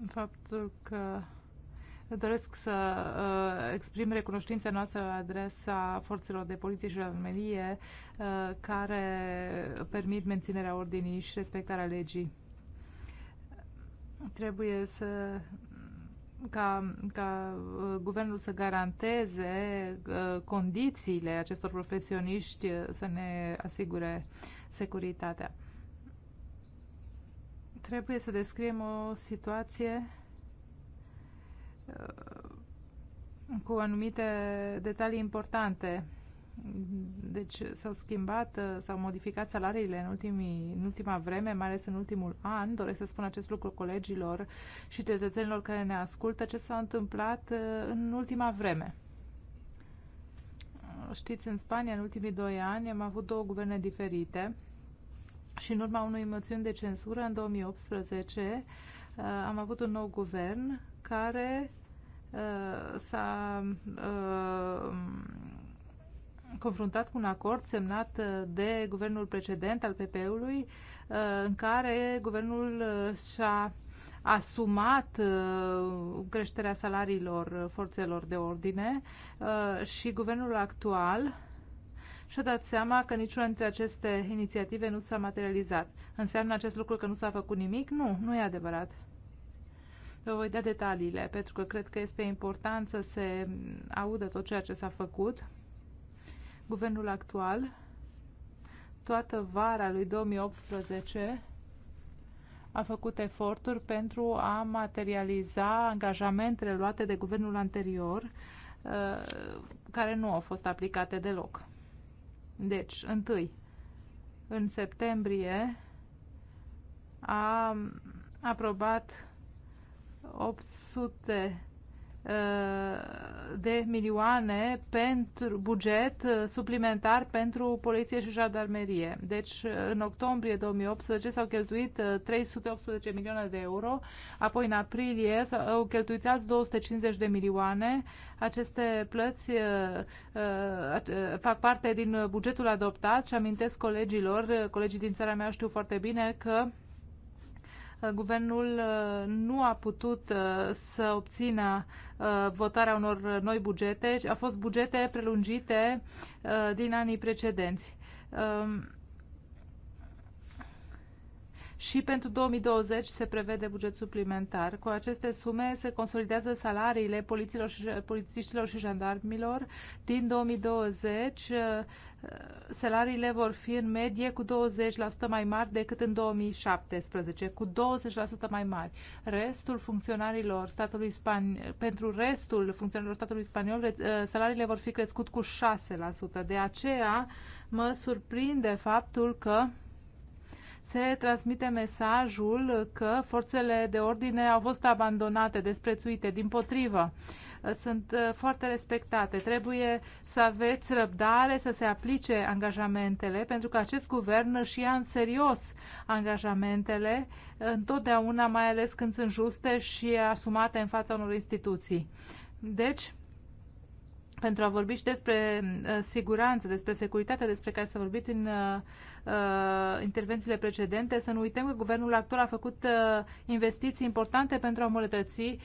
faptul că doresc să uh, exprim recunoștința noastră la adresa forțelor de poliție și jandarmerie uh, care permit menținerea ordinii și respectarea legii. Trebuie să ca, ca guvernul să garanteze condițiile acestor profesioniști să ne asigure securitatea. Trebuie să descriem o situație uh, cu anumite detalii importante. Deci s-au schimbat, uh, s-au modificat salariile în, ultimii, în ultima vreme, mai ales în ultimul an. Doresc să spun acest lucru colegilor și cetățenilor care ne ascultă ce s-a întâmplat uh, în ultima vreme. Știți, în Spania, în ultimii doi ani, am avut două guverne diferite și în urma unui moțiuni de cenzură în 2018 uh, am avut un nou guvern care uh, s-a uh, confruntat cu un acord semnat de guvernul precedent al PP-ului în care guvernul și-a asumat creșterea salariilor forțelor de ordine și guvernul actual și-a dat seama că niciuna dintre aceste inițiative nu s-a materializat. Înseamnă acest lucru că nu s-a făcut nimic? Nu, nu e adevărat. Vă voi da detaliile, pentru că cred că este important să se audă tot ceea ce s-a făcut. Guvernul actual, toată vara lui 2018, a făcut eforturi pentru a materializa angajamentele luate de guvernul anterior, uh, care nu au fost aplicate deloc. Deci, întâi, în septembrie a aprobat 800 Uh, de milioane pentru buget uh, suplimentar pentru poliție și jandarmerie. Deci, uh, în octombrie 2018 s-au cheltuit 318 milioane de euro, apoi în aprilie s-au cheltuit alți 250 de milioane. Aceste plăți fac parte din bugetul adoptat și amintesc colegilor, colegii din țara mea știu foarte bine că guvernul uh, nu a putut uh, să obțină uh, votarea unor noi bugete. Au fost bugete prelungite din anii precedenți. Um, și pentru 2020 se prevede buget suplimentar. Cu aceste sume se consolidează salariile și, polițiștilor și jandarmilor. Din 2020 uh, salariile vor fi în medie cu 20% mai mari decât în 2017, cu 20% mai mari. Restul funcționarilor statului spaniol, pentru restul funcționarilor statului spaniol, uh, salariile vor fi crescut cu 6%. De aceea mă surprinde faptul că se transmite mesajul că forțele de ordine au fost abandonate, desprețuite, din potrivă. Sunt uh, foarte respectate. Trebuie să aveți răbdare să se aplice angajamentele, pentru că acest guvern își ia în serios angajamentele, întotdeauna, mai ales când sunt juste și asumate în fața unor instituții. Deci, pentru a vorbi și despre uh, siguranță, despre securitate despre care s-a vorbit în uh, uh, intervențiile precedente, să nu uităm că guvernul actual a făcut uh, investiții importante pentru a îmbunătăți uh,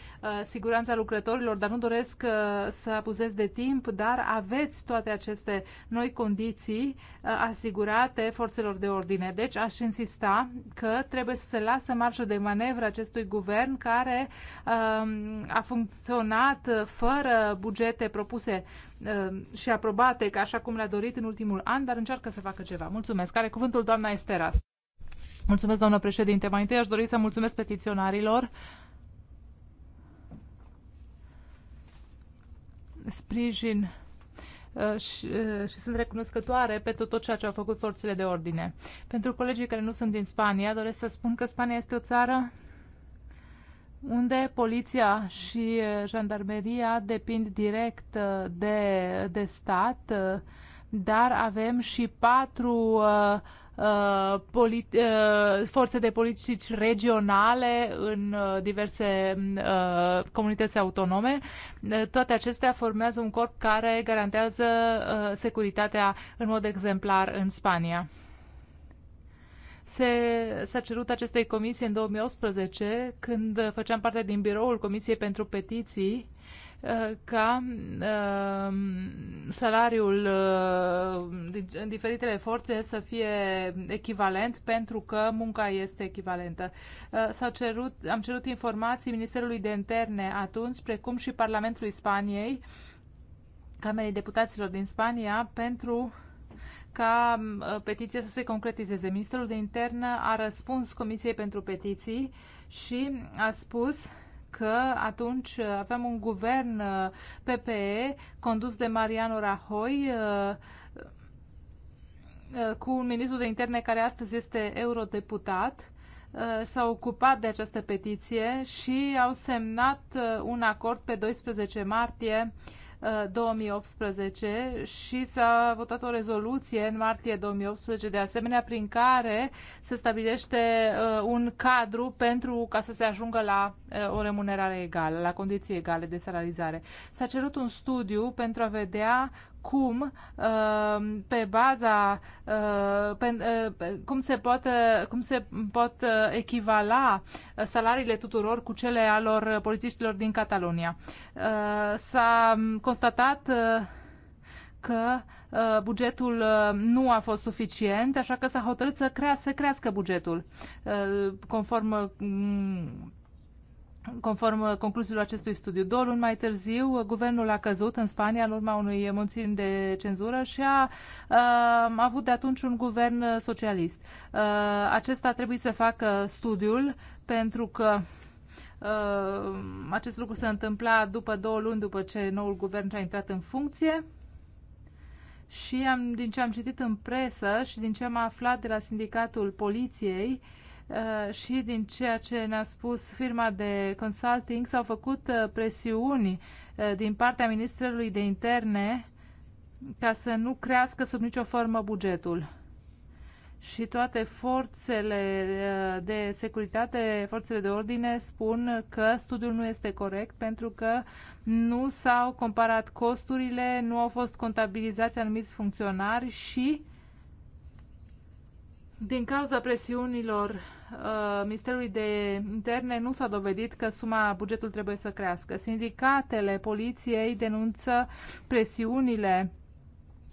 siguranța lucrătorilor, dar nu doresc uh, să abuzez de timp, dar aveți toate aceste noi condiții uh, asigurate forțelor de ordine. Deci aș insista că trebuie să se lasă marșă de manevră acestui guvern care uh, a funcționat uh, fără bugete propuse Um, și aprobate, ca așa cum le-a dorit în ultimul an, dar încearcă să facă ceva. Mulțumesc. Care cuvântul doamna Esteras? Mulțumesc, doamnă președinte. Mai întâi aș dori să mulțumesc petiționarilor. Sprijin uh, și, uh, și sunt recunoscătoare pentru tot ceea ce au făcut forțele de ordine. Pentru colegii care nu sunt din Spania, doresc să spun că Spania este o țară unde poliția și eh, jandarmeria depind direct eh, de, de stat, eh, dar avem și patru uh, uh, poli- uh, forțe de politici regionale în uh, diverse uh, comunități autonome. Uh, toate acestea formează un corp care garantează uh, securitatea în mod exemplar în Spania s-a cerut acestei comisii în 2018, când făceam parte din biroul Comisiei pentru Petiții, uh, ca uh, salariul uh, în diferitele forțe să fie echivalent pentru că munca este echivalentă. Uh, s-au cerut, am cerut informații Ministerului de Interne atunci, precum și Parlamentului Spaniei, Camerei Deputaților din Spania, pentru uh, ca uh, petiția să se concretizeze. Ministrul de Internă a răspuns Comisiei pentru Petiții și a spus că atunci aveam un guvern uh, PPE condus de Mariano Rajoy uh, cu un ministru de interne care astăzi este eurodeputat s-au ocupat de această petiție și au semnat un acord pe 12 martie uh, 2018 și s-a votat o rezoluție în martie 2018 de asemenea prin care se stabilește uh, un cadru pentru ca să se ajungă la uh, o remunerare egală, la condiții egale de salarizare. S-a cerut un studiu pentru a vedea cum, uh, pe baza, uh, uh, pe, cum, se poate, cum se pot echivala salariile tuturor cu cele alor polițiștilor din Catalonia. S-a constatat că bugetul nu a fost suficient, așa că s-a hotărât să, crea, să crească bugetul conform mm, Conform concluziilor acestui studiu, două luni mai târziu, guvernul a căzut în Spania în urma unui mulțim de cenzură și a, a avut de atunci un guvern socialist. A, acesta trebuie să facă studiul pentru că a, acest lucru s-a întâmplat după două luni după ce noul guvern a intrat în funcție și am, din ce am citit în presă și din ce am aflat de la sindicatul poliției, uh, Eh, și din ceea ce ne-a spus firma de consulting s-au făcut eh, presiuni eh, din partea Ministrului de Interne ca să nu crească sub nicio formă bugetul. Și toate forțele de securitate, forțele de ordine spun că studiul nu este corect pentru că nu s-au comparat costurile, nu au fost contabilizați anumiți funcționari și uh, din cauza presiunilor uh, Ministerului de Interne nu s-a dovedit că suma bugetul trebuie să crească. Sindicatele poliției denunță presiunile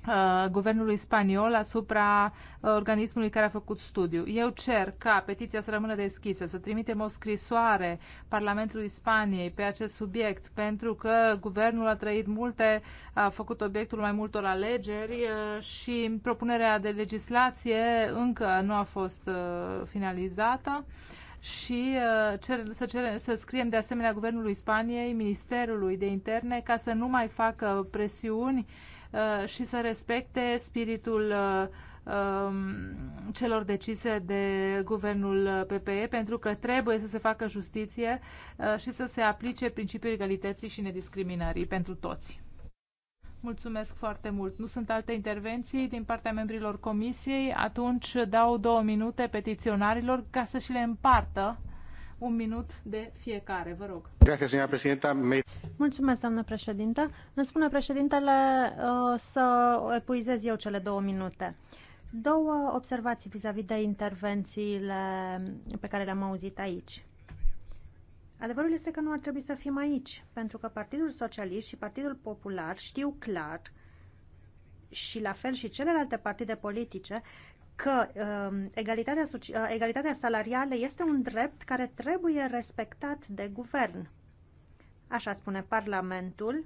Uh, guvernului spaniol asupra uh, organismului care a făcut studiu. Eu cer ca petiția să rămână deschisă, să trimitem o scrisoare Parlamentului Spaniei pe acest subiect, pentru că guvernul a trăit multe, a făcut obiectul mai multor alegeri uh, și propunerea de legislație încă nu a fost finalizată și cer, să, cer, să scriem de asemenea Guvernului Spaniei, Ministerului de Interne, ca să nu mai facă presiuni Uh, și să respecte spiritul uh, um, celor decise de guvernul uh, PPE, pentru că trebuie să se facă justiție și să se aplice principiul egalității și nediscriminării pentru toți. Mulțumesc foarte mult. Nu sunt alte intervenții din partea membrilor comisiei. Atunci dau două minute petiționarilor ca să și le împartă un minut de fiecare. Vă rog. Mulțumesc, doamnă președintă. Îmi spune președintele uh, să epuizez eu cele două minute. Două observații vis-a-vis de intervențiile pe care le-am auzit aici. Adevărul este că nu ar trebui să fim aici, pentru că Partidul Socialist și Partidul Popular știu clar și la fel și celelalte partide politice că uh, egalitatea, uh, egalitatea salarială este un drept care trebuie respectat de guvern. Așa spune Parlamentul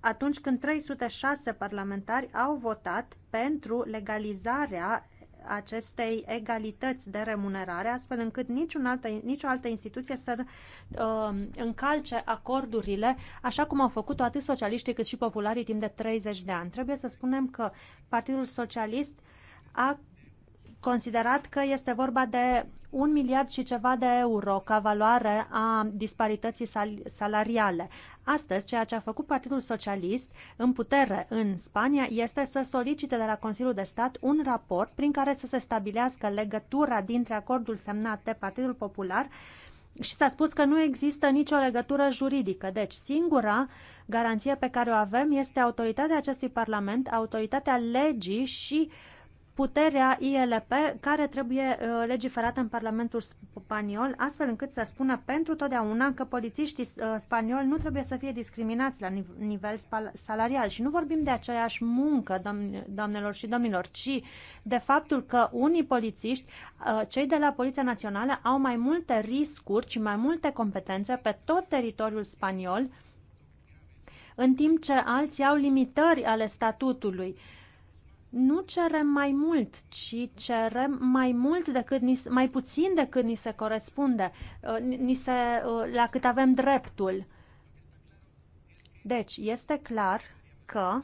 atunci când 306 parlamentari au votat pentru legalizarea acestei egalități de remunerare, astfel încât niciun altă, nicio altă instituție să uh, încalce acordurile, așa cum au făcut-o atât socialiștii cât și popularii timp de 30 de ani. Trebuie să spunem că Partidul Socialist a considerat că este vorba de un miliard și ceva de euro ca valoare a disparității sal- salariale. Astăzi, ceea ce a făcut Partidul Socialist în putere în Spania este să solicite de la Consiliul de Stat un raport prin care să se stabilească legătura dintre acordul semnat de Partidul Popular și s-a spus că nu există nicio legătură juridică. Deci, singura garanție pe care o avem este autoritatea acestui Parlament, autoritatea legii și uh, puterea ILP care trebuie uh, legiferată în Parlamentul spaniol, astfel încât să spună pentru totdeauna că polițiștii uh, spanioli nu trebuie să fie discriminați la nivel salarial. Și nu vorbim de aceeași muncă, doamnelor și domnilor, ci de faptul că unii polițiști, uh, cei de la Poliția Națională, au mai multe riscuri și mai multe competențe pe tot teritoriul spaniol, în timp ce alții au limitări ale statutului. Uh, nu cerem mai mult, ci cerem mai mult decât ni, mai puțin decât ni se corespunde, uh, ni se, uh, la cât avem dreptul. Deci, este clar că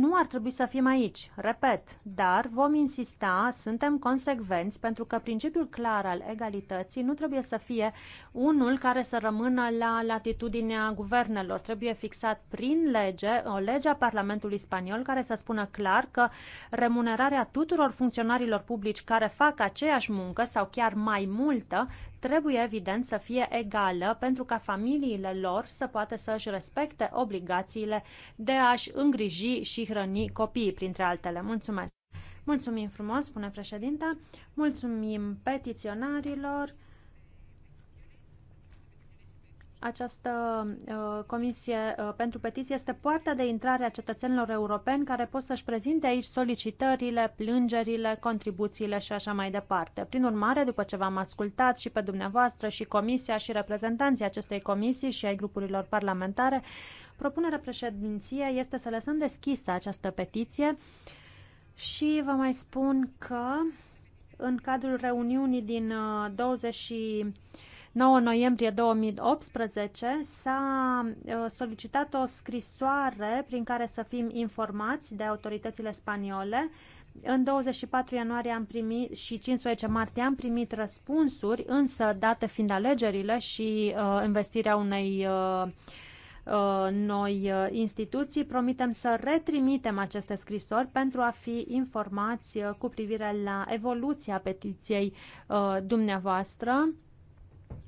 nu ar trebui să fim aici, repet, dar vom insista, suntem consecvenți, pentru că principiul clar al egalității nu trebuie să fie unul care să rămână la latitudinea guvernelor. Trebuie fixat prin lege, o lege a Parlamentului Spaniol, care să spună clar că remunerarea tuturor funcționarilor publici care fac aceeași muncă sau chiar mai multă trebuie evident să fie egală pentru ca familiile lor să poată să își respecte obligațiile de a-și îngriji și hrăni copiii, printre altele. Mulțumesc! Mulțumim frumos, spune președinte, Mulțumim petiționarilor. Această uh, comisie uh, pentru petiții este poarta de intrare a cetățenilor europeni care pot să-și prezinte aici solicitările, plângerile, contribuțiile și așa mai departe. Prin urmare, după ce v-am ascultat și pe dumneavoastră și comisia și reprezentanții acestei comisii și ai grupurilor parlamentare, propunerea președinției este să lăsăm deschisă această petiție și vă mai spun că în cadrul reuniunii din 20 uh, 9 noiembrie 2018 s-a uh, solicitat o scrisoare prin care să fim informați de autoritățile spaniole. În 24 ianuarie am primit și 15 martie am primit răspunsuri, însă date fiind alegerile și uh, investirea unei uh, uh noi uh, instituții, promitem să retrimitem aceste scrisori pentru a fi informați cu privire la evoluția petiției dumneavoastră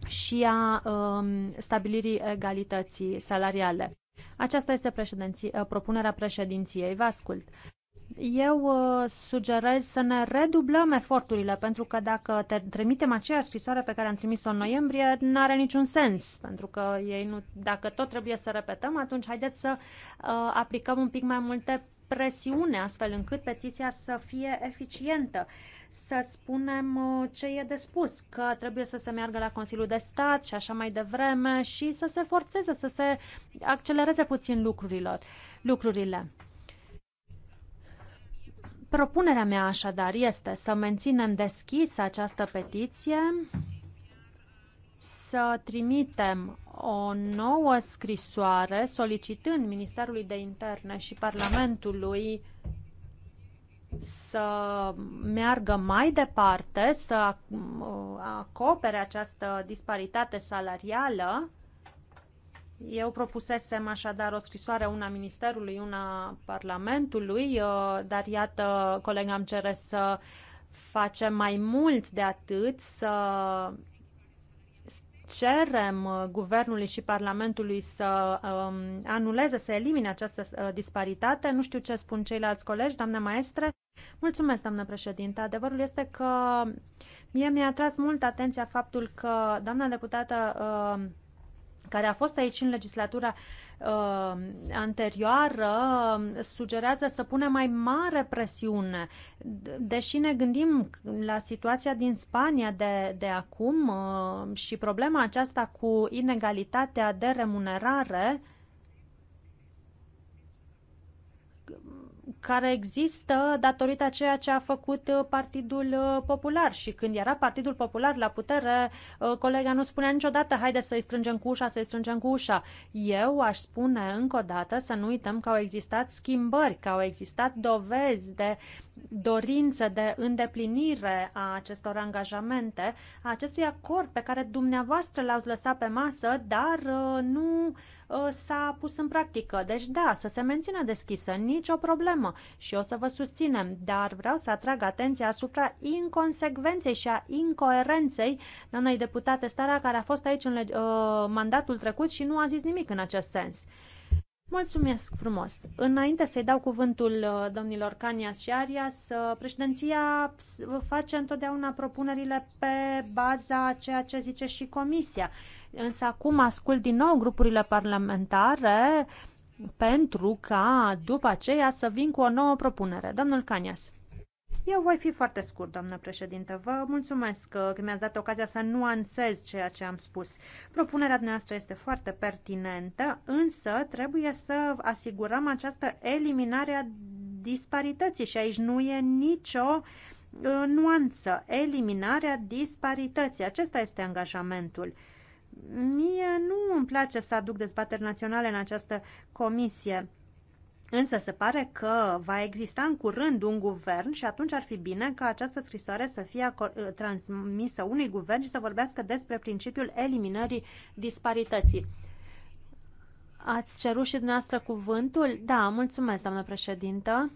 și a um, stabilirii egalității salariale. Aceasta este președinție, uh, propunerea președinției. Vă ascult. Eu uh, sugerez să ne redublăm eforturile, pentru că dacă te trimitem aceeași scrisoare pe care am trimis-o în noiembrie, nu are niciun sens, pentru că ei nu, dacă tot trebuie să repetăm, atunci haideți să uh, aplicăm un pic mai multe presiune astfel încât petiția să fie eficientă. Să spunem uh, ce e de spus, că trebuie să se meargă la Consiliul de Stat și așa mai devreme și să se forțeze, să se accelereze puțin lucrurilor, lucrurile. Propunerea mea așadar este să menținem deschisă această petiție să trimitem o nouă scrisoare solicitând Ministerului de Interne și Parlamentului să meargă mai departe, să acopere această disparitate salarială. Eu propusesem așadar o scrisoare, una Ministerului, una Parlamentului, uh, dar iată, colega îmi cere să facem mai mult de atât, să cerem uh, Guvernului și Parlamentului să um, anuleze, să elimine această uh, disparitate. Nu știu ce spun ceilalți colegi, doamne maestre. Mulțumesc, doamnă președinte. Adevărul este că mie mi-a atras mult atenția faptul că doamna deputată uh, care a fost aici în legislatura uh, uh, anterioară um, sugerează să punem mai mare presiune. Deși ne gândim la situația din Spania de, de acum uh, și problema aceasta cu inegalitatea de remunerare, uh, care există datorită a ceea ce a făcut uh, Partidul uh, Popular. Și când era Partidul Popular la putere, uh, colega nu spunea niciodată, haide să-i strângem cu ușa, să-i strângem cu ușa. Eu aș spune încă o dată să nu uităm că au existat schimbări, că au existat dovezi de uh, dorință de îndeplinire a acestor angajamente, a acestui acord pe care dumneavoastră l-ați lăsat pe masă, dar uh, nu uh, s-a pus în practică. Deci da, să se mențină deschisă, nicio problemă și o să vă susținem, dar vreau să atrag atenția asupra inconsecvenței și a incoerenței doamnei deputate starea care a fost aici în uh, mandatul trecut și nu a zis nimic în acest sens. Mulțumesc frumos! Înainte să-i dau cuvântul uh, domnilor Canias și Arias, uh, președinția face întotdeauna propunerile pe baza ceea ce zice și Comisia. Însă acum ascult din nou grupurile parlamentare pentru ca după aceea să vin cu o nouă propunere. Domnul Canias. Eu voi fi foarte scurt, doamnă președintă. Vă mulțumesc că mi-ați dat ocazia să nuanțez ceea ce am spus. Propunerea noastră este foarte pertinentă, însă trebuie să asigurăm această eliminare a disparității și aici nu e nicio uh, nuanță. Eliminarea disparității. Acesta este angajamentul. Mie nu îmi place să aduc dezbateri naționale în această comisie Însă se pare că va exista în curând un guvern și atunci ar fi bine ca această scrisoare să fie ă, transmisă unui guvern și să vorbească despre principiul eliminării disparității. Ați cerut și dumneavoastră cuvântul? Da, mulțumesc, doamnă președintă.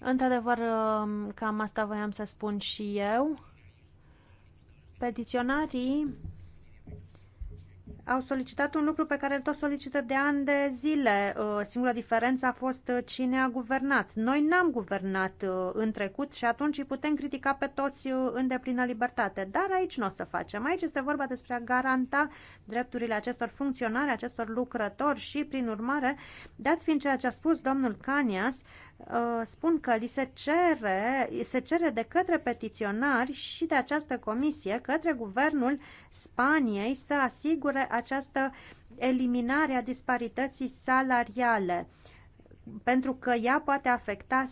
Într-adevăr, ă, cam asta voiam să spun și eu. Petiționarii au solicitat un lucru pe care îl tot solicită de ani de zile. Uh, singura diferență a fost uh, cine a guvernat. Noi n-am guvernat uh, în trecut și atunci îi putem critica pe toți în deplină libertate. Dar aici nu o să facem. Aici este vorba despre a garanta drepturile acestor funcționari, acestor lucrători și, prin urmare, dat fiind ceea ce a spus domnul Canias, Uh, spun că li se cere, se cere de către petiționari și de această comisie către guvernul Spaniei să asigure această eliminare a disparității salariale pentru că ea poate afecta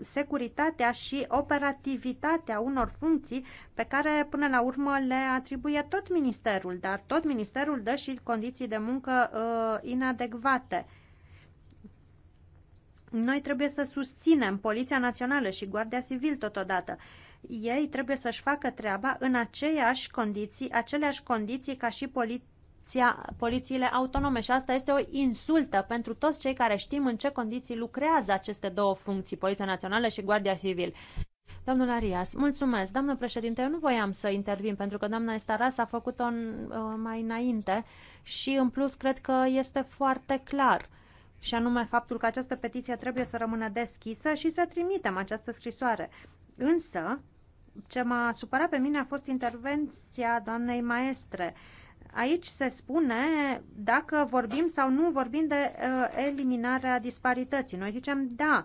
securitatea și operativitatea unor funcții pe care până la urmă le atribuie tot ministerul, dar tot ministerul dă și condiții de muncă uh, inadecvate. Noi trebuie să susținem Poliția Națională și Guardia Civil totodată. Ei trebuie să-și facă treaba în aceeași condiții, aceleași condiții ca și poliția polițiile autonome și asta este o insultă pentru toți cei care știm în ce condiții lucrează aceste două funcții, Poliția Națională și Guardia Civil. Domnul Arias, mulțumesc. Doamnă președinte, eu nu voiam să intervin pentru că doamna Estaras a făcut-o uh, mai înainte și în plus cred că este foarte clar și anume faptul că această petiție trebuie să rămână deschisă și să trimitem această scrisoare. Însă, ce m-a supărat pe mine a fost intervenția doamnei maestre. Aici se spune dacă vorbim sau nu vorbim de uh, eliminarea disparității. Noi zicem da,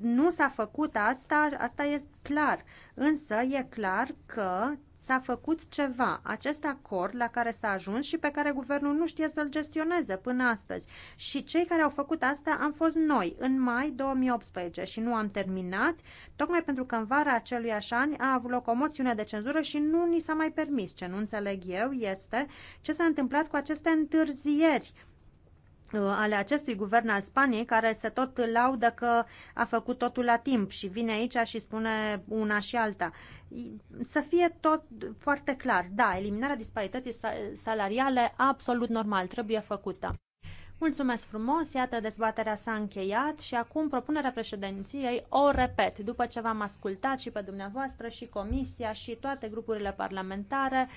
nu s-a făcut asta, asta este clar. Însă e clar că S-a făcut ceva, acest acord la care s-a ajuns și pe care guvernul nu știe să-l gestioneze până astăzi. Și cei care au făcut asta am fost noi, în mai 2018 și nu am terminat, tocmai pentru că în vara acelui an a avut loc o moțiune de cenzură și nu ni s-a mai permis. Ce nu înțeleg eu este ce s-a întâmplat cu aceste întârzieri Uh, ale acestui guvern al Spaniei, care se tot laudă că a făcut totul la timp și vine aici și spune una și alta. Să fie tot foarte clar. Da, eliminarea disparității salariale absolut normal, trebuie făcută. Mulțumesc frumos, iată dezbaterea s-a încheiat și acum propunerea președinției o repet. După ce v-am ascultat și pe dumneavoastră și comisia și toate grupurile parlamentare,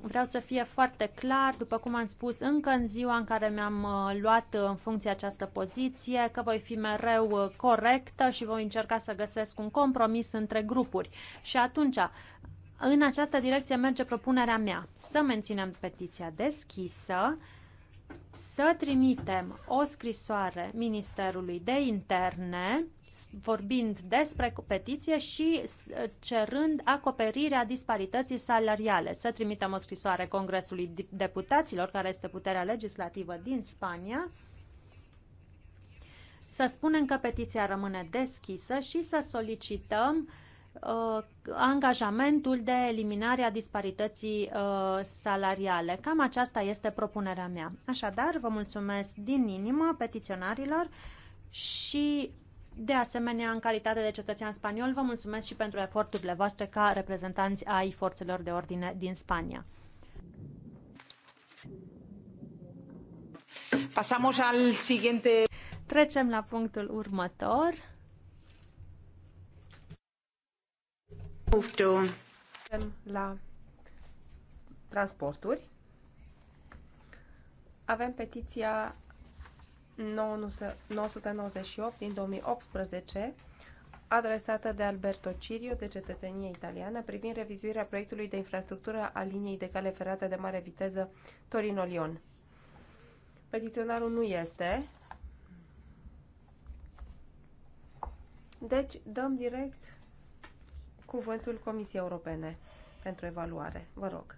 Vreau să fie foarte clar, după cum am spus, încă în ziua în care mi-am uh, luat uh, în funcție această poziție, că voi fi mereu uh, corectă și voi încerca să găsesc un compromis între grupuri. Și atunci, în această direcție merge propunerea mea. Să menținem petiția deschisă, să trimitem o scrisoare Ministerului de Interne vorbind despre petiție și uh, cerând acoperirea disparității salariale. Să trimitem o scrisoare Congresului Deputaților, care este puterea legislativă din Spania, să spunem că petiția rămâne deschisă și să solicităm uh, angajamentul de eliminare a disparității uh, salariale. Cam aceasta este propunerea mea. Așadar, vă mulțumesc din inimă petiționarilor și de asemenea, în calitate de cetățean spaniol, vă mulțumesc și pentru eforturile voastre ca reprezentanți ai forțelor de ordine din Spania. Pasamos al siguiente. Trecem la punctul următor. Trecem la transporturi. Avem petiția 998 din 2018, adresată de Alberto Cirio de cetățenie italiană privind revizuirea proiectului de infrastructură a liniei de cale ferată de mare viteză Torino-Lion. Petiționarul nu este. Deci dăm direct cuvântul Comisiei Europene pentru evaluare. Vă rog.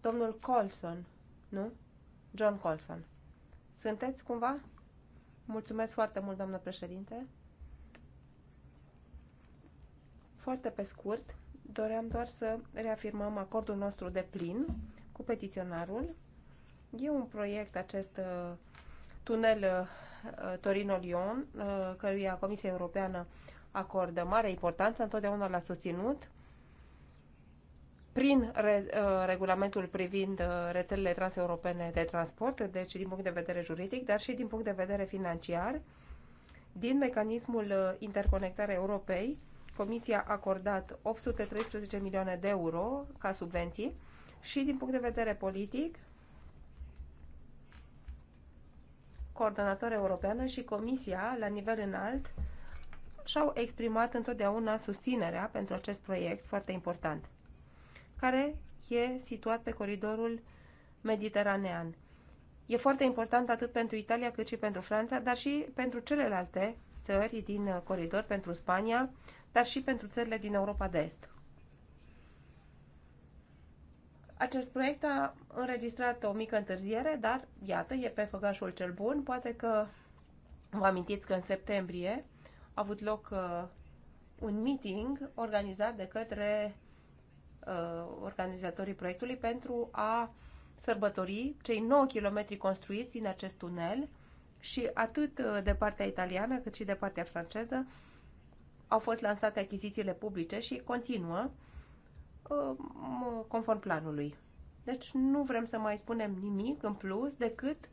Domnul Colson nu? John Colson. Sunteți cumva? Mulțumesc foarte mult, doamnă președinte. Foarte pe scurt, doream doar să reafirmăm acordul nostru de plin cu petiționarul. E un proiect acest uh, tunel uh, Torino-Lyon, uh, căruia Comisia Europeană acordă mare importanță, întotdeauna l-a susținut prin re, uh, regulamentul privind uh, rețelele transeuropene de transport, deci din punct de vedere juridic, dar și din punct de vedere financiar, din mecanismul uh, interconectare Europei, Comisia a acordat 813 milioane de euro ca subvenții și din punct de vedere politic, coordonatoarea europeană și Comisia, la nivel înalt, și-au exprimat întotdeauna susținerea pentru acest proiect foarte important care e situat pe coridorul mediteranean. E foarte important atât pentru Italia cât și pentru Franța, dar și pentru celelalte țări din coridor, pentru Spania, dar și pentru țările din Europa de Est. Acest proiect a înregistrat o mică întârziere, dar iată, e pe făgașul cel bun. Poate că vă amintiți că în septembrie a avut loc uh, un meeting organizat de către Uh, organizatorii proiectului pentru a sărbători cei 9 km construiți în acest tunel și atât uh, de partea italiană cât și de partea franceză au fost lansate achizițiile publice și continuă uh, conform planului. Deci nu vrem să mai spunem nimic în plus decât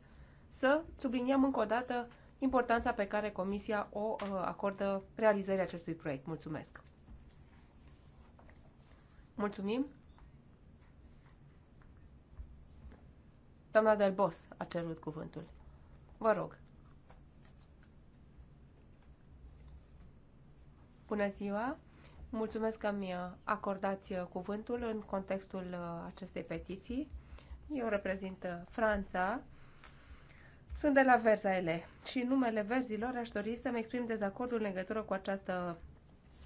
să subliniem încă o dată importanța pe care Comisia o acordă realizării acestui proiect. Mulțumesc! Mulțumim. Doamna Del Bos a cerut cuvântul. Vă rog. Bună ziua! Mulțumesc că mi acordat cuvântul în contextul acestei petiții. Eu reprezint Franța. Sunt de la Versailles și în numele verzilor aș dori să-mi exprim dezacordul în legătură cu această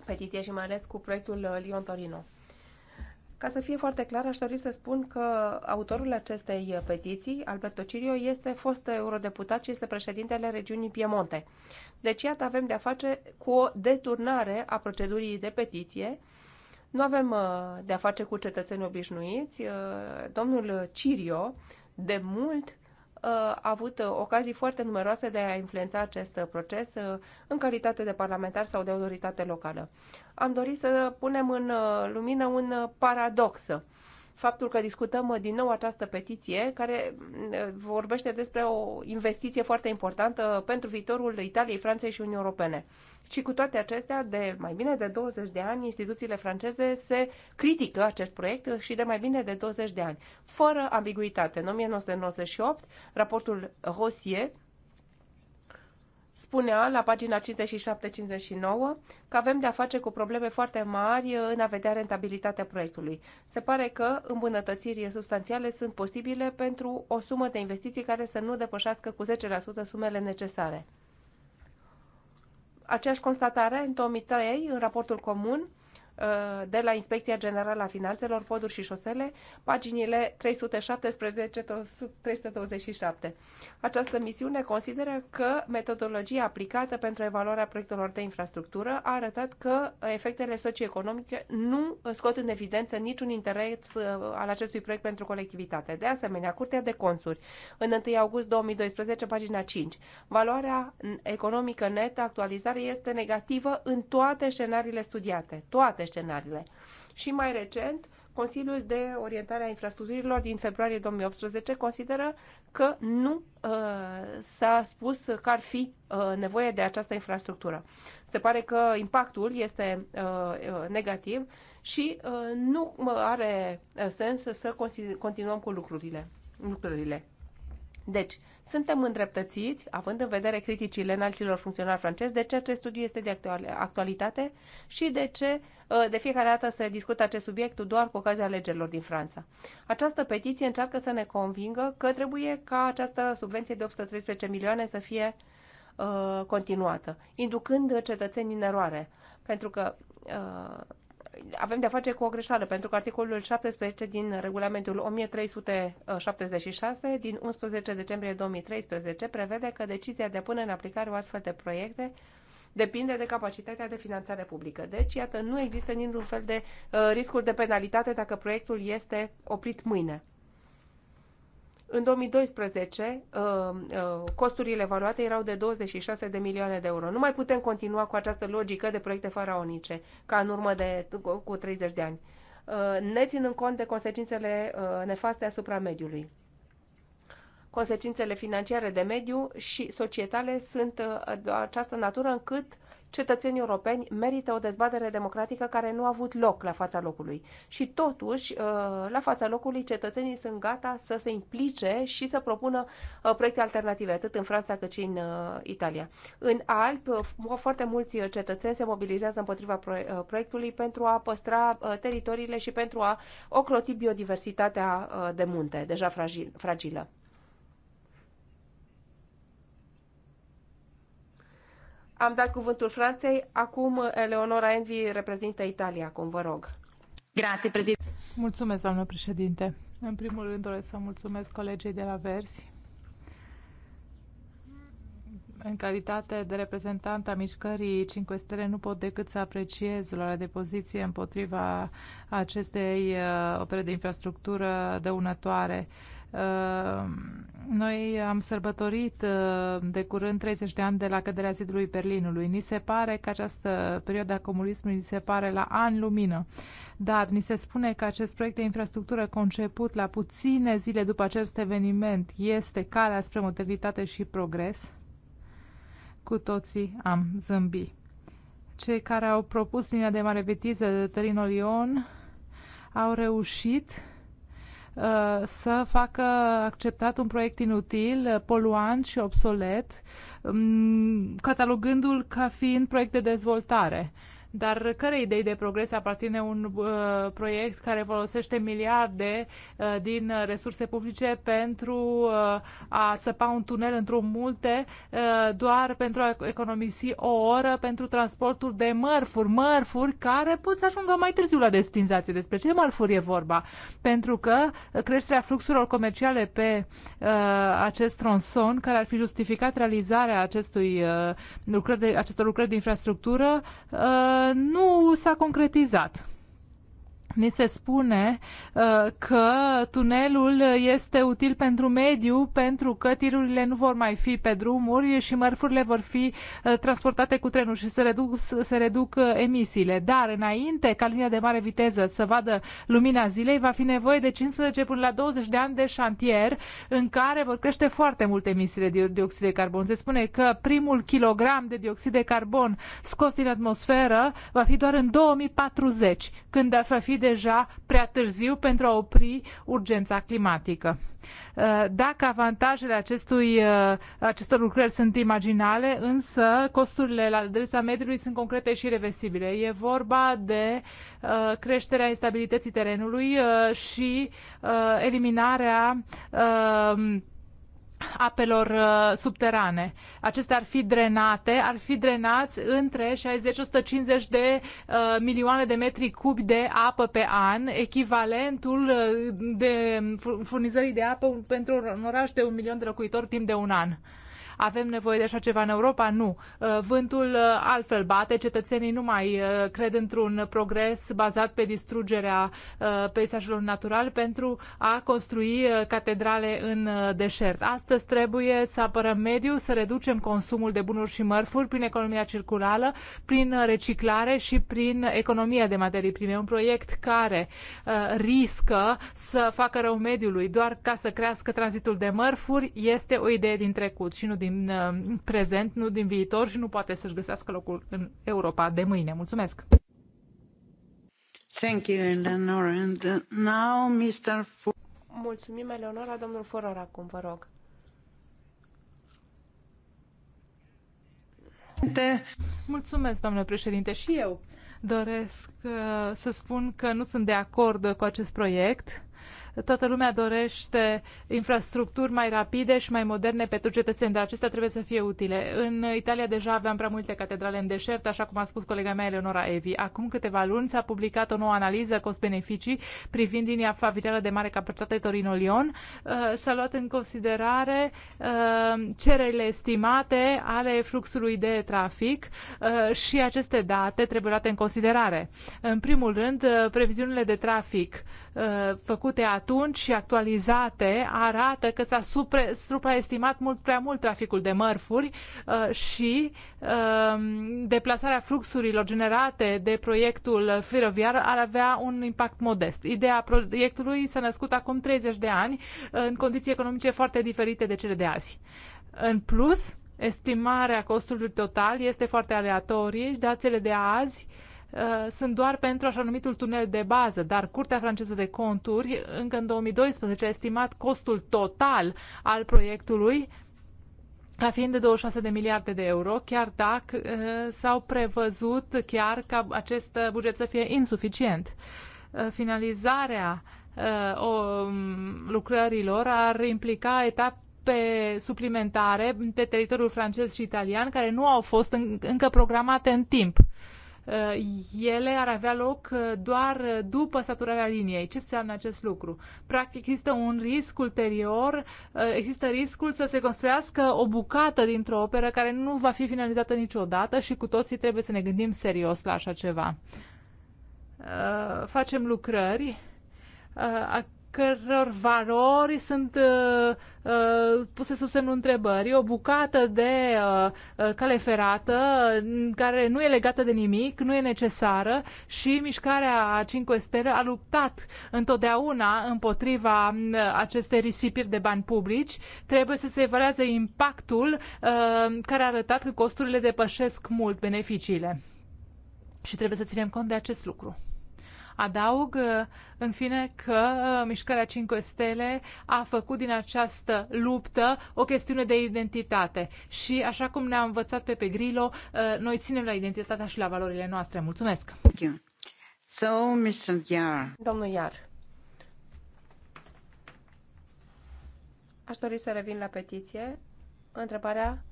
petiție și mai ales cu proiectul Lyon-Torino. Ca să fie foarte clar, aș dori să spun că autorul acestei petiții, Alberto Cirio, este fost eurodeputat și este președintele regiunii Piemonte. Deci, iată, avem de-a face cu o deturnare a procedurii de petiție. Nu avem uh, de-a face cu cetățeni obișnuiți. Uh, domnul Cirio, de mult, a avut ocazii foarte numeroase de a influența acest proces uh, în calitate de parlamentar sau de autoritate locală. Am dorit să punem în uh, lumină un uh, paradox faptul că discutăm uh, din nou această petiție care mm, uh, vorbește despre o investiție foarte importantă pentru viitorul Italiei, Franței și Uniunii Europene. Și cu toate acestea, de mai bine de 20 de ani, instituțiile franceze se critică acest proiect și de mai bine de 20 de ani. Fără ambiguitate, în 1998, raportul Rossier spunea la pagina 57-59 că avem de-a face cu probleme foarte mari în a vedea rentabilitatea proiectului. Se pare că îmbunătățiri substanțiale sunt posibile pentru o sumă de investiții care să nu depășească cu 10% sumele necesare. Aceeași constatare în 2003, în raportul comun, Uh, de la Inspecția Generală a Finanțelor, Poduri și Șosele, paginile 317-327. Această misiune consideră că metodologia aplicată pentru evaluarea proiectelor de infrastructură a arătat că efectele socioeconomice nu scot în evidență niciun interes uh, al acestui proiect pentru colectivitate. De asemenea, Curtea de Consuri, în 1 august 2012, pagina 5, valoarea economică netă actualizare este negativă în toate scenariile studiate, toate scenariile. Și mai recent, Consiliul de Orientare a Infrastructurilor din februarie 2018 consideră că nu uh, s-a spus că ar fi uh, nevoie de această infrastructură. Se pare că impactul este uh, uh negativ și uh, nu are uh, sens să continuăm cu lucrurile. lucrurile. Deci, suntem îndreptățiți, având în vedere criticile înalților funcționari francezi, de ce acest studiu este de actualitate și de ce uh, de fiecare dată se discută acest subiect doar cu ocazia alegerilor din Franța. Această petiție încearcă să ne convingă că trebuie ca această subvenție de 813 milioane să fie uh, continuată, inducând cetățenii în eroare, pentru că uh, avem de-a face cu o greșeală, pentru că articolul 17 din regulamentul 1376 din 11 decembrie 2013 prevede că decizia de a pune în aplicare o astfel de proiecte depinde de capacitatea de finanțare publică. Deci, iată, nu există niciun fel de uh, riscuri de penalitate dacă proiectul este oprit mâine. În 2012, uh, uh, costurile evaluate erau de 26 de milioane de euro. Nu mai putem continua cu această logică de proiecte faraonice, ca în urmă de, cu 30 de ani, uh, ne ținând cont de consecințele nefaste asupra mediului. Consecințele financiare de mediu și societale sunt de această natură încât cetățenii europeni merită o dezbatere democratică care nu a avut loc la fața locului. Și totuși, uh, la fața locului, cetățenii sunt gata să se implice și să propună uh, proiecte alternative, atât în Franța cât și în uh, Italia. În Alp, foarte mulți cetățeni se mobilizează împotriva proiectului pentru a păstra teritoriile și pentru a ocloti biodiversitatea de munte, deja fragilă. Am dat cuvântul Franței, acum Eleonora Envi reprezintă Italia, cum vă rog. Grazie, președinte. Mulțumesc, doamnă președinte. În primul rând doresc să mulțumesc colegii de la Versi în calitate de reprezentant a mișcării 5 stele, nu pot decât să apreciez luarea de poziție împotriva acestei uh, opere de infrastructură dăunătoare uh, Ehm, noi am sărbătorit ehm, de curând 30 de ani de la căderea zidului Berlinului. Ni se pare că această perioadă a comunismului ni se pare la an lumină. Dar ni se spune că acest proiect de infrastructură conceput la puține zile după acest eveniment este calea spre modernitate și progres. Cu toții am zâmbit. Cei care au propus linia de mare vitiză de Tărin lyon au reușit Uh, să facă acceptat un proiect inutil, uh, poluant și obsolet, um, catalogându-l ca fiind proiect de dezvoltare. Dar care idei de progres aparține un uh, proiect care folosește miliarde uh, din resurse publice pentru uh, a săpa un tunel într un multe uh, doar pentru a economisi o oră pentru transportul de mărfuri, mărfuri care pot să ajungă mai târziu la destinație. Despre ce mărfuri e vorba? Pentru că creșterea fluxurilor comerciale pe uh, acest tronson, care ar fi justificat realizarea acestui, uh, lucrări de, acestor lucrări de infrastructură, uh, nu s-a concretizat. Ni se spune uh, că tunelul este util pentru mediu pentru că tirurile nu vor mai fi pe drumuri și mărfurile vor fi uh, transportate cu trenul și se reduc, se reduc uh, emisiile. Dar înainte ca linia de mare viteză să vadă lumina zilei, va fi nevoie de 15 până la 20 de ani de șantier în care vor crește foarte mult emisiile de dioxid de carbon. Se spune că primul kilogram de dioxid de carbon scos din atmosferă va fi doar în 2040, când va fi de deja prea târziu pentru a opri urgența climatică. Uh, dacă avantajele acestui, uh, acestor lucrări sunt imaginale, însă costurile la adresa mediului sunt concrete și reversibile. E vorba de uh, creșterea instabilității terenului și eliminarea apelor uh, subterane. Acestea ar fi drenate, ar fi drenați între 60-150 de uh, milioane de metri cubi de apă pe an, echivalentul uh, de furnizării de apă pentru un oraș de un milion de locuitori timp de un an. Avem nevoie de așa ceva în Europa? Nu. Uh, vântul uh, altfel bate, cetățenii nu mai uh, cred într-un progres bazat pe distrugerea peisajelor naturale pentru a construi catedrale în deșert. Astăzi trebuie să apărăm mediul, să reducem consumul de bunuri și mărfuri prin economia circulară, prin reciclare și prin economia de materii prime. Un proiect care riscă să facă rău mediului doar ca să crească tranzitul de mărfuri este o idee din trecut și nu din din uh, prezent, nu din viitor și nu poate să-și găsească locul în Europa de mâine. Mulțumesc! Thank you, Eleanor. And uh, now, Mr. Mulțumim, Eleonora. Domnul Foror, acum, vă rog. Mulțumesc, domnule președinte, și eu doresc uh, să spun că nu sunt de acord cu acest proiect Toată lumea dorește infrastructuri mai rapide și mai moderne pentru cetățeni, dar acestea trebuie să fie utile. În Italia deja aveam prea multe catedrale în deșert, așa cum a spus colega mea Eleonora Evi. Acum câteva luni s-a publicat o nouă analiză cost-beneficii privind linia familiară de mare capacitate Torino-Lyon. Uh, s-a luat în considerare uh, cererile estimate ale fluxului de trafic uh, și aceste date trebuie luate în considerare. În primul rând, previziunile de trafic Uh, făcute atunci și actualizate arată că s-a supraestimat mult prea mult traficul de mărfuri uh, și uh, deplasarea fluxurilor generate de proiectul feroviar ar avea un impact modest. Ideea proiectului s-a născut acum 30 de ani în condiții economice foarte diferite de cele de azi. În plus, estimarea costului total este foarte aleatorie și datele de azi uh, Uh, sunt doar pentru așa numitul tunel de bază, dar Curtea franceză de conturi încă în 2012 a estimat costul total al proiectului ca fiind de 26 de miliarde de euro, chiar dacă uh, s-au prevăzut chiar ca acest buget să fie insuficient. Uh, finalizarea uh, o, um, lucrărilor ar implica etape pe suplimentare pe teritoriul francez și italian care nu au fost în, încă programate în timp. Uh, Uh, ele ar avea loc uh, doar uh, după saturarea liniei. Ce înseamnă acest lucru? Practic există un risc ulterior, există riscul să se construiască o bucată dintr-o operă care nu va fi finalizată niciodată și cu toții trebuie să ne gândim serios la așa ceva. Facem lucrări căror valori sunt uh, uh, puse sub semnul întrebării, o bucată de uh, uh cale ferată care nu e legată de nimic, nu e necesară și mișcarea 5 Stele a luptat întotdeauna împotriva uh, acestei risipiri de bani publici. Trebuie să se evaluează impactul uh, care a arătat că costurile depășesc mult beneficiile. Și trebuie să ținem cont de acest lucru. Adaug, uh, în fine, că uh, mișcarea 5 stele a făcut din această luptă o chestiune de identitate și, așa cum ne-a învățat pe Pegrilo, uh, noi ținem la identitatea și la valorile noastre. Mulțumesc! Thank you. So, Mr. Yar. Domnul Iar. Aș dori să revin la petiție. Întrebarea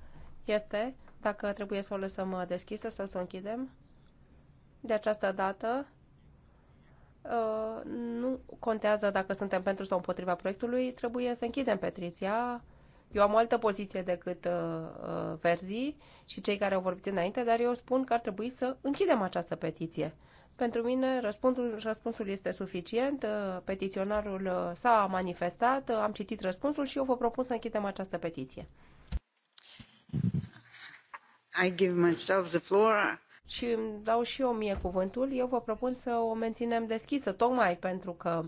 este dacă trebuie să o lăsăm deschisă sau să o închidem. De această dată Uh, nu contează dacă suntem pentru sau împotriva proiectului, trebuie să închidem petiția. Eu am o altă poziție decât uh, uh verzii și cei care au vorbit înainte, dar eu spun că ar trebui să închidem această petiție. Pentru mine răspunsul, răspunsul este suficient, uh, petiționarul s-a manifestat, am citit răspunsul și eu vă propun să închidem această petiție. I give myself the floor și îmi dau și eu mie cuvântul, eu vă propun să o menținem deschisă, tocmai pentru că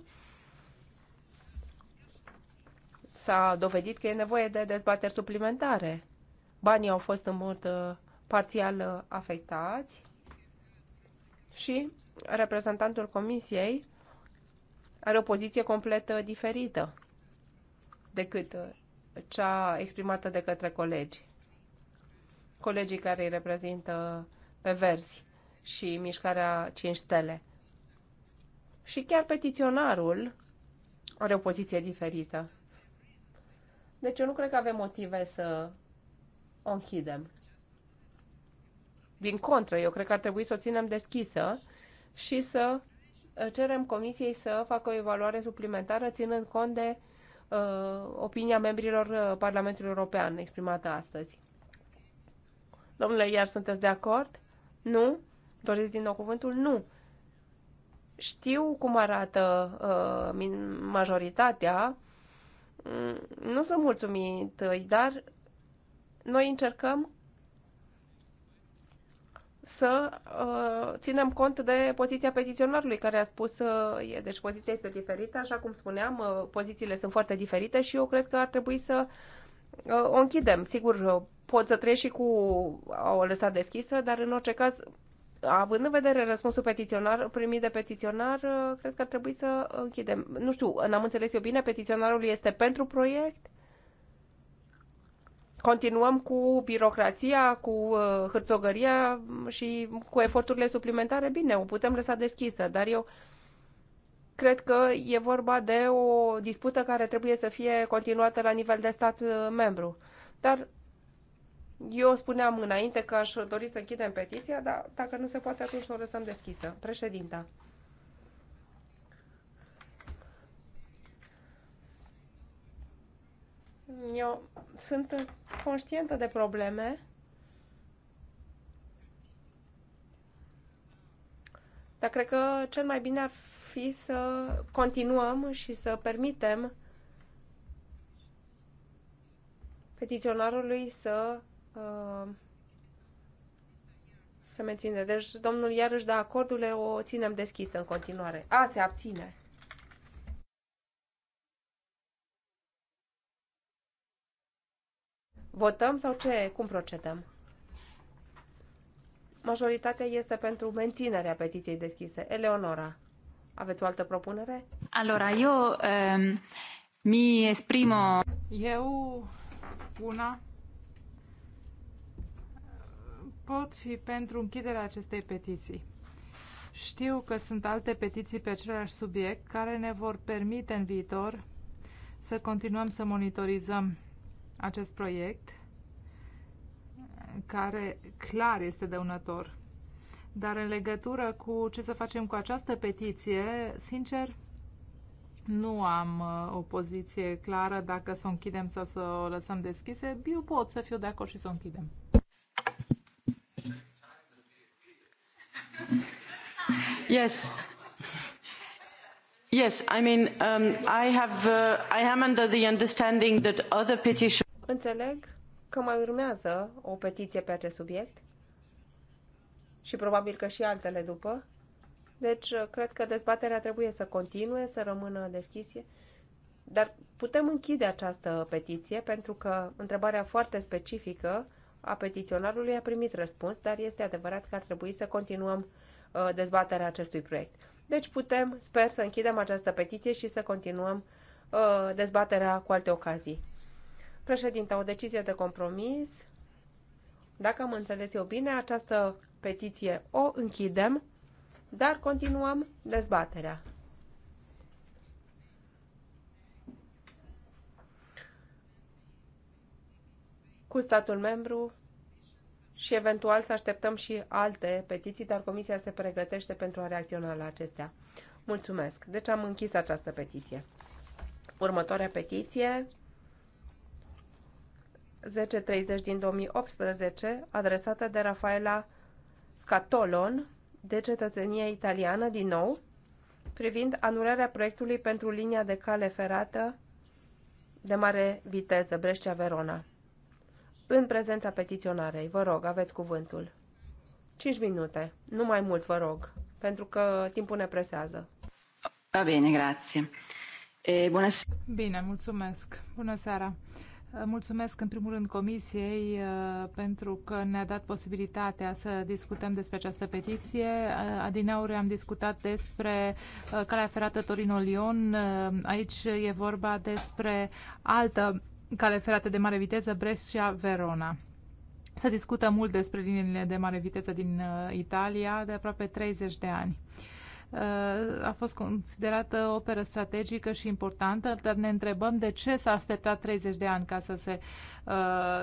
s-a dovedit că e nevoie de dezbateri suplimentare. Banii au fost în mod uh, parțial uh, afectați și reprezentantul comisiei are o poziție complet uh, diferită decât cea exprimată de către colegi. Colegii care îi reprezintă pe verzi și mișcarea 5 stele. Și chiar petiționarul are o poziție diferită. Deci eu nu cred că avem motive să o închidem. Din contră, eu cred că ar trebui să o ținem deschisă și să uh, cerem comisiei să facă o evaluare suplimentară ținând cont de uh, opinia membrilor uh, Parlamentului European exprimată astăzi. Domnule, iar sunteți de acord? Nu? Doriți din nou cuvântul? Nu. Știu cum arată uh, majoritatea. Mm, nu sunt mulțumit, uh, dar noi încercăm să uh, ținem cont de poziția petiționarului care a spus, uh, deci poziția este diferită, așa cum spuneam, uh, pozițiile sunt foarte diferite și eu cred că ar trebui să uh, o închidem. Sigur, uh, pot să trăiesc și cu o lăsat deschisă, dar în orice caz, având în vedere răspunsul petiționar, primit de petiționar, uh, cred că ar trebui să închidem. Nu știu, n-am înțeles eu bine, petiționarul este pentru proiect? Continuăm cu birocrația, cu uh, hârțogăria și cu eforturile suplimentare? Bine, o putem lăsa deschisă, dar eu cred că e vorba de o dispută care trebuie să fie continuată la nivel de stat uh, membru. Dar eu spuneam înainte că aș dori să închidem petiția, dar dacă nu se poate, atunci o lăsăm deschisă. Președinta. Eu sunt conștientă de probleme. Dar cred că cel mai bine ar fi să continuăm și să permitem petiționarului să Uh, se menține. Deci domnul iarăși da acordurile, o ținem deschisă în continuare. A, se abține. Votăm sau ce? Cum procedăm? Majoritatea este pentru menținerea petiției deschise. Eleonora, aveți o altă propunere? Allora, eu um, mi esprimo... Eu, una, pot fi pentru închiderea acestei petiții. Știu că sunt alte petiții pe același subiect care ne vor permite în viitor să continuăm să monitorizăm acest proiect care clar este dăunător. Dar în legătură cu ce să facem cu această petiție, sincer, nu am uh, o poziție clară dacă să o închidem sau să o lăsăm deschise. Eu pot să fiu de acord și să o închidem. Yes. Yes, I mean, um, I have, uh, I am under the understanding that other petition... Înțeleg că mai urmează o petiție pe acest subiect și probabil că și altele după. Deci, uh, cred că dezbaterea trebuie să continue, să rămână deschisă. Dar putem închide această petiție pentru că întrebarea foarte specifică a petiționarului a primit răspuns, dar este adevărat că ar trebui să continuăm Uh, dezbaterea acestui proiect. Deci putem, sper, să închidem această petiție și să continuăm uh, dezbaterea cu alte ocazii. Președinte, o decizie de compromis. Dacă am înțeles eu bine, această petiție o închidem, dar continuăm dezbaterea. Cu statul membru și eventual să așteptăm și alte petiții, dar Comisia se pregătește pentru a reacționa la acestea. Mulțumesc. Deci am închis această petiție. Următoarea petiție 1030 din 2018, adresată de Rafaela Scatolon, de cetățenie italiană din nou, privind anularea proiectului pentru linia de cale ferată de mare viteză Brescia-Verona în prezența petiționarei. Vă rog, aveți cuvântul. 5 minute, nu mai mult, vă rog, pentru că timpul ne presează. Va bine, grație. E, bună... Bine, mulțumesc. Bună seara. Mulțumesc în primul rând Comisiei pentru că ne-a dat posibilitatea să discutăm despre această petiție. Adineauri am discutat despre calea ferată Torino-Lion. Aici e vorba despre altă cale ferată de mare viteză Brescia-Verona. Se discută mult despre liniile de mare viteză din uh, Italia de aproape 30 de ani. Uh, a fost considerată o operă strategică și importantă, dar ne întrebăm de ce s-a așteptat 30 de ani ca să se Uh,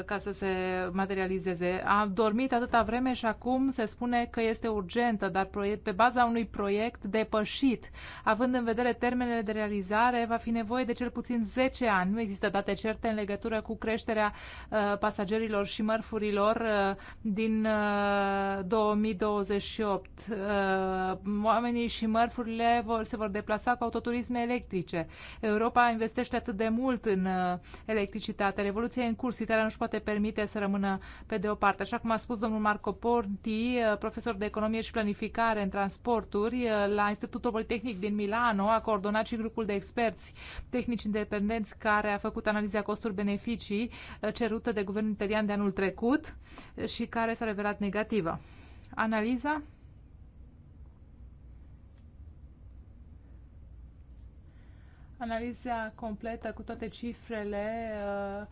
ca să se materializeze. A dormit atâta vreme și acum se spune că este urgentă, dar pe baza unui proiect depășit. Având în vedere termenele de realizare, va fi nevoie de cel puțin 10 ani. Nu există date certe în legătură cu creșterea uh, pasagerilor și mărfurilor uh, din 2028. Oamenii și mărfurile vor, se vor deplasa cu autoturisme electrice. Europa investește atât de mult în electricitate. Revoluția e în curs recurs. nu-și poate permite să rămână pe de o parte. Așa cum a spus domnul Marco Porti, profesor de economie și planificare în transporturi la Institutul Politehnic din Milano, a coordonat și grupul de experți tehnici independenți care a făcut analiza costuri-beneficii cerută de guvernul italian de anul trecut și care s-a revelat negativă. Analiza analiza completă cu toate cifrele uh,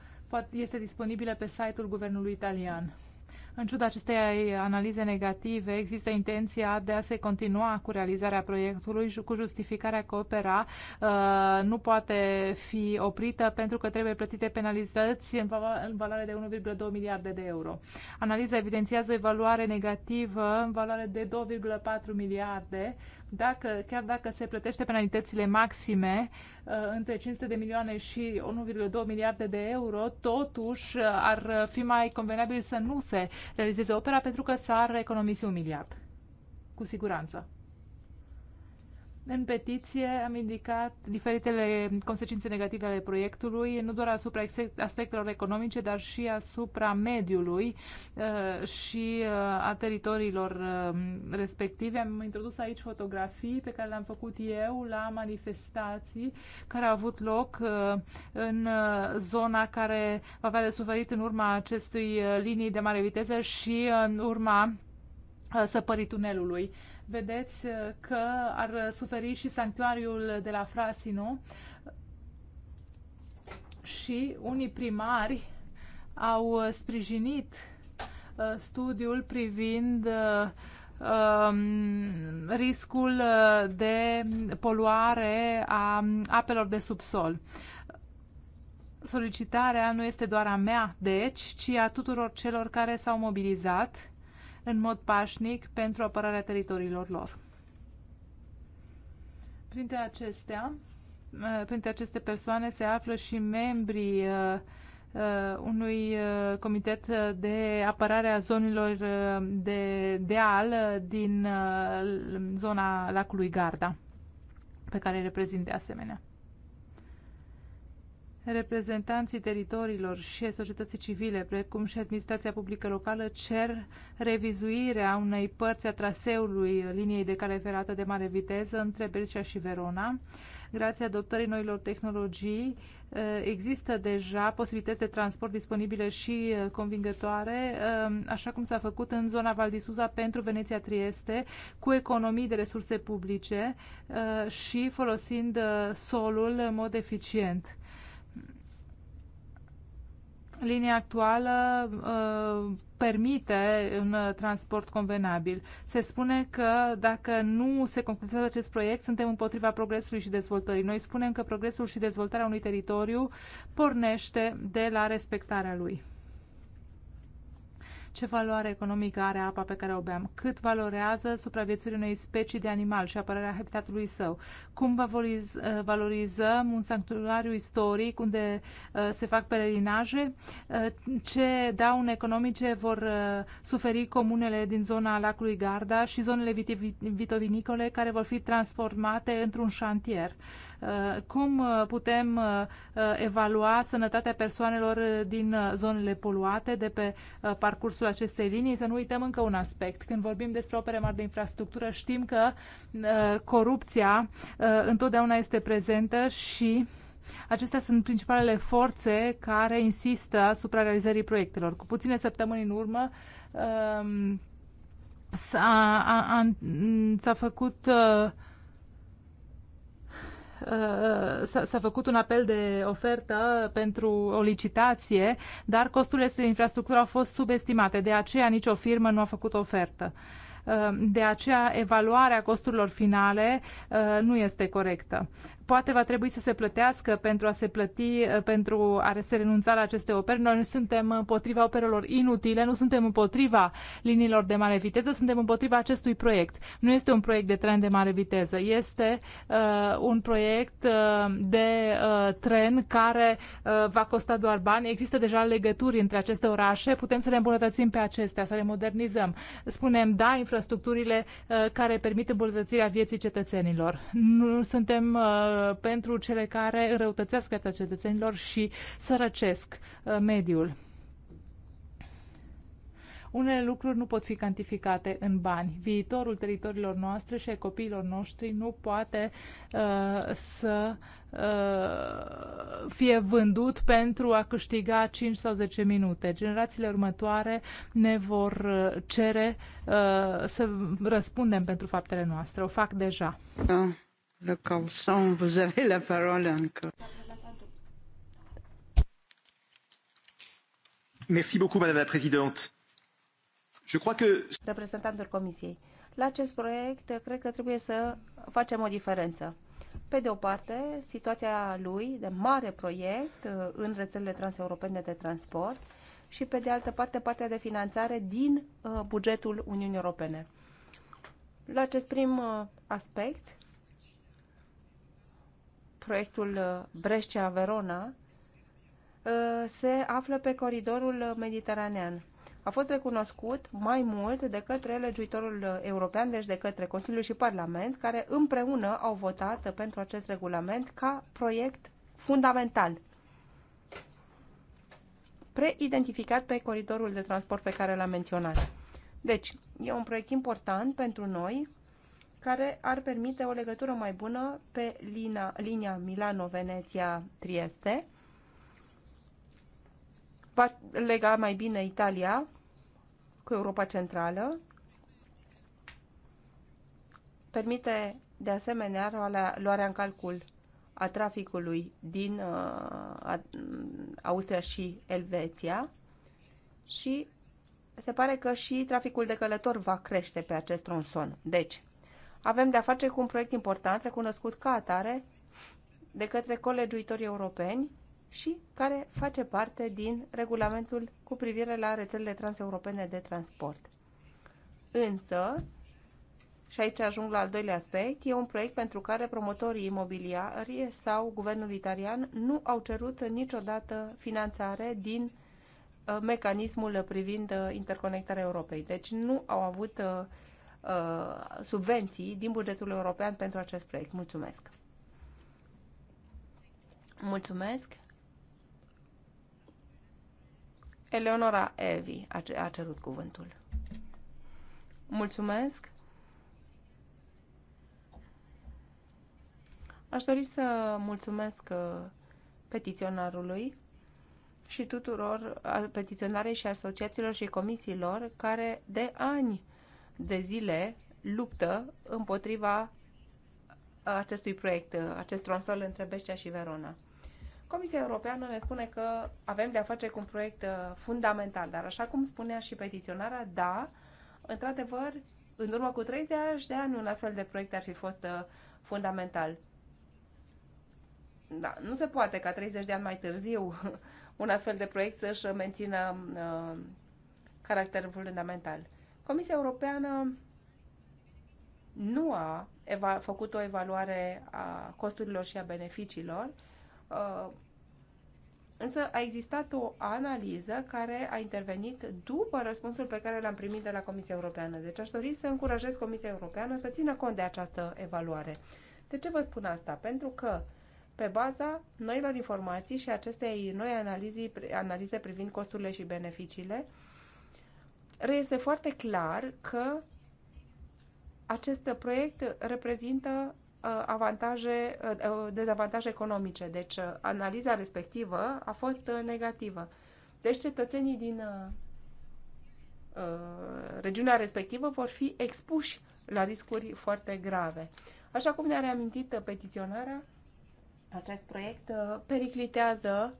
este disponibilă pe site-ul guvernului italian. În ciuda acestei analize negative, există intenția de a se continua cu realizarea proiectului și cu justificarea că opera uh, nu poate fi oprită pentru că trebuie plătite penalizări în, în valoare de 1,2 miliarde de euro. Analiza evidențiază o evaluare negativă în valoare de 2,4 miliarde dacă, chiar dacă se plătește penalitățile maxime uh, între 500 de milioane și 1,2 miliarde de euro, totuși uh, ar fi mai convenabil să nu se realizeze opera pentru că s-ar economisi un miliard. Cu siguranță. În petiție am indicat diferitele consecințe negative ale proiectului, nu doar asupra aspectelor economice, dar și asupra mediului uh, și uh, a teritoriilor uh, respective. Am introdus aici fotografii pe care le-am făcut eu la manifestații care au avut loc în zona care va avea de suferit în urma acestui linii de mare viteză și în urma săpării tunelului vedeți uh, că ar suferi și sanctuariul de la Frasino și unii primari au uh, sprijinit uh, studiul privind um, riscul de poluare a um, apelor de subsol solicitarea nu este doar a mea, deci, ci a tuturor celor care s-au mobilizat în mod pașnic pentru apărarea teritoriilor lor. Printre acestea, eh, printre aceste persoane se află și membrii eh, eh, unui comitet de apărare a zonilor de deal din zona lacului Garda, pe care îi reprezint de asemenea reprezentanții teritoriilor și societății civile, precum și administrația publică locală, cer revizuirea unei părți a traseului liniei de cale ferată de mare viteză între Bercea și Verona. Grație adoptării noilor tehnologii, eh, există deja posibilități de transport disponibile și eh, convingătoare, eh, așa cum s-a făcut în zona Val di Suza pentru Veneția Trieste, cu economii de resurse publice și folosind solul în mod eficient linia actuală uh, permite un uh, transport convenabil. Se spune că dacă nu se concluzează acest proiect, suntem împotriva progresului și dezvoltării. Noi spunem că progresul și dezvoltarea unui teritoriu pornește de la respectarea lui ce valoare economică are apa pe care o beam, cât valorează supraviețuirea unei specii de animal și apărarea habitatului său, cum uh, valorizăm un sanctuariu istoric unde uh, se fac pelerinaje, uh, ce daune economice vor suferi comunele din zona lacului Garda și zonele vitivinicole care vor fi transformate într-un șantier. Uh, cum uh, putem uh, evalua sănătatea persoanelor din zonele poluate de pe parcursul acestei linii? Să nu uităm încă un aspect. Când vorbim despre opere mari de infrastructură, știm că corupția întotdeauna este prezentă și Acestea sunt principalele forțe care insistă asupra realizării proiectelor. Cu puține săptămâni în urmă, um, s-a, făcut uh, Uh, s-a făcut un apel de ofertă pentru o licitație, dar costurile de infrastructură au fost subestimate, de aceea nicio firmă nu a făcut ofertă. Uh, de aceea, evaluarea costurilor finale uh, nu este corectă poate va trebui să se plătească pentru a se plăti, eh, pentru a se renunța la aceste opere. Noi nu suntem împotriva operelor inutile, nu suntem împotriva liniilor de mare viteză, suntem împotriva acestui proiect. Nu este un proiect de tren de mare viteză, este uh, un proiect uh, de uh, tren care uh, va costa doar bani. Există deja legături între aceste orașe, putem să le îmbunătățim pe acestea, să le modernizăm. Spunem, da, infrastructurile uh, care permit îmbunătățirea vieții cetățenilor. Nu suntem uh, Uh, pentru cele care răutățesc viața cetățenilor și sărăcesc uh, mediul. Unele lucruri nu pot fi cantificate în bani. Viitorul teritoriilor noastre și a copiilor noștri nu poate uh, să uh, fie vândut pentru a câștiga 5 sau 10 minute. Generațiile următoare ne vor uh, cere uh, să răspundem pentru faptele noastre. O fac deja. Da. Le Canson, la parole encore. Merci beaucoup, Madame la Présidente. Reprezentantul Comisiei. La acest proiect, cred că trebuie să facem o diferență. Pe de o parte, situația lui de mare proiect uh, în rețelele transeuropene de transport și pe de altă parte partea de finanțare din uh, bugetul Uniunii Europene. La acest prim uh, aspect, proiectul uh, Brescia-Verona uh, se află pe coridorul uh, mediteranean. A fost recunoscut mai mult de către legiuitorul european, deci de către Consiliu și Parlament, care împreună au votat pentru acest regulament ca proiect fundamental preidentificat pe coridorul de transport pe care l-am menționat. Deci, e un proiect important pentru noi, care ar permite o legătură mai bună pe linia, linia Milano-Veneția-Trieste, va lega mai bine Italia cu Europa Centrală, permite de asemenea luarea în calcul a traficului din uh, Austria și Elveția și se pare că și traficul de călători va crește pe acest tronson. Deci, avem de-a face cu un proiect important, recunoscut ca atare de către colegiuitorii europeni și care face parte din regulamentul cu privire la rețelele transeuropene de transport. Însă, și aici ajung la al doilea aspect, e un proiect pentru care promotorii imobiliari sau guvernul italian nu au cerut niciodată finanțare din uh, mecanismul privind uh, interconectarea Europei. Deci nu au avut uh, Uh, subvenții din bugetul european pentru acest proiect. Mulțumesc! Mulțumesc! Eleonora Evi a cerut cuvântul. Mulțumesc! Aș dori să mulțumesc uh, petiționarului și tuturor petiționarei și asociațiilor și comisiilor care de ani de zile luptă împotriva acestui proiect, acest tronsol între Bestia și Verona. Comisia Europeană ne spune că avem de-a face cu un proiect uh, fundamental, dar așa cum spunea și petiționarea, da, într-adevăr, în urmă cu 30 de ani un astfel de proiect ar fi fost uh, fundamental. Da, nu se poate ca 30 de ani mai târziu [laughs] un astfel de proiect să-și mențină uh, caracterul fundamental. Comisia Europeană nu a făcut o evaluare a costurilor și a beneficiilor, uh, însă a existat o analiză care a intervenit după răspunsul pe care l-am primit de la Comisia Europeană. Deci aș dori să încurajez Comisia Europeană să țină cont de această evaluare. De ce vă spun asta? Pentru că pe baza noilor informații și acestei noi analize, analize privind costurile și beneficiile, uh, reiese foarte clar că acest proiect reprezintă uh, avantaje, uh, uh, dezavantaje economice. Deci analiza respectivă a fost negativă. Deci cetățenii din regiunea respectivă vor fi expuși la riscuri foarte grave. Așa cum ne-a reamintit petiționarea, acest proiect periclitează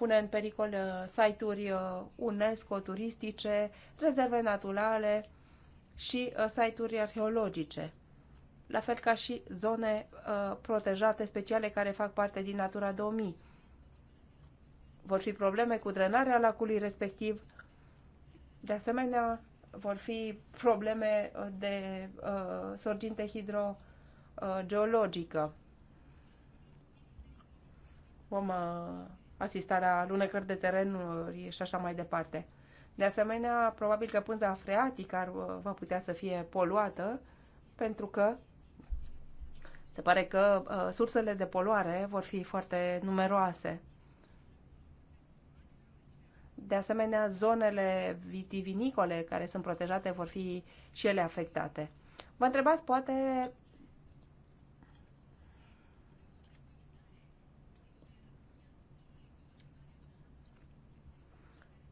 pune în pericol uh, site-uri uh, UNESCO turistice, rezerve naturale și uh, site-uri arheologice, la fel ca și zone protejate speciale care fac parte din Natura 2000. Vor fi probleme cu drenarea lacului respectiv. De asemenea, vor fi probleme de uh, sorginte hidrogeologică. Uh, Vom uh, asistarea lunecări de terenuri și așa mai departe. De asemenea, probabil că pânza freatică ar, uh, va putea să fie poluată, pentru că se pare că uh, sursele de poluare vor fi foarte numeroase. De asemenea, zonele vitivinicole care sunt protejate vor fi și ele afectate. Vă întrebați poate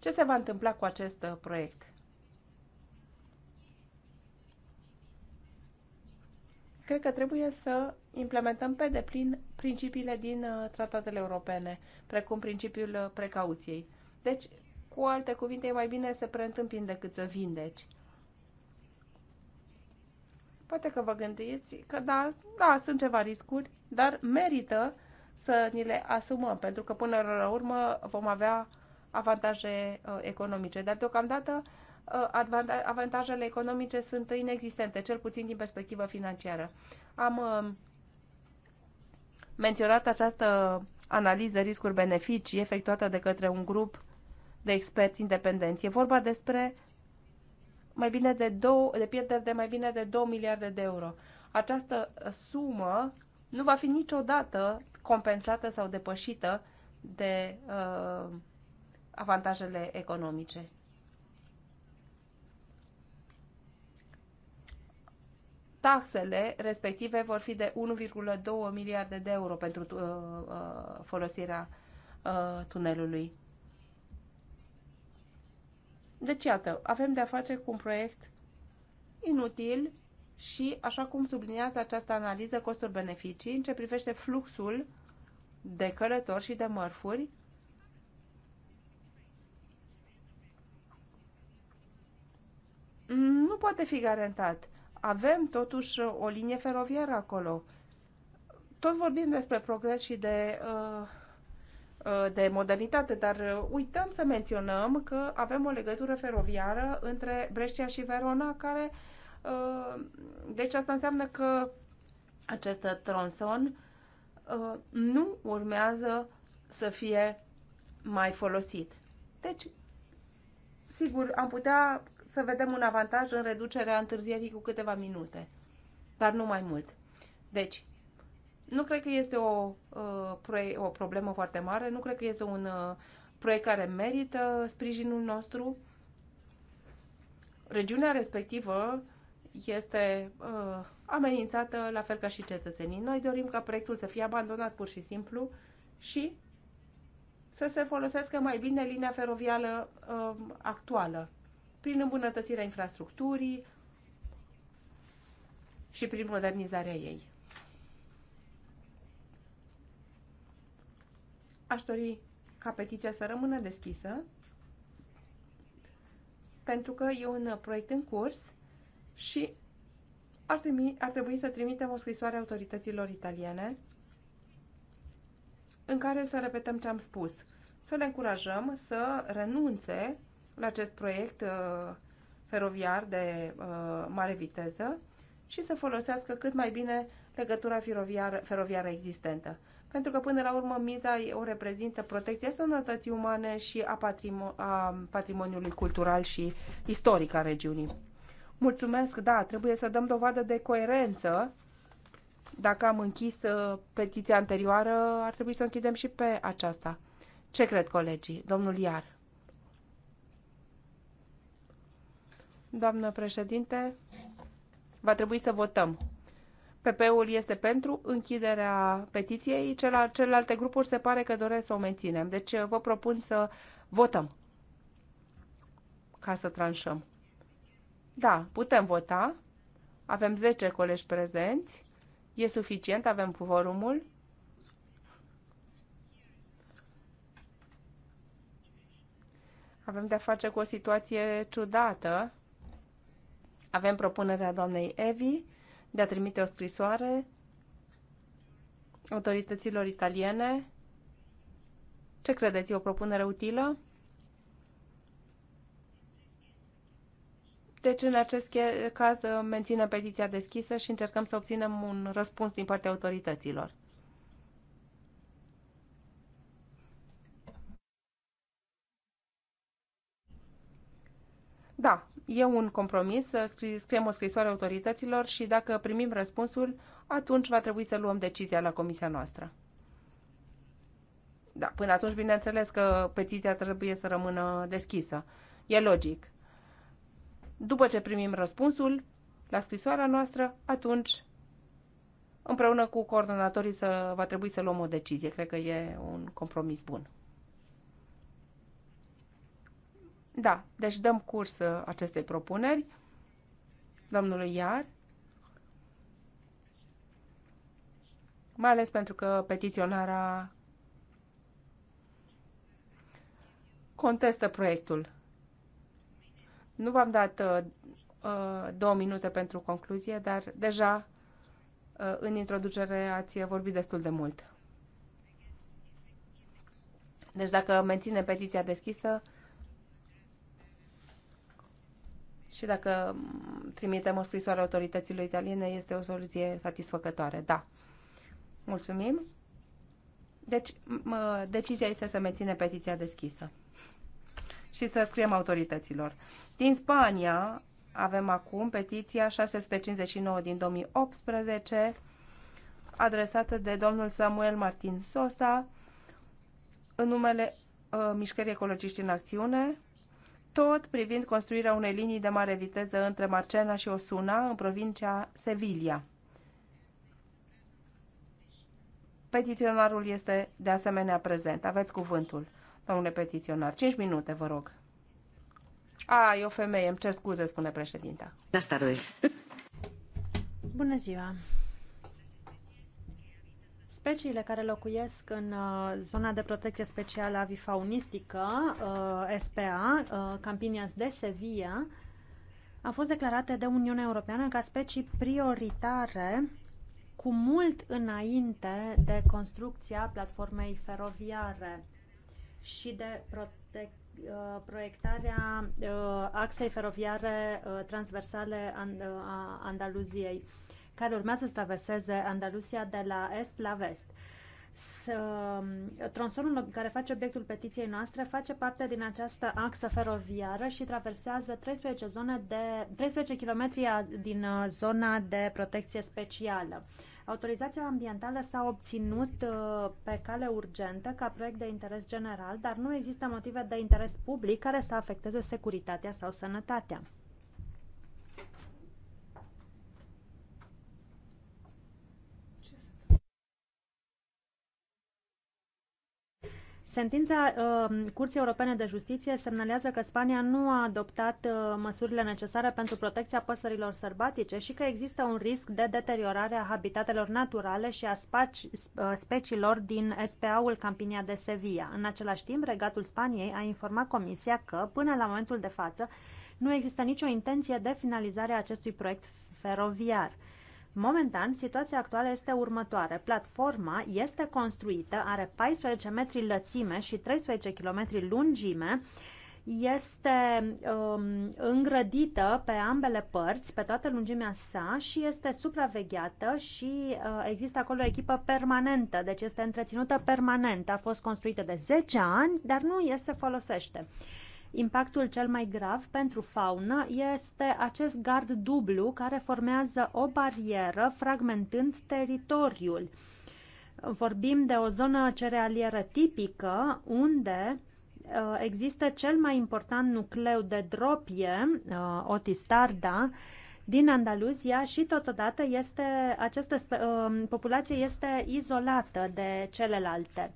Ce se va întâmpla cu acest uh, proiect? Cred că trebuie să implementăm pe deplin principiile din uh, tratatele europene, precum principiul uh, precauției. Deci, cu alte cuvinte, e mai bine să preîntâmpini decât să vindeci. Poate că vă gândiți că da, da, sunt ceva riscuri, dar merită să ni le asumăm, pentru că până la urmă vom avea avantaje uh, economice, dar deocamdată uh, avantajele economice sunt inexistente, cel puțin din perspectivă financiară. Am uh, menționat această analiză riscuri-beneficii efectuată de către un grup de experți independenți. E vorba despre mai bine de, două, de pierderi de mai bine de 2 miliarde de euro. Această sumă nu va fi niciodată compensată sau depășită de uh, avantajele economice. Taxele respective vor fi de 1,2 miliarde de euro pentru uh, uh, folosirea uh, tunelului. Deci, iată, avem de-a face cu un proiect inutil și, așa cum subliniază această analiză costuri-beneficii, în ce privește fluxul de călători și de mărfuri, nu poate fi garantat. Avem totuși o linie feroviară acolo. Tot vorbim despre progres și de, uh, uh, de modernitate, dar uităm să menționăm că avem o legătură feroviară între Brescia și Verona, care. Uh, deci asta înseamnă că acest tronson nu urmează să fie mai folosit. Deci, sigur, am putea să vedem un avantaj în reducerea întârzierii cu câteva minute, dar nu mai mult. Deci, nu cred că este o, uh, o problemă foarte mare, nu cred că este un uh, proiect care merită sprijinul nostru. Regiunea respectivă este uh, amenințată, la fel ca și cetățenii. Noi dorim ca proiectul să fie abandonat pur și simplu și să se folosească mai bine linia feroviară uh, actuală prin îmbunătățirea infrastructurii și prin modernizarea ei. Aș dori ca petiția să rămână deschisă pentru că e un proiect în curs și ar trebui, ar trebui să trimitem o scrisoare autorităților italiene în care să repetăm ce am spus, să le încurajăm să renunțe la acest proiect uh, feroviar de uh, mare viteză și să folosească cât mai bine legătura feroviară, feroviară existentă. Pentru că, până la urmă, miza o reprezintă protecția sănătății umane și a, patrimo- a patrimoniului cultural și istoric a regiunii. Mulțumesc, da, trebuie să dăm dovadă de coerență. Dacă am închis uh, petiția anterioară, ar trebui să închidem și pe aceasta. Ce cred colegii? Domnul Iar. Doamnă președinte, va trebui să votăm. PP-ul este pentru închiderea petiției, celelalte grupuri se pare că doresc să o menținem. Deci vă propun să votăm ca să tranșăm. Da, putem vota. Avem 10 colegi prezenți. E suficient, avem cuvorumul. Avem de-a face cu o situație ciudată. Avem propunerea doamnei Evi de a trimite o scrisoare autorităților italiene. Ce credeți? E o propunere utilă? Deci, în acest caz, menținem petiția deschisă și încercăm să obținem un răspuns din partea autorităților. Da, E un compromis, scriem o scrisoare autorităților și dacă primim răspunsul, atunci va trebui să luăm decizia la comisia noastră. Da, până atunci, bineînțeles că petiția trebuie să rămână deschisă. E logic. După ce primim răspunsul la scrisoarea noastră, atunci, împreună cu coordonatorii, să, va trebui să luăm o decizie. Cred că e un compromis bun. Da, deci dăm curs uh, acestei propuneri domnului Iar, mai ales pentru că petiționara contestă proiectul. Nu v-am dat uh, uh, două minute pentru concluzie, dar deja uh, în introducere ați vorbit destul de mult. Deci dacă menține petiția deschisă, Și dacă trimitem o scrisoare autorităților italiene, este o soluție satisfăcătoare, da. Mulțumim. Deci, mă, decizia este să menține petiția deschisă și să scriem autorităților. Din Spania avem acum petiția 659 din 2018, adresată de domnul Samuel Martin Sosa, în numele uh, Mișcării Ecologiști în Acțiune, tot privind construirea unei linii de mare viteză între Marcena și Osuna, în provincia Sevilla. Petiționarul este de asemenea prezent. Aveți cuvântul, domnule petiționar. 5 minute, vă rog. A, e o femeie, îmi cer scuze, spune președinta. Bună Bună ziua. Speciile care locuiesc în uh, zona de protecție specială avifaunistică, uh, SPA, uh, Campinias de Sevilla, au fost declarate de Uniunea Europeană ca specii prioritare cu mult înainte de construcția platformei feroviare și de protec- proiectarea axei feroviare transversale a Andaluziei care urmează să traverseze Andalusia de la est la vest. Tronsonul care face obiectul petiției noastre face parte din această axă feroviară și traversează 13, zone de, 13 km din uh, zona de protecție specială. Autorizația ambientală s-a obținut uh, pe cale urgentă ca proiect de interes general, dar nu există motive de interes public care să afecteze securitatea sau sănătatea. Sentința uh, Curții Europene de Justiție semnalează că Spania nu a adoptat uh, măsurile necesare pentru protecția păsărilor sărbatice și că există un risc de deteriorare a habitatelor naturale și a spaci, uh, speciilor din SPA-ul Campinia de Sevilla. În același timp, Regatul Spaniei a informat Comisia că, până la momentul de față, nu există nicio intenție de finalizare a acestui proiect feroviar. Momentan, situația actuală este următoare. Platforma este construită, are 14 metri lățime și 13 km lungime, este um, îngrădită pe ambele părți, pe toată lungimea sa și este supravegheată și uh, există acolo o echipă permanentă, deci este întreținută permanent. A fost construită de 10 ani, dar nu se folosește. Impactul cel mai grav pentru faună este acest gard dublu care formează o barieră fragmentând teritoriul. Vorbim de o zonă cerealieră tipică unde uh, există cel mai important nucleu de dropie, uh, Otistarda, din Andaluzia și totodată este, această uh, populație este izolată de celelalte.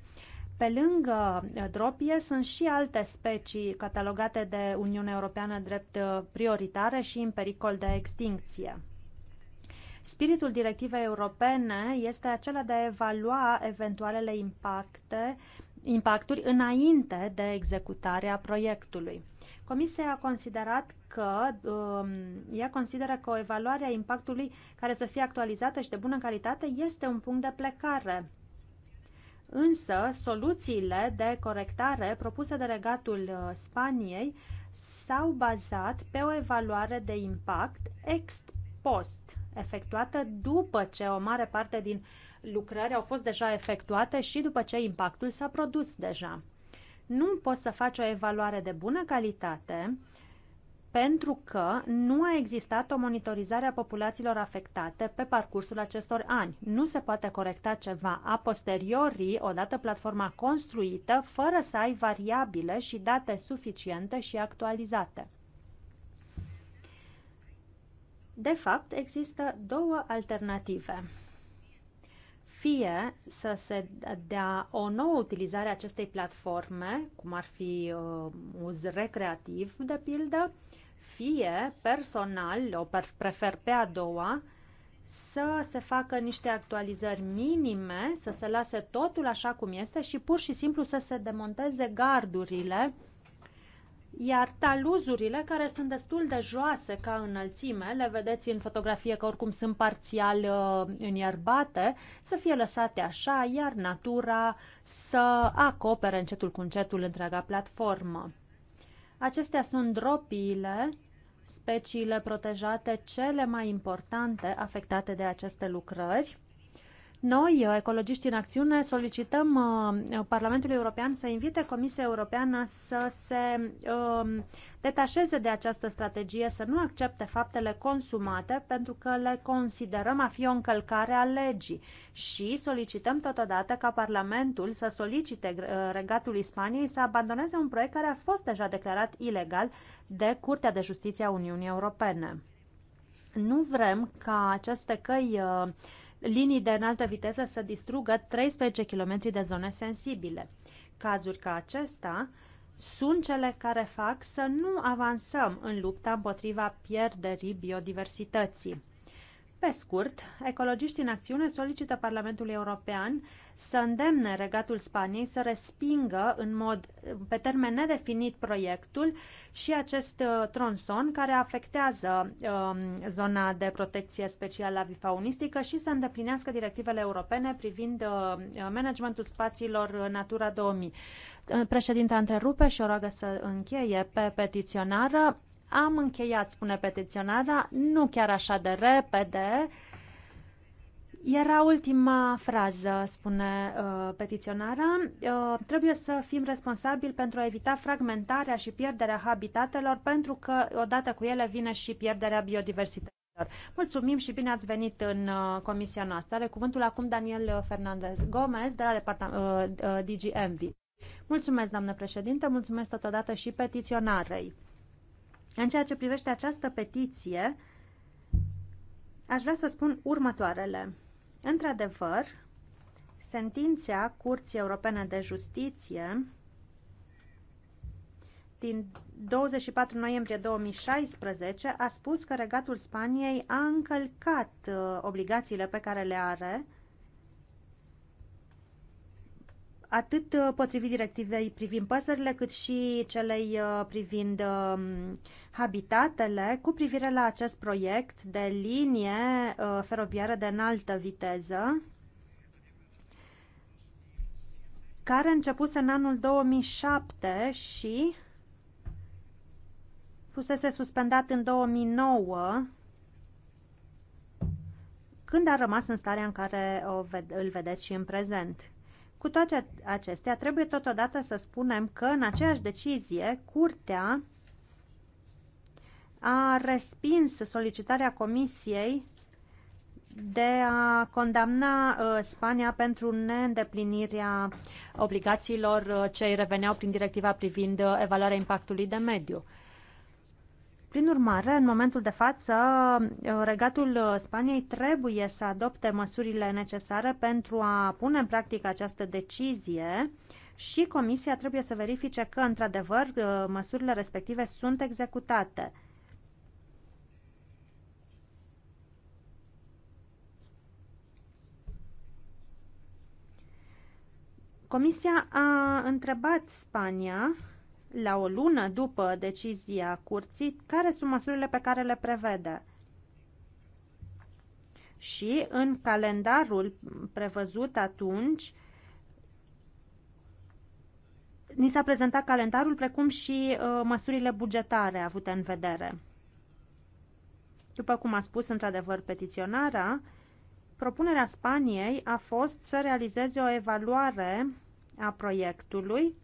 Pe lângă uh, dropie sunt și alte specii catalogate de Uniunea Europeană drept uh, prioritare și în pericol de extincție. Spiritul directivei europene este acela de a evalua eventualele impacte, impacturi înainte de executarea proiectului. Comisia a considerat că um, ea consideră că o evaluare a impactului care să fie actualizată și de bună calitate este un punct de plecare Însă, soluțiile de corectare propuse de regatul uh, Spaniei s-au bazat pe o evaluare de impact ex post, efectuată după ce o mare parte din lucrări au fost deja efectuate și după ce impactul s-a produs deja. Nu poți să faci o evaluare de bună calitate pentru că nu a existat o monitorizare a populațiilor afectate pe parcursul acestor ani. Nu se poate corecta ceva a posteriori, odată platforma construită, fără să ai variabile și date suficiente și actualizate. De fapt, există două alternative fie să se dea o nouă utilizare a acestei platforme, cum ar fi uh, uz recreativ, de pildă, fie personal, o prefer pe a doua, să se facă niște actualizări minime, să se lase totul așa cum este și pur și simplu să se demonteze gardurile, iar taluzurile, care sunt destul de joase ca înălțime, le vedeți în fotografie că oricum sunt parțial uh, înierbate, să fie lăsate așa, iar natura să acopere încetul cu încetul întreaga platformă. Acestea sunt dropiile, speciile protejate cele mai importante afectate de aceste lucrări noi, uh, ecologiști în acțiune, solicităm uh, Parlamentului European să invite Comisia Europeană să se um, detașeze de această strategie, să nu accepte faptele consumate pentru că le considerăm a fi o încălcare a legii și solicităm totodată ca Parlamentul să solicite uh, regatul Spaniei să abandoneze un proiect care a fost deja declarat ilegal de Curtea de Justiție a Uniunii Europene. Nu vrem ca aceste căi uh, linii de înaltă viteză să distrugă 13 km de zone sensibile. Cazuri ca acesta sunt cele care fac să nu avansăm în lupta împotriva pierderii biodiversității. Pe scurt, ecologiștii în acțiune solicită Parlamentului European să îndemne regatul Spaniei să respingă în mod pe termen nedefinit proiectul și acest uh, tronson care afectează um, zona de protecție specială avifaunistică și să îndeplinească directivele europene privind uh, managementul spațiilor uh, Natura 2000. Uh, președinta întrerupe și o roagă să încheie pe petiționară. Am încheiat, spune petiționarea, nu chiar așa de repede. Era ultima frază, spune uh, petiționarea. Uh, trebuie să fim responsabili pentru a evita fragmentarea și pierderea habitatelor, pentru că odată cu ele vine și pierderea biodiversității. Mulțumim și bine ați venit în uh, comisia noastră. Are cuvântul acum Daniel Fernandez Gomez de la Depart- uh, uh, DGMV. Mulțumesc, doamnă președinte, mulțumesc totodată și petiționarei. În ceea ce privește această petiție, aș vrea să spun următoarele. Într-adevăr, sentința Curții Europene de Justiție din 24 noiembrie 2016 a spus că regatul Spaniei a încălcat uh, obligațiile pe care le are atât uh, potrivit directivei privind păsările, cât și celei uh, privind um, habitatele, cu privire la acest proiect de linie uh, feroviară de înaltă viteză, care începuse în anul 2007 și fusese suspendat în 2009, când a rămas în starea în care o ved- îl vedeți și în prezent. Cu toate acestea, trebuie totodată să spunem că în aceeași decizie, Curtea a respins solicitarea Comisiei de a condamna uh, Spania pentru neîndeplinirea obligațiilor uh, ce îi reveneau prin directiva privind uh, evaluarea impactului de mediu. Prin urmare, în momentul de față, regatul Spaniei trebuie să adopte măsurile necesare pentru a pune în practică această decizie și Comisia trebuie să verifice că, într-adevăr, măsurile respective sunt executate. Comisia a întrebat Spania la o lună după decizia curții, care sunt măsurile pe care le prevede. Și în calendarul prevăzut atunci, ni s-a prezentat calendarul precum și uh, măsurile bugetare avute în vedere. După cum a spus într-adevăr petiționarea propunerea Spaniei a fost să realizeze o evaluare a proiectului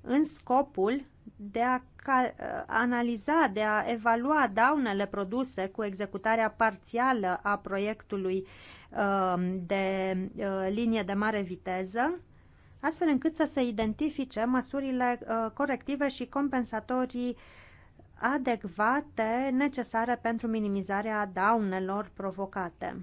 în scopul de a uh, analiza, de a evalua daunele produse cu executarea parțială a proiectului um, de uh, linie de mare viteză, astfel încât să se identifice măsurile uh, corective și compensatorii adecvate necesare pentru minimizarea daunelor provocate.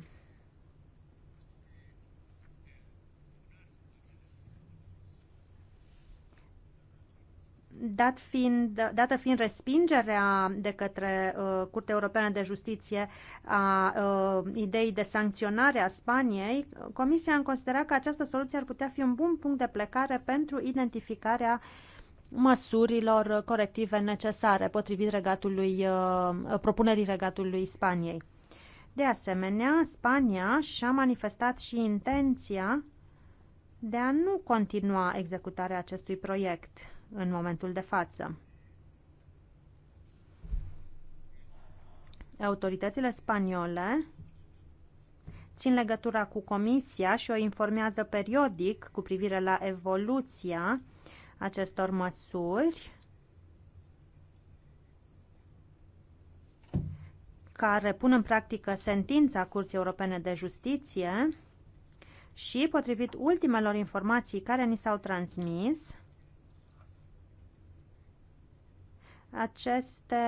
dat fiind, dată fiind respingerea de către uh, Curtea Europeană de Justiție a uh, ideii de sancționare a Spaniei, Comisia a considerat că această soluție ar putea fi un bun punct de plecare pentru identificarea măsurilor corective necesare potrivit regatului, uh, propunerii regatului Spaniei. De asemenea, Spania și-a manifestat și intenția de a nu continua executarea acestui proiect în momentul de față. Autoritățile spaniole țin legătura cu Comisia și o informează periodic cu privire la evoluția acestor măsuri care pun în practică sentința Curții Europene de Justiție și, potrivit ultimelor informații care ni s-au transmis, aceste,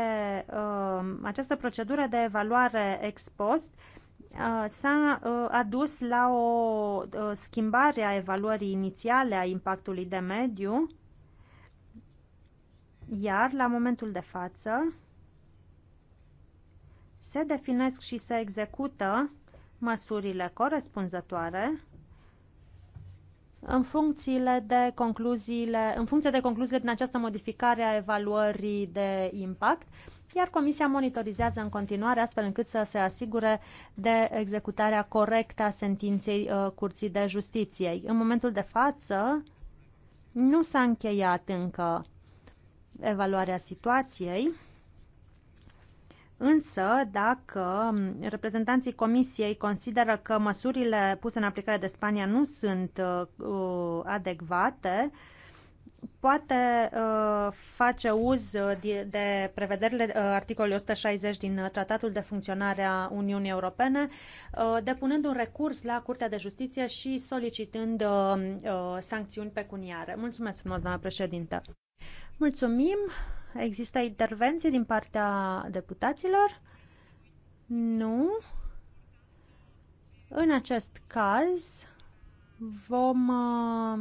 um, această procedură de evaluare ex post uh, s-a uh, adus la o uh, schimbare a evaluării inițiale a impactului de mediu, iar la momentul de față se definesc și se execută măsurile corespunzătoare în, funcțiile de concluziile, în funcție de concluziile din această modificare a evaluării de impact, iar Comisia monitorizează în continuare astfel încât să se asigure de executarea corectă a sentinței uh, Curții de Justiție. În momentul de față, nu s-a încheiat încă evaluarea situației Însă, dacă reprezentanții Comisiei consideră că măsurile puse în aplicare de Spania nu sunt uh, adecvate, poate uh, face uz de, de prevederile uh, articolului 160 din Tratatul de Funcționare a Uniunii Europene, uh, depunând un recurs la Curtea de Justiție și solicitând uh, uh, sancțiuni pecuniare. Mulțumesc frumos, doamna președintă! Mulțumim! Există intervenții din partea deputaților? Nu. În acest caz, vom, uh,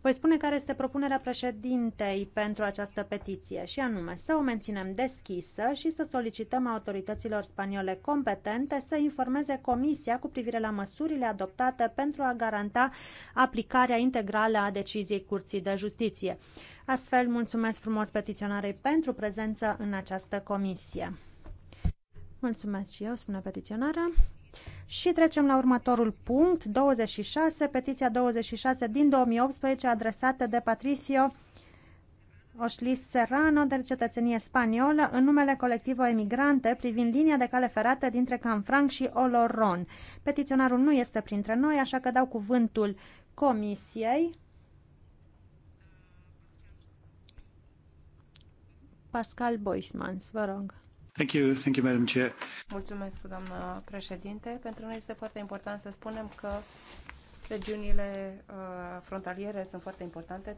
voi spune care este propunerea președintei pentru această petiție și anume să o menținem deschisă și să solicităm autorităților spaniole competente să informeze Comisia cu privire la măsurile adoptate pentru a garanta aplicarea integrală a deciziei Curții de Justiție. Astfel, mulțumesc frumos petiționarei pentru prezența în această comisie. Mulțumesc și eu, spune petiționarea. Și trecem la următorul punct, 26, petiția 26 din 2018, adresată de Patricio Oșlis Serrano, de cetățenie spaniolă, în numele colectivo emigrante, privind linia de cale ferată dintre Canfranc și Oloron. Petiționarul nu este printre noi, așa că dau cuvântul comisiei Pascal Boismans, vă rog. Thank you, thank you, Madam Chair. Mulțumesc, doamnă președinte. Pentru noi este foarte important să spunem că regiunile uh, frontaliere sunt foarte importante.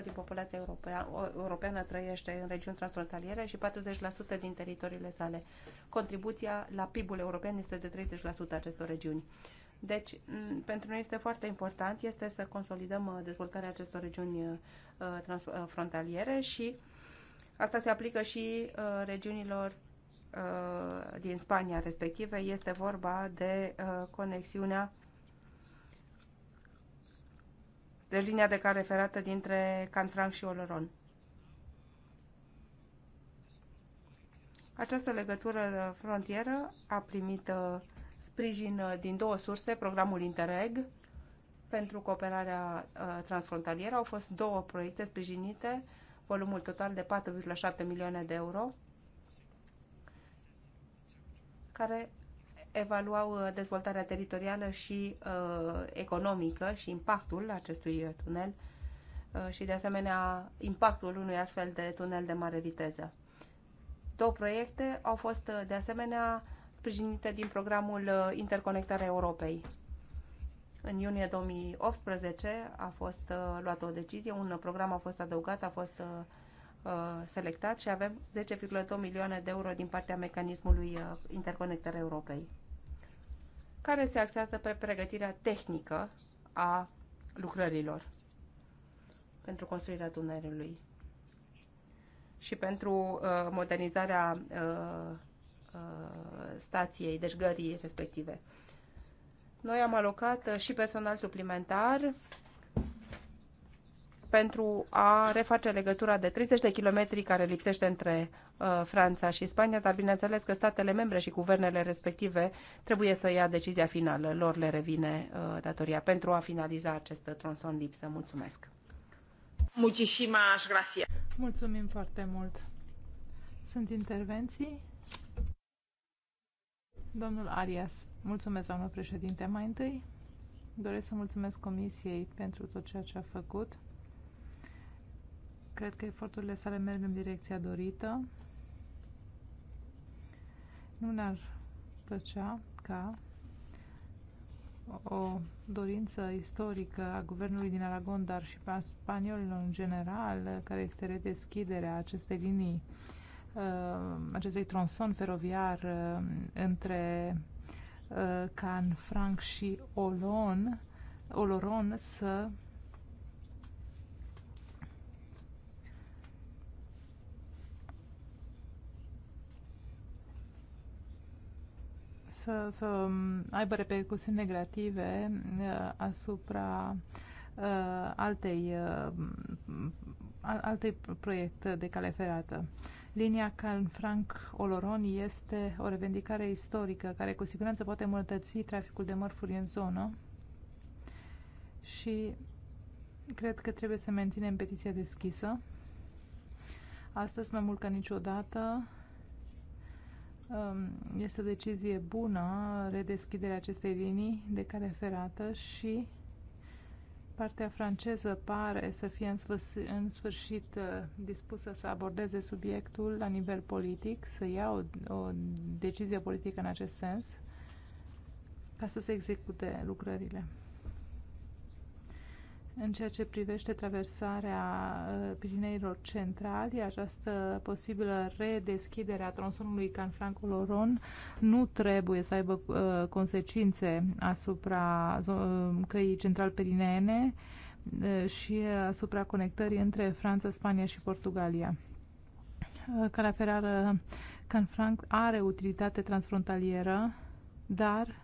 30% din populația europeană trăiește în regiuni transfrontaliere și 40% din teritoriile sale. Contribuția la PIB-ul european este de 30% acestor regiuni. Deci, pentru noi este foarte important este să consolidăm uh, dezvoltarea acestor regiuni uh, transfrontaliere uh, și uh, Asta se aplică și uh, regiunilor uh, din Spania respective. Este vorba de uh, conexiunea deci linia de care ferată dintre Canfranc și Oloron. Această legătură frontieră a primit uh, sprijin uh, din două surse, programul Interreg pentru cooperarea uh, transfrontalieră. Au fost două proiecte sprijinite volumul total de 4,7 milioane de euro, care evaluau uh, dezvoltarea teritorială și uh, economică și impactul acestui uh, tunel uh, și, de asemenea, impactul unui astfel de tunel de mare viteză. Două proiecte au fost, uh, de asemenea, sprijinite din programul Interconectarea Europei. În iunie 2018 a fost uh, luată o decizie, un program a fost adăugat, a fost uh, uh selectat și avem 10,2 milioane de euro din partea mecanismului uh, interconectării Europei, care se axează pe pregătirea tehnică a lucrărilor pentru construirea tunelului și pentru uh, modernizarea uh, uh, stației, deci gării respective. Noi am alocat uh, și personal suplimentar pentru a reface legătura de 30 de kilometri care lipsește între uh, Franța și Spania, dar bineînțeles că statele membre și guvernele respective trebuie să ia decizia finală. Lor le revine uh, datoria pentru a finaliza acest tronson lipsă. Mulțumesc! Mulțumim foarte mult! Sunt intervenții? Domnul Arias, mulțumesc, doamnă președinte. Mai întâi, doresc să mulțumesc Comisiei pentru tot ceea ce a făcut. Cred că eforturile sale merg în direcția dorită. Nu ne-ar plăcea ca o dorință istorică a guvernului din Aragon, dar și a spaniolilor în general, care este redeschiderea acestei linii Uh, acestui tronson feroviar uh, între uh, Canfranc și Olon, Oloron să să, să aibă repercusiuni negative asupra uh, altei, uh, altei proiecte de cale ferată. Uh, Linia Canfranc Oloron este o revendicare istorică care cu siguranță poate îmbunătăți traficul de mărfuri în zonă și cred că trebuie să menținem petiția deschisă. Astăzi, mai mult ca niciodată, um, este o decizie bună redeschiderea acestei linii de care ferată și Partea franceză pare să fie în sfârșit, în sfârșit uh, dispusă să abordeze subiectul la nivel politic, să ia o, o decizie politică în acest sens, ca să se execute lucrările în ceea ce privește traversarea uh, Pirineilor Centrali, această posibilă redeschidere a tronsonului Canfranco-Loron nu trebuie să aibă uh, consecințe asupra uh, căii central-pirineene uh, și asupra conectării între Franța, Spania și Portugalia. Uh, Calea ferară Canfranc are utilitate transfrontalieră, dar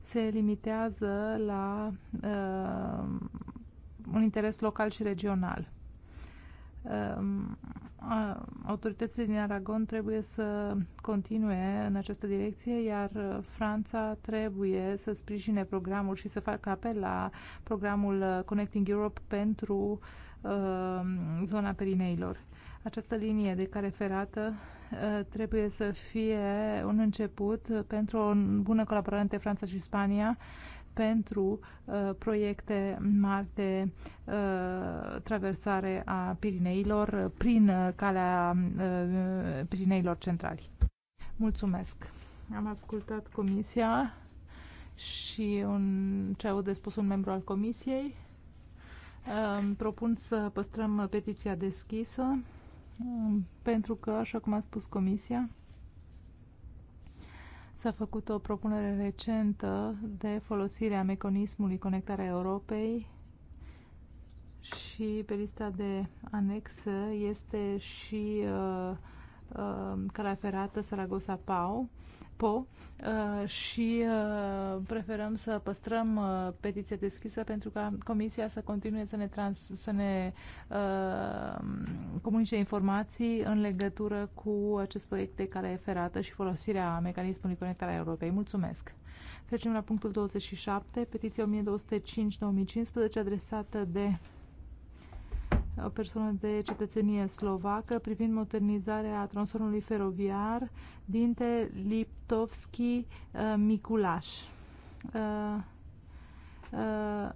se limitează la uh, un interes local și regional. Uh, uh, autoritățile din Aragon trebuie să continue în această direcție, iar Franța trebuie să sprijine programul și să facă apel la programul Connecting Europe pentru uh, zona Pirineilor. Această linie de care ferată uh, trebuie să fie un început pentru o bună colaborare între Franța și Spania pentru uh, proiecte mari de uh, traversare a Pirineilor prin uh, calea uh, Pirineilor centrali. Mulțumesc! Am ascultat comisia și un, ce au de spus un membru al comisiei. Uh, propun să păstrăm petiția deschisă. Mm, pentru că, așa cum a spus Comisia, s-a făcut o propunere recentă de folosire a mecanismului Conectarea Europei și pe lista de anexă este și uh, uh, calea ferată Saragossa-Pau. Uh, PO uh, și uh, preferăm să păstrăm uh, petiția deschisă pentru ca Comisia să continue să ne, trans, să ne uh, comunice informații în legătură cu acest proiect de care e ferată și folosirea mecanismului conectarea Europei. Mulțumesc! Trecem la punctul 27, petiția 1205-2015 adresată de o persoană de cetățenie slovacă privind modernizarea tronsonului feroviar dintre Liptovski uh, Miculaș. Uh, uh,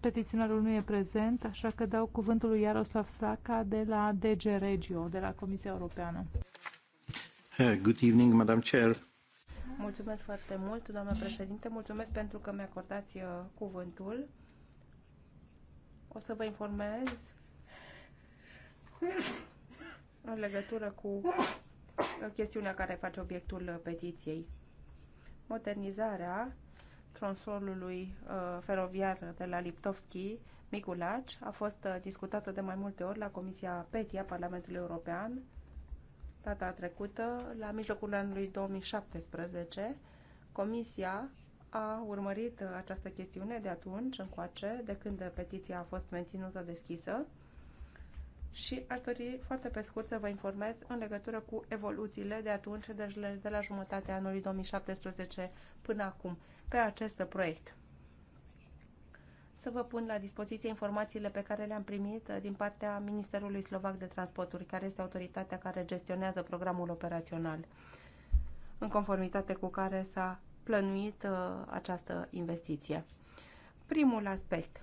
petiționarul nu e prezent, așa că dau cuvântul lui Iaroslav Saca de la DG Regio, de la Comisia Europeană. Good evening, Madam Chair. Mulțumesc foarte mult, doamnă președinte. Mulțumesc pentru că mi-acordați cuvântul. O să vă informez în legătură cu uh, chestiunea care face obiectul uh, petiției. Modernizarea tronsolului uh, feroviar de la Liptovski, Miculaci, a fost discutată de mai multe ori la Comisia Petia Parlamentului European data trecută, la mijlocul anului 2017. Comisia a urmărit această chestiune de atunci încoace, de când petiția a fost menținută deschisă și aș dori foarte pe scurt să vă informez în legătură cu evoluțiile de atunci, deci de la jumătatea anului 2017 până acum, pe acest proiect. Să vă pun la dispoziție informațiile pe care le-am primit uh, din partea Ministerului Slovac de Transporturi, care este autoritatea care gestionează programul operațional, în conformitate cu care s-a plănuit uh, această investiție. Primul aspect,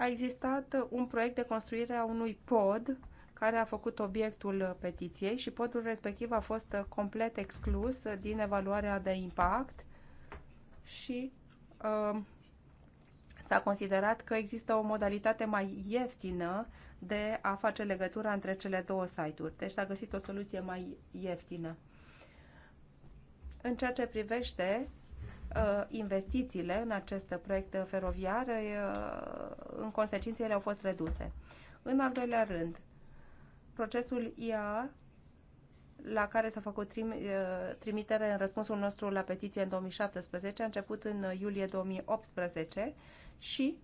a existat uh, un proiect de construire a unui pod care a făcut obiectul uh, petiției și podul respectiv a fost uh, complet exclus din evaluarea de impact și s-a considerat că există o modalitate mai ieftină de a face legătura între cele două site-uri. Deci s-a găsit o soluție mai ieftină. În ceea ce privește Uh, investițiile în acest proiect feroviar, uh, în consecință ele au fost reduse. În al doilea rând, procesul IA la care s-a făcut trim, uh, trimitere în răspunsul nostru la petiție în 2017, a început în iulie 2018 și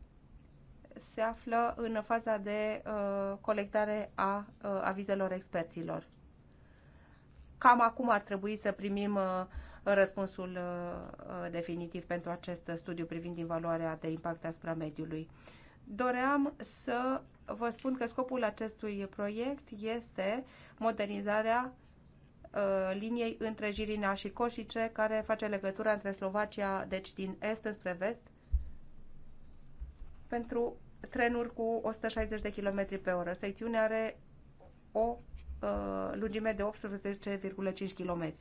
se află în faza de uh, colectare a uh, avizelor experților. Cam acum ar trebui să primim uh, răspunsul uh, uh, definitiv pentru acest studiu privind evaluarea de impact asupra mediului. Doream să vă spun că scopul acestui proiect este modernizarea uh, liniei între Jirina și Coșice, care face legătura între Slovacia, deci din est spre vest, pentru trenuri cu 160 de km pe oră. Secțiunea are o uh, lungime de 18,5 km.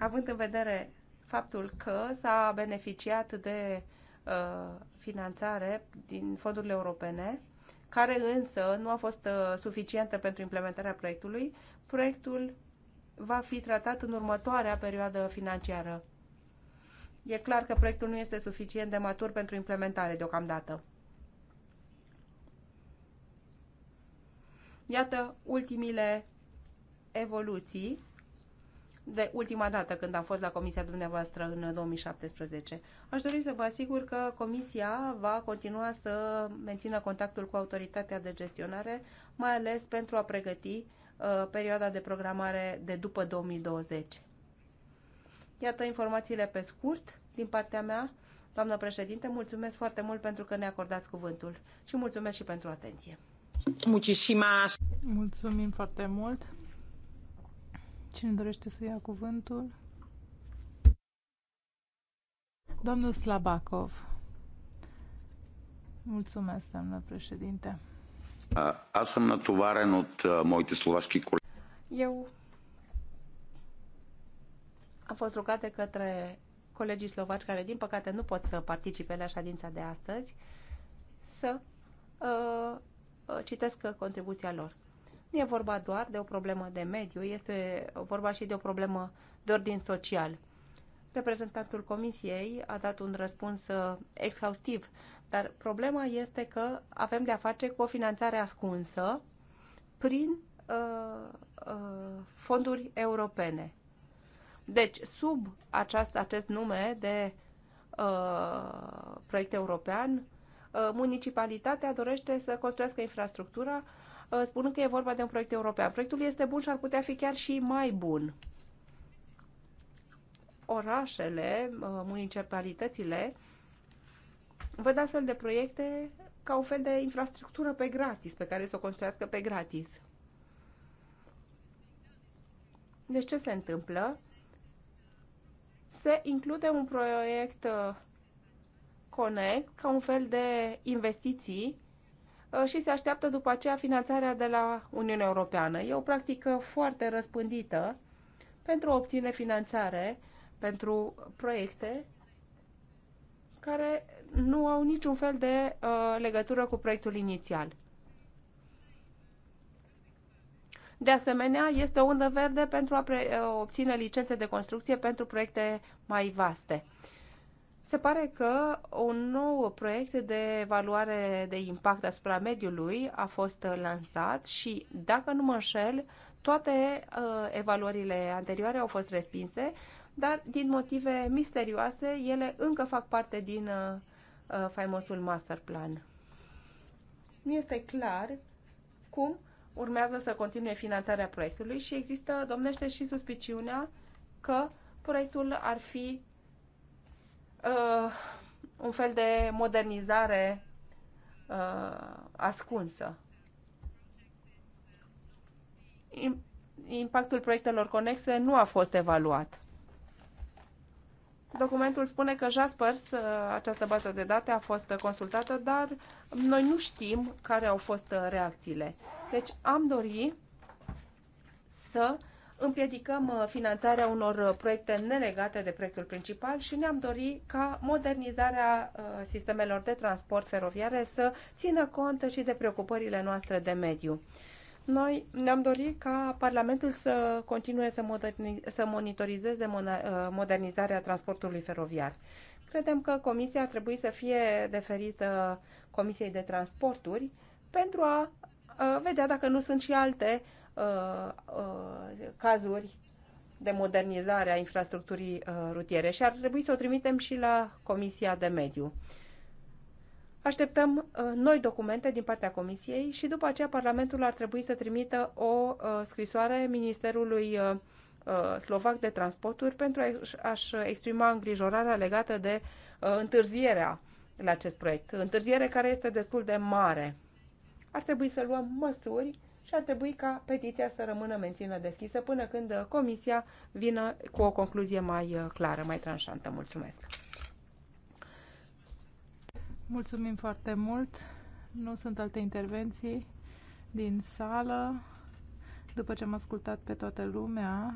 având în vedere faptul că s-a beneficiat de uh, finanțare din fondurile europene, care însă nu a fost uh, suficientă pentru implementarea proiectului, proiectul va fi tratat în următoarea perioadă financiară. E clar că proiectul nu este suficient de matur pentru implementare deocamdată. Iată ultimile evoluții de ultima dată când am fost la comisia dumneavoastră în 2017. Aș dori să vă asigur că comisia va continua să mențină contactul cu autoritatea de gestionare, mai ales pentru a pregăti uh, perioada de programare de după 2020. Iată informațiile pe scurt din partea mea. Doamnă președinte, mulțumesc foarte mult pentru că ne acordați cuvântul și mulțumesc și pentru atenție. Mulțumim foarte mult. Cine dorește să ia cuvântul? Domnul Slabakov. Mulțumesc, doamnă președinte. Аз съм натоварен от моите словашки колеги. Eu am fost rugat de către colegii slovaci care, din păcate, nu pot să participe la ședința de astăzi, să uh, uh citesc contribuția lor. Nu e vorba doar de o problemă de mediu, este vorba și de o problemă de ordin social. Reprezentantul Comisiei a dat un răspuns uh, exhaustiv, dar problema este că avem de-a face cu o finanțare ascunsă prin uh, uh, fonduri europene. Deci, sub aceast, acest nume de uh, proiect european, uh, municipalitatea dorește să construiască infrastructura Uh, spunând că e vorba de un proiect european. Proiectul este bun și ar putea fi chiar și mai bun. Orașele, uh, municipalitățile, văd astfel de proiecte ca un fel de infrastructură pe gratis, pe care să o construiască pe gratis. Deci ce se întâmplă? Se include un proiect uh, Connect ca un fel de investiții Uh, și se așteaptă după aceea finanțarea de la Uniunea Europeană. E o practică foarte răspândită pentru a obține finanțare pentru proiecte care nu au niciun fel de uh, legătură cu proiectul inițial. De asemenea, este o undă verde pentru a uh, obține licențe de construcție pentru proiecte mai vaste. Uh, se pare că un nou proiect de evaluare de impact asupra mediului a fost uh, lansat și, dacă nu mă înșel, toate uh, evaluările anterioare au fost respinse, dar din motive misterioase, ele încă fac parte din uh, uh faimosul master plan. Nu este clar cum urmează să continue finanțarea proiectului și există, domnește și suspiciunea că proiectul ar fi uh, un fel de modernizare uh, ascunsă. Impactul proiectelor conexe nu a fost evaluat. Documentul spune că Jaspers, uh, această bază de date, a fost consultată, dar noi nu știm care au fost uh, reacțiile. Deci am dori să împiedicăm uh, finanțarea unor uh, proiecte nelegate de proiectul principal și ne-am dorit ca modernizarea uh, sistemelor de transport feroviare să țină cont și de preocupările noastre de mediu. Noi ne-am dorit ca Parlamentul să continue să, moderni- să monitorizeze modernizarea transportului feroviar. Credem că Comisia ar trebui să fie deferită Comisiei de Transporturi pentru a vedea dacă nu sunt și alte uh, Uh, uh, cazuri de modernizare a infrastructurii uh, rutiere și ar trebui să o trimitem și la Comisia de Mediu. Așteptăm noi documente din partea Comisiei și după aceea Parlamentul ar trebui să trimită o scrisoare Ministerului Slovac de Transporturi pentru a-și exprima îngrijorarea legată de întârzierea la acest proiect. Întârziere care este destul de mare. Ar trebui să luăm măsuri și ar trebui ca petiția să rămână mențină deschisă până când uh, Comisia vină cu o concluzie mai uh, clară, mai tranșantă. Mulțumesc! Mulțumim foarte mult! Nu sunt alte intervenții din sală. După ce am ascultat pe toată lumea,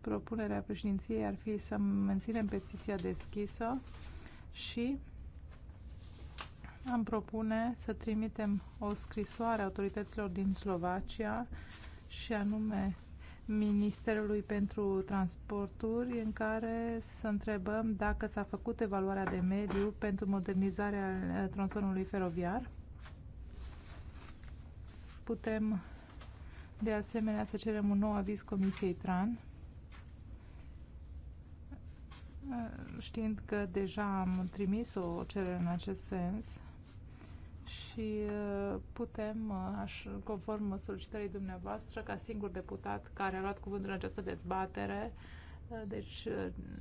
propunerea președinției ar fi să menținem petiția deschisă și am propune să trimitem o scrisoare autorităților din Slovacia și anume Ministerului pentru Transporturi în care să întrebăm dacă s-a făcut evaluarea de mediu pentru modernizarea tronsonului feroviar. Putem de asemenea să cerem un nou aviz Comisiei TRAN știind că deja am trimis o cerere în acest sens și uh, putem, uh, aș, conform solicitării dumneavoastră, ca singur deputat care a luat cuvântul în această dezbatere, uh, deci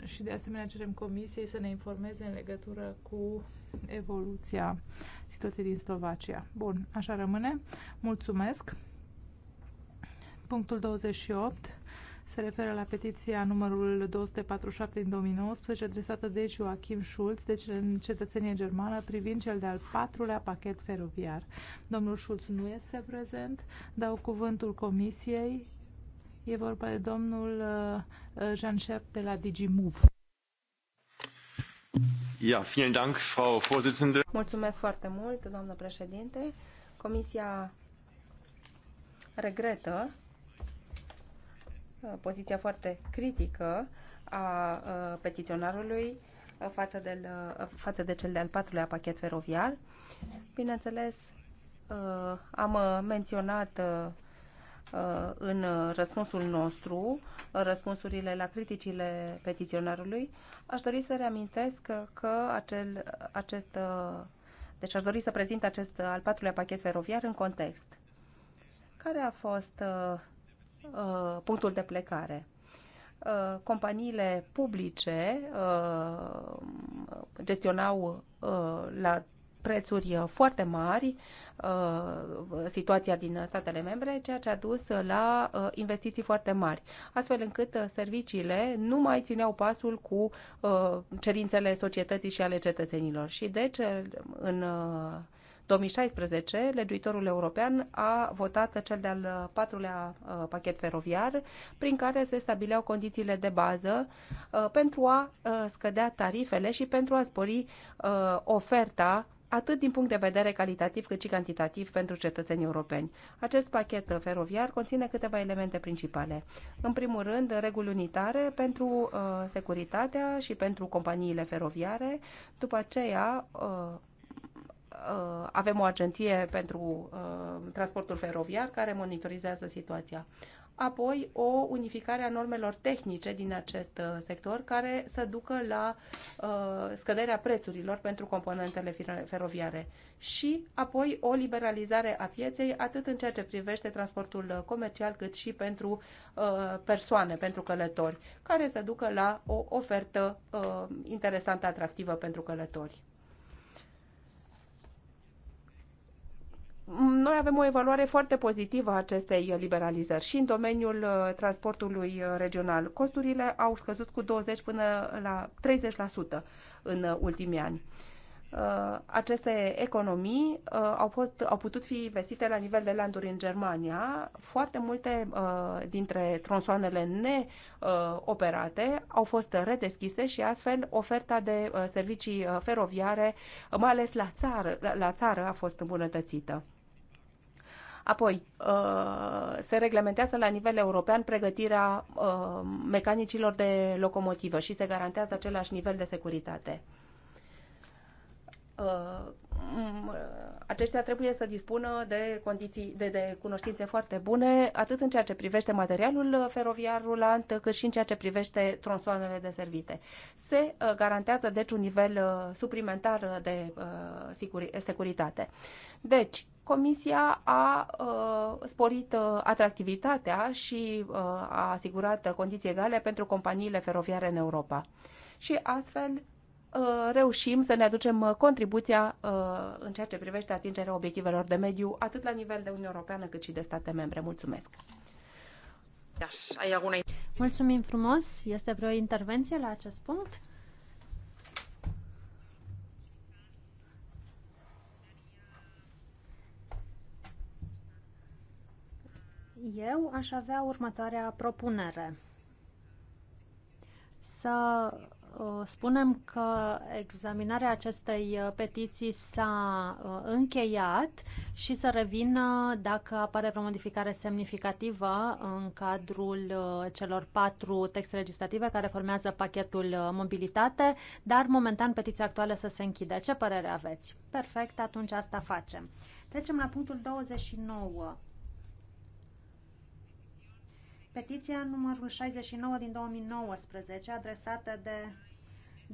și de asemenea cerem comisiei să ne informeze în legătură cu evoluția situației din Slovacia. Bun, așa rămâne. Mulțumesc. Punctul 28 se referă la petiția numărul 247 din 2019, adresată de Joachim Schulz, de deci cetățenie germană, privind cel de-al patrulea pachet feroviar. Domnul Schulz nu este prezent, dau cuvântul comisiei. E vorba de domnul uh, uh, Jean Șerp de la DigiMove. Ja, vielen Dank, Frau Vorsitzende. Mulțumesc foarte mult, doamnă președinte. Comisia regretă Uh, poziția foarte critică a uh, petiționarului uh, față de, față de cel de-al patrulea pachet feroviar. Bineînțeles, am menționat în răspunsul nostru răspunsurile la criticile petiționarului. Aș dori să reamintesc că acel, acest, deci aș dori să prezint acest al patrulea pachet feroviar în context. Care a fost uh, punctul de plecare uh, companiile publice uh, gestionau uh, la prețuri foarte mari situația din statele membre, ceea ce a dus la investiții foarte mari, astfel încât serviciile nu mai țineau pasul cu cerințele societății și ale cetățenilor. Și deci, în 2016, legiuitorul european a votat cel de-al uh, patrulea uh, pachet feroviar, prin care se stabileau condițiile de bază uh, pentru a scădea tarifele și pentru a spori oferta atât din punct de vedere calitativ cât și cantitativ pentru cetățenii europeni. Acest pachet feroviar conține câteva elemente principale. În primul rând, reguli unitare pentru uh, securitatea și pentru companiile feroviare, după aceea uh, Uh, avem o agenție pentru uh, transportul feroviar care monitorizează situația. Apoi o unificare a normelor tehnice din acest uh, sector care să ducă la scăderea prețurilor pentru componentele feroviare și apoi o liberalizare a pieței atât în ceea ce privește transportul comercial cât și pentru persoane, pentru călători, care să ducă la o ofertă interesantă, atractivă pentru călători. Noi avem o evaluare foarte pozitivă a acestei liberalizări și în domeniul uh, transportului uh, regional. Costurile au scăzut cu 20 până la 30% în uh, ultimii ani. Aceste economii au, fost, au putut fi investite la nivel de landuri în Germania. Foarte multe dintre tronsoanele neoperate au fost redeschise și astfel oferta de servicii feroviare, mai ales la țară, la țară a fost îmbunătățită. Apoi, uh, se reglementează la nivel european pregătirea uh, mecanicilor de locomotivă și se garantează același nivel de securitate uh, aceștia trebuie să dispună de condiții, de, de cunoștințe foarte bune, atât în ceea ce privește materialul feroviar rulant, cât și în ceea ce privește tronsoanele deservite. Se garantează, deci, un nivel suplimentar de securitate. Deci, Comisia a uh, sporit uh, atractivitatea și uh, a asigurat condiții egale pentru companiile feroviare în Europa. Și astfel uh, reușim să ne aducem contribuția uh, în ceea ce privește atingerea obiectivelor de mediu, atât la nivel de Uniune Europeană cât și de state membre. Mulțumesc! Mulțumim frumos! Este vreo intervenție la acest punct? Eu aș avea următoarea propunere. Să uh, spunem că examinarea acestei uh, petiții s-a uh, încheiat și să revină dacă apare vreo modificare semnificativă în cadrul celor patru texte legislative care formează pachetul mobilitate, dar momentan petiția actuală să se închide. Ce părere aveți? Perfect, atunci asta facem. Trecem la punctul 29 Petiția numărul 69 din 2019, adresată de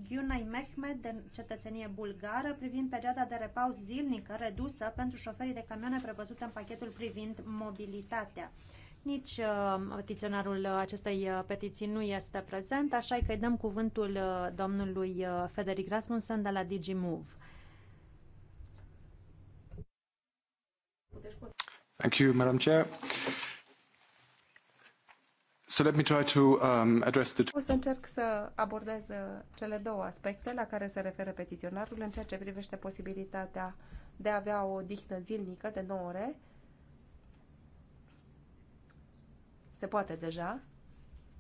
Gyunai Mehmed, de cetățenie bulgară, privind perioada de repaus zilnică redusă pentru șoferii de camioane prevăzute în pachetul privind mobilitatea. Nici uh, petiționarul acestei uh, petiții nu este prezent, așa că îi dăm cuvântul uh, domnului uh, Federic Rasmussen de la DigiMove. Thank you, Madam Chair. So let me try to um, address the... O să încerc să abordez uh, cele două aspecte la care se referă petiționarul în ceea ce privește posibilitatea de a avea o dihnă zilnică de 9 ore. Se poate deja,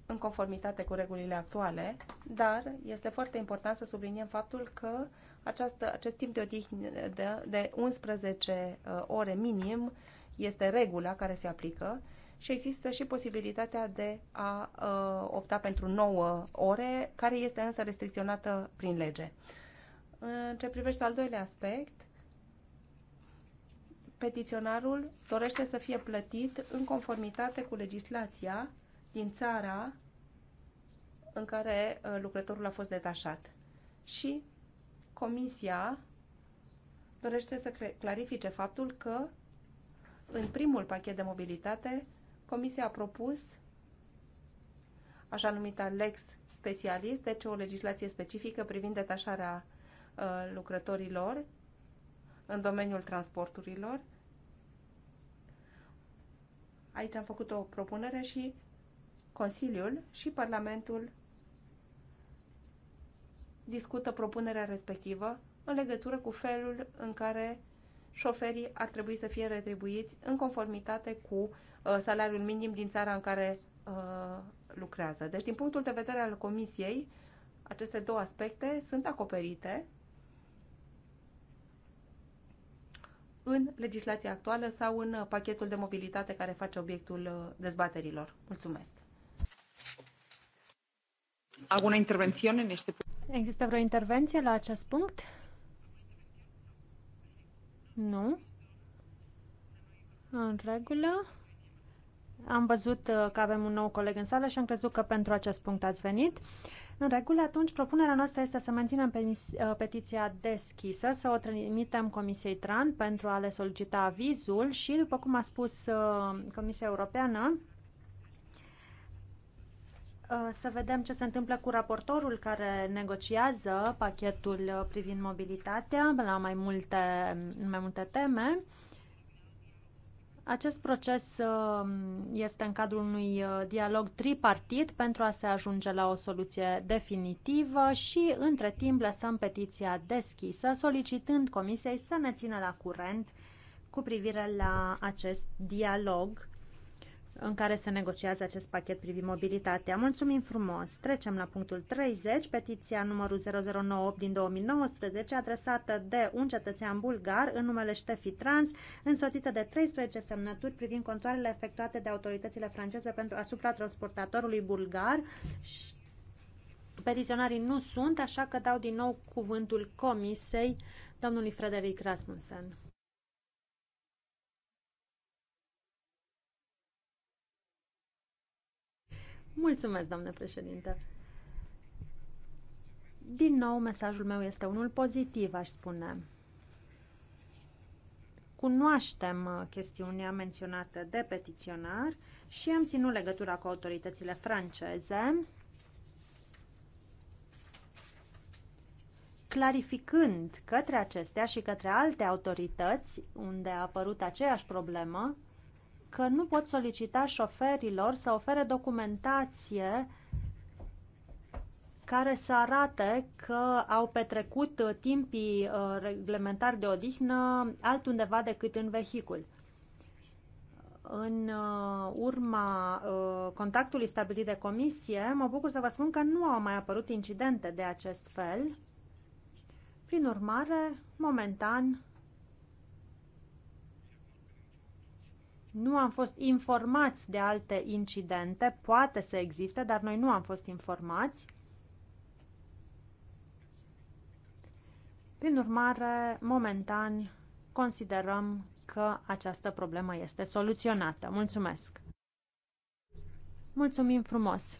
în conformitate cu regulile actuale, dar este foarte important să subliniem faptul că această, acest timp de odihnă de, de 11 uh, ore minim este regula care se aplică și există și posibilitatea de a uh, opta pentru 9 ore, care este însă restricționată prin lege. În ce privește al doilea aspect, petiționarul dorește să fie plătit în conformitate cu legislația din țara în care ă, lucrătorul a fost detașat. Și comisia dorește să clarifice faptul că în primul pachet de mobilitate Comisia a propus așa numită, lex specialist, deci o legislație specifică privind detașarea uh, lucrătorilor în domeniul transporturilor. Aici am făcut o propunere și Consiliul și Parlamentul discută propunerea respectivă în legătură cu felul în care șoferii ar trebui să fie retribuiți în conformitate cu uh, Uh, salariul minim din țara în care uh, lucrează. Deci, din punctul de vedere al Comisiei, aceste două aspecte sunt acoperite în legislația actuală sau în uh, pachetul de mobilitate care face obiectul dezbaterilor. Mulțumesc! Alguna intervenție în este Există vreo intervenție la acest punct? Nu. În regulă. Am văzut uh, că avem un nou coleg în sală și am crezut că pentru acest punct ați venit. În regulă, atunci, propunerea noastră este să menținem uh, petiția deschisă, să o trimitem Comisiei TRAN pentru a le solicita avizul și, după cum a spus uh, Comisia Europeană, să vedem ce se întâmplă cu raportorul care negociază pachetul privind mobilitatea la mai multe, mai multe teme acest proces um, este în cadrul unui uh, dialog tripartit pentru a se ajunge la o soluție definitivă și, între timp, lăsăm petiția deschisă, solicitând Comisiei să ne țină la curent cu privire la acest dialog în care se negociază acest pachet privind mobilitatea. Mulțumim frumos! Trecem la punctul 30, petiția numărul 009 din 2019, adresată de un cetățean bulgar în numele Ștefi Trans, însoțită de 13 semnături privind contoarele efectuate de autoritățile franceze pentru asupra transportatorului bulgar. Petiționarii nu sunt, așa că dau din nou cuvântul comisiei domnului Frederic Rasmussen. Mulțumesc, doamnă președinte. Din nou, mesajul meu este unul pozitiv, aș spune. Cunoaștem uh, chestiunea menționată de petiționar și am ținut legătura cu autoritățile franceze, clarificând către acestea și către alte autorități unde a apărut aceeași problemă că nu pot solicita șoferilor să ofere documentație care să arate că au petrecut timpii uh, reglementari de odihnă altundeva decât în vehicul. În uh, urma uh, contactului stabilit de comisie, mă bucur să vă spun că nu au mai apărut incidente de acest fel. Prin urmare, momentan, Nu am fost informați de alte incidente, poate să existe, dar noi nu am fost informați. Prin urmare, momentan considerăm că această problemă este soluționată. Mulțumesc! Mulțumim frumos!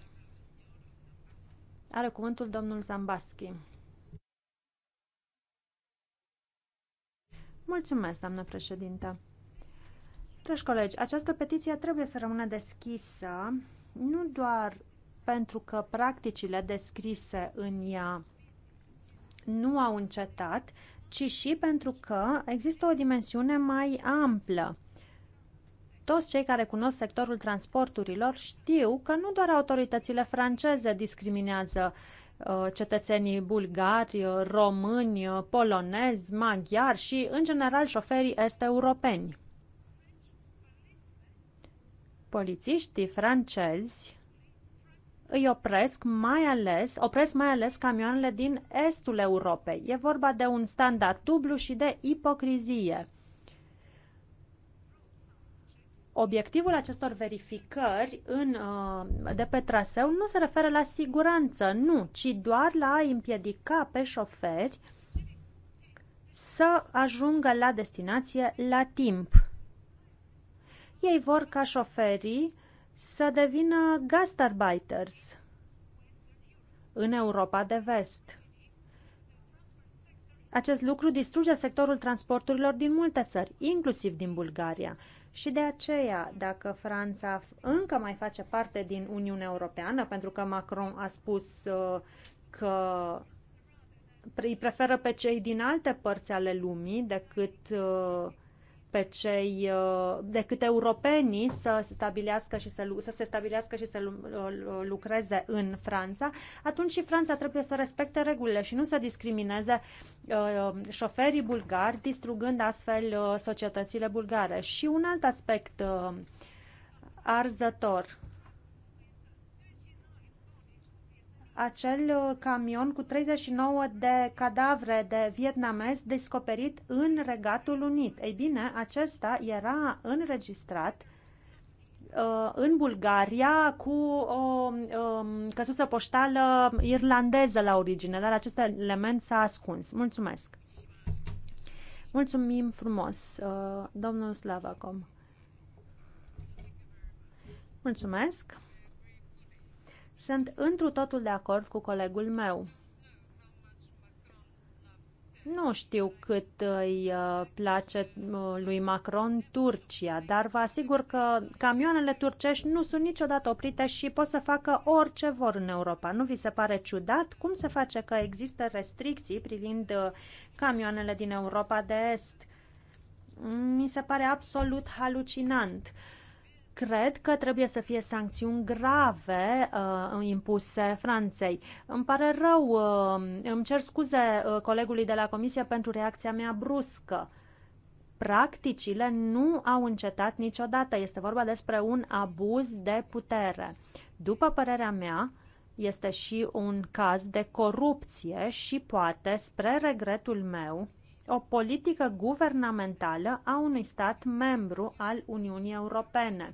Are cuvântul domnul Zambaschi. Mulțumesc, doamnă președintă. Dragi colegi, această petiție trebuie să rămână deschisă nu doar pentru că practicile descrise în ea nu au încetat, ci și pentru că există o dimensiune mai amplă. Toți cei care cunosc sectorul transporturilor știu că nu doar autoritățile franceze discriminează uh, cetățenii bulgari, români, polonezi, maghiari și, în general, șoferii este europeni Polițiștii francezi îi opresc mai ales, opresc mai ales camioanele din estul Europei. E vorba de un standard dublu și de ipocrizie. Obiectivul acestor verificări în, uh, de pe traseu nu se referă la siguranță, nu, ci doar la a împiedica pe șoferi să ajungă la destinație la timp. Ei vor ca șoferii să devină gastarbeiters în Europa de vest. Acest lucru distruge sectorul transporturilor din multe țări, inclusiv din Bulgaria. Și de aceea, dacă Franța încă mai face parte din Uniunea Europeană, pentru că Macron a spus uh, că îi preferă pe cei din alte părți ale lumii decât uh, pe cei, uh, decât europenii să se stabilească și să, să se stabilească și să uh, lucreze în Franța, atunci și Franța trebuie să respecte regulile și nu să discrimineze uh, șoferii bulgari, distrugând astfel societățile bulgare. Și un alt aspect arzător acel uh, camion cu 39 de cadavre de vietnamezi descoperit în Regatul Unit. Ei bine, acesta era înregistrat uh, în Bulgaria cu o um, um, căsuță poștală irlandeză la origine, dar acest element s-a ascuns. Mulțumesc! Mulțumim frumos, uh, domnul Slavacom. Mulțumesc! Sunt întru totul de acord cu colegul meu. Nu știu cât îi uh, place uh, lui Macron Turcia, dar vă asigur că camioanele turcești nu sunt niciodată oprite și pot să facă orice vor în Europa. Nu vi se pare ciudat cum se face că există restricții privind uh, camioanele din Europa de Est? Mi se pare absolut halucinant. Uh, Cred că trebuie să fie sancțiuni grave uh, impuse Franței. Îmi pare rău, uh, îmi cer scuze uh, colegului de la Comisie pentru reacția mea bruscă. Practicile nu au încetat niciodată. Este vorba despre un abuz de putere. După părerea mea, este și un caz de corupție și poate, spre regretul meu, o politică guvernamentală a unui stat membru al Uniunii Europene.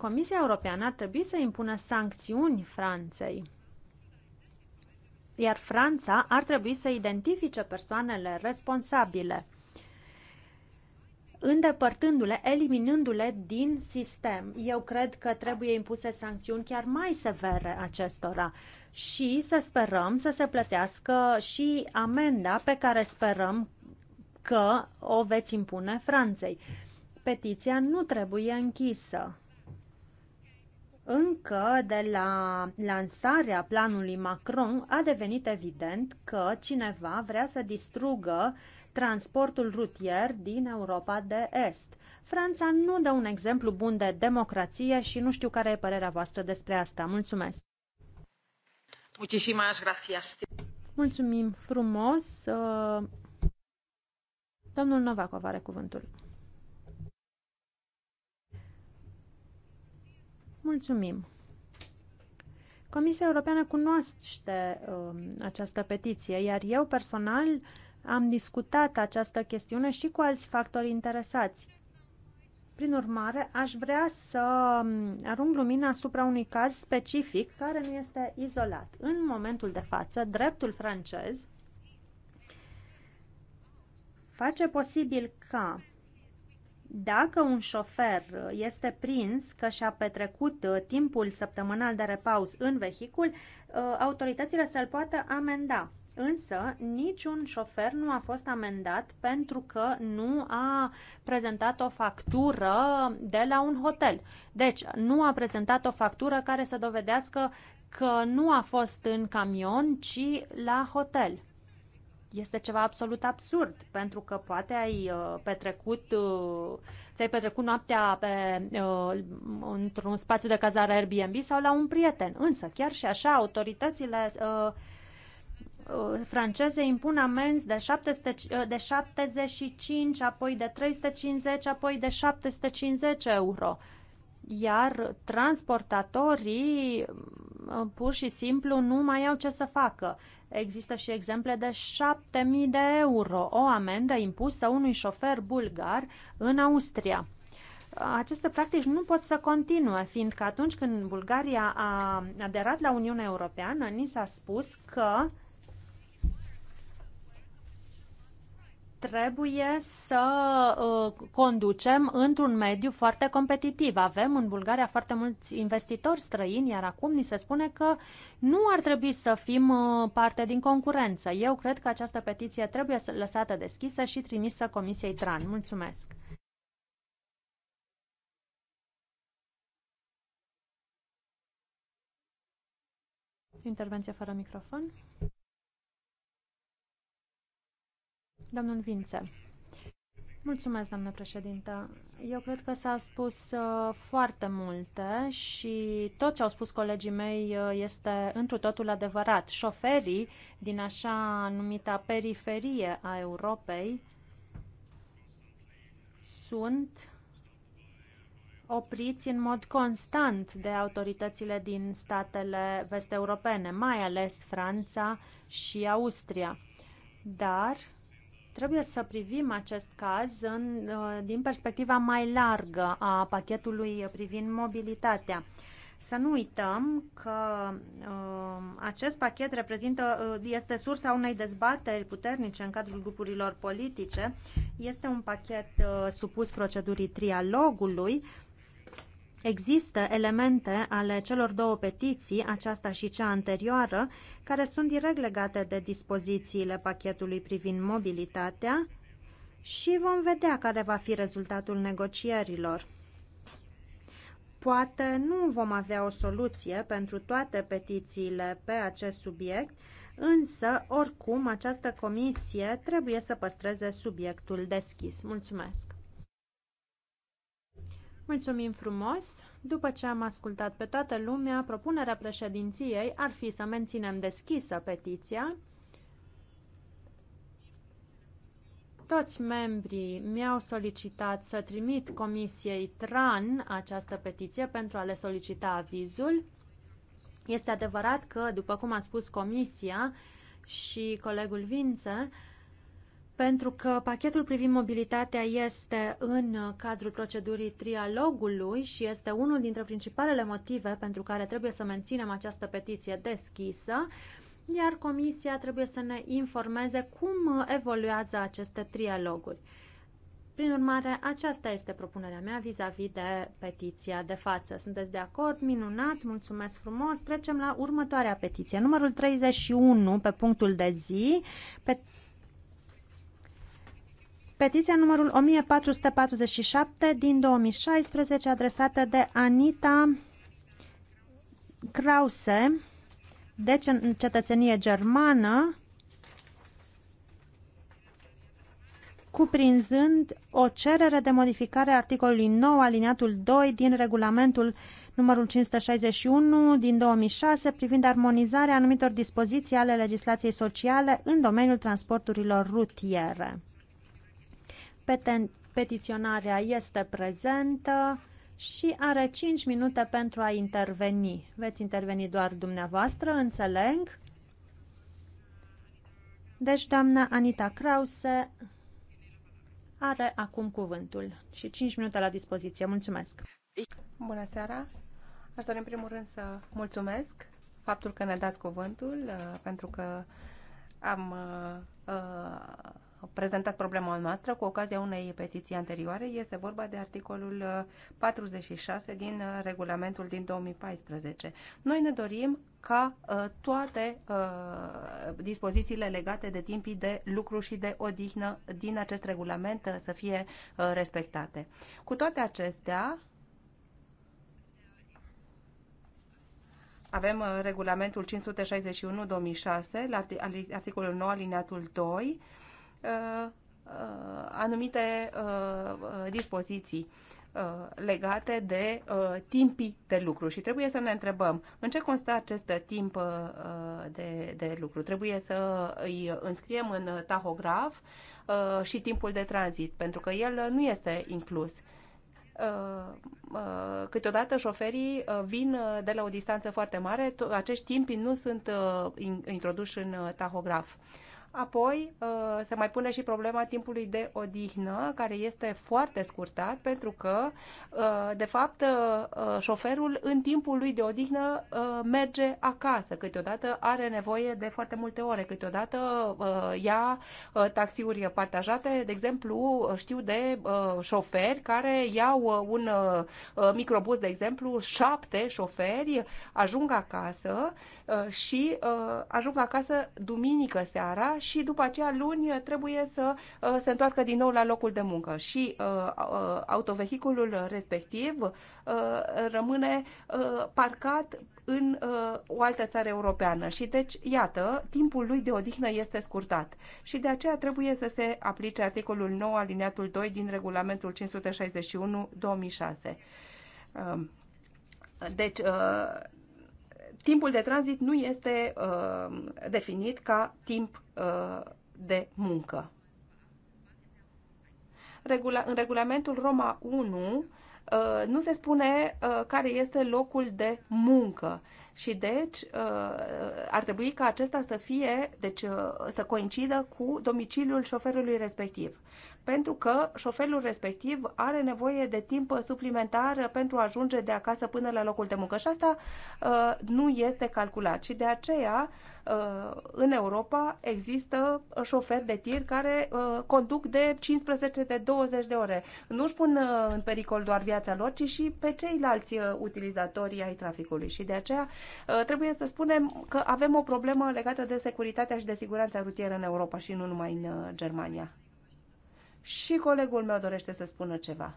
Comisia Europeană ar trebui să impună sancțiuni Franței, iar Franța ar trebui să identifice persoanele responsabile, îndepărtându-le, eliminându-le din sistem. Eu cred că trebuie impuse sancțiuni chiar mai severe acestora și să sperăm să se plătească și amenda pe care sperăm că o veți impune Franței. Petiția nu trebuie închisă. Încă de la lansarea planului Macron a devenit evident că cineva vrea să distrugă transportul rutier din Europa de Est. Franța nu dă un exemplu bun de democrație și nu știu care e părerea voastră despre asta. Mulțumesc! gracias. Mulțumim frumos! Uh, domnul Novakov are cuvântul. Mulțumim! Comisia Europeană cunoaște uh, această petiție, iar eu personal am discutat această chestiune și cu alți factori interesați. Prin urmare, aș vrea să um, arunc lumina asupra unui caz specific care nu este izolat. În momentul de față, dreptul francez face posibil ca dacă un șofer uh, este prins că și-a petrecut uh, timpul săptămânal de repaus în vehicul, uh, autoritățile să-l poată amenda. Însă, niciun șofer nu a fost amendat pentru că nu a prezentat o factură de la un hotel. Deci, nu a prezentat o factură care să dovedească că nu a fost în camion, ci la hotel este ceva absolut absurd, pentru că poate ai uh, petrecut, uh, ți-ai petrecut noaptea pe, uh, într-un spațiu de cazare Airbnb sau la un prieten. Însă, chiar și așa, autoritățile franceze impun amenzi de, 700, de 75, apoi de 350, apoi de 750 euro. Iar transportatorii pur și simplu nu mai au ce să facă. Există și exemple de 7000 de euro, o amendă impusă unui șofer bulgar în Austria. Aceste practici nu pot să continue, fiindcă atunci când Bulgaria a aderat la Uniunea Europeană, ni s-a spus că trebuie să uh, conducem într-un mediu foarte competitiv. Avem în Bulgaria foarte mulți investitori străini, iar acum ni se spune că nu ar trebui să fim uh, parte din concurență. Eu cred că această petiție trebuie lăsată deschisă și trimisă Comisiei Tran. Mulțumesc! Intervenție fără microfon. Domnul Vințe. Mulțumesc, doamnă președintă. Eu cred că s-a spus uh, foarte multe și tot ce au spus colegii mei uh, este întru totul adevărat. Șoferii din așa numita periferie a Europei sunt opriți în mod constant de autoritățile din statele vest-europene, mai ales Franța și Austria. Dar Trebuie să privim acest caz în, uh, din perspectiva mai largă a pachetului privind mobilitatea. Să nu uităm că uh, acest pachet reprezintă, uh, este sursa unei dezbateri puternice în cadrul grupurilor politice. Este un pachet uh, supus procedurii trialogului Există elemente ale celor două petiții, aceasta și cea anterioară, care sunt direct legate de dispozițiile pachetului privind mobilitatea și vom vedea care va fi rezultatul negocierilor. Poate nu vom avea o soluție pentru toate petițiile pe acest subiect, însă, oricum, această comisie trebuie să păstreze subiectul deschis. Mulțumesc! Mulțumim frumos! După ce am ascultat pe toată lumea, propunerea președinției ar fi să menținem deschisă petiția. Toți membrii mi-au solicitat să trimit Comisiei TRAN această petiție pentru a le solicita avizul. Este adevărat că, după cum a spus Comisia și colegul Vință, uh, pentru că pachetul privind mobilitatea este în cadrul procedurii trialogului și este unul dintre principalele motive pentru care trebuie să menținem această petiție deschisă, iar Comisia trebuie să ne informeze cum evoluează aceste trialoguri. Prin urmare, aceasta este propunerea mea vis-a-vis -vis de petiția de față. Sunteți de acord? Minunat, mulțumesc frumos. Trecem la următoarea petiție, numărul 31 pe punctul de zi, pe Petiția numărul 1447 din 2016 adresată de Anita Krause de deci cetățenie germană cuprinzând o cerere de modificare a articolului 9 aliniatul 2 din regulamentul numărul 561 din 2006 privind armonizarea anumitor dispoziții ale legislației sociale în domeniul transporturilor rutiere. Peten- petiționarea este prezentă și are 5 minute pentru a interveni. Veți interveni doar dumneavoastră, înțeleg. Deci, doamna Anita Krause are acum cuvântul și 5 minute la dispoziție. Mulțumesc! Bună seara! Aș dori în primul rând să mulțumesc faptul că ne dați cuvântul, uh, pentru că am uh, uh, prezentat problema noastră cu ocazia unei petiții anterioare. Este vorba de articolul 46 uh, din uh, regulamentul din 2014. Noi ne dorim ca uh, toate dispozițiile legate de timpii de lucru și de odihnă din acest regulament să fie respectate. Cu toate acestea, Avem regulamentul 561-2006, articolul 9, alineatul 2, Uh, uh, anumite uh, dispoziții legate de timpii de lucru și trebuie să ne întrebăm în ce constă acest timp de, de lucru. Trebuie să îi înscriem în tahograf și timpul de tranzit, pentru că el nu este inclus câteodată șoferii vin de la o distanță foarte mare, acești timpi nu sunt introduși în tahograf. Apoi uh, se mai pune și problema timpului de odihnă, care este foarte scurtat, pentru că, uh, de fapt, uh, șoferul în timpul lui de odihnă merge acasă. Câteodată are nevoie de foarte multe ore, câteodată ia taxiuri partajate. De exemplu, știu de șoferi care iau un microbus, de exemplu, șapte șoferi, ajung acasă, Uh, și uh, ajung acasă duminică seara și după aceea luni trebuie să uh, se întoarcă din nou la locul de muncă și autovehiculul respectiv rămâne parcat în o altă țară europeană și deci, iată, timpul lui de odihnă este scurtat și de aceea trebuie să se aplice articolul 9 aliniatul 2 din regulamentul 561-2006. Deci, timpul de tranzit nu este uh, definit ca timp uh, de muncă. Regula în regulamentul Roma 1 uh, nu se spune uh, care este locul de muncă și deci uh, uh, ar trebui ca acesta să fie, deci uh, să coincidă cu domiciliul șoferului respectiv. Pentru că șoferul respectiv are nevoie de timp suplimentar pentru a ajunge de acasă până la locul de muncă și asta nu este calculat și de aceea Uh, în Europa există uh, șoferi de tir care uh, conduc de 15 de 20 de ore. Nu își pun în pericol doar viața lor, ci și pe ceilalți utilizatori ai traficului și de aceea trebuie să spunem că avem o problemă legată de securitatea și de siguranța rutieră în Europa și nu numai în Germania. Și colegul meu dorește să spună ceva.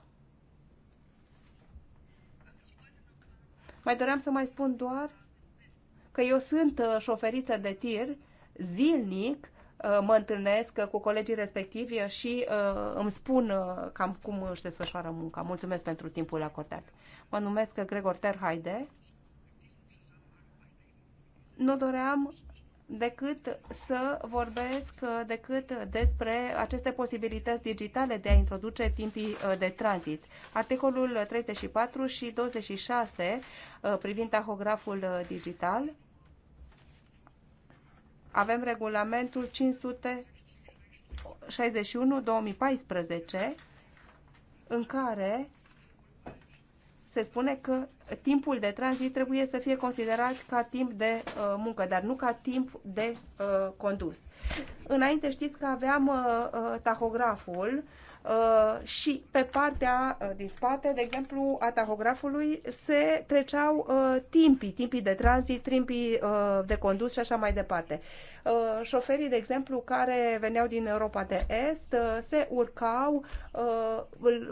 Mai doream să mai spun doar că eu sunt uh, șoferiță de tir zilnic, uh, mă întâlnesc uh, cu colegii respectivi și îmi spun cam cum își desfășoară munca. Mulțumesc pentru timpul acordat. Mă numesc Gregor Terhaide. Nu doream decât să vorbesc decât despre aceste posibilități digitale de a introduce timpii de tranzit. Articolul 34 și 26 privind tahograful digital avem regulamentul 561-2014 în care se spune că timpul de tranzit trebuie să fie considerat ca timp de uh, muncă, dar nu ca timp de uh, condus. Înainte știți că aveam uh, uh tahograful Uh, și pe partea uh, din spate, de exemplu, a tahografului, se treceau uh, timpii, timpii de tranzit, timpii de condus și așa mai departe. Șoferii, de exemplu, care veneau din Europa de Est, se urcau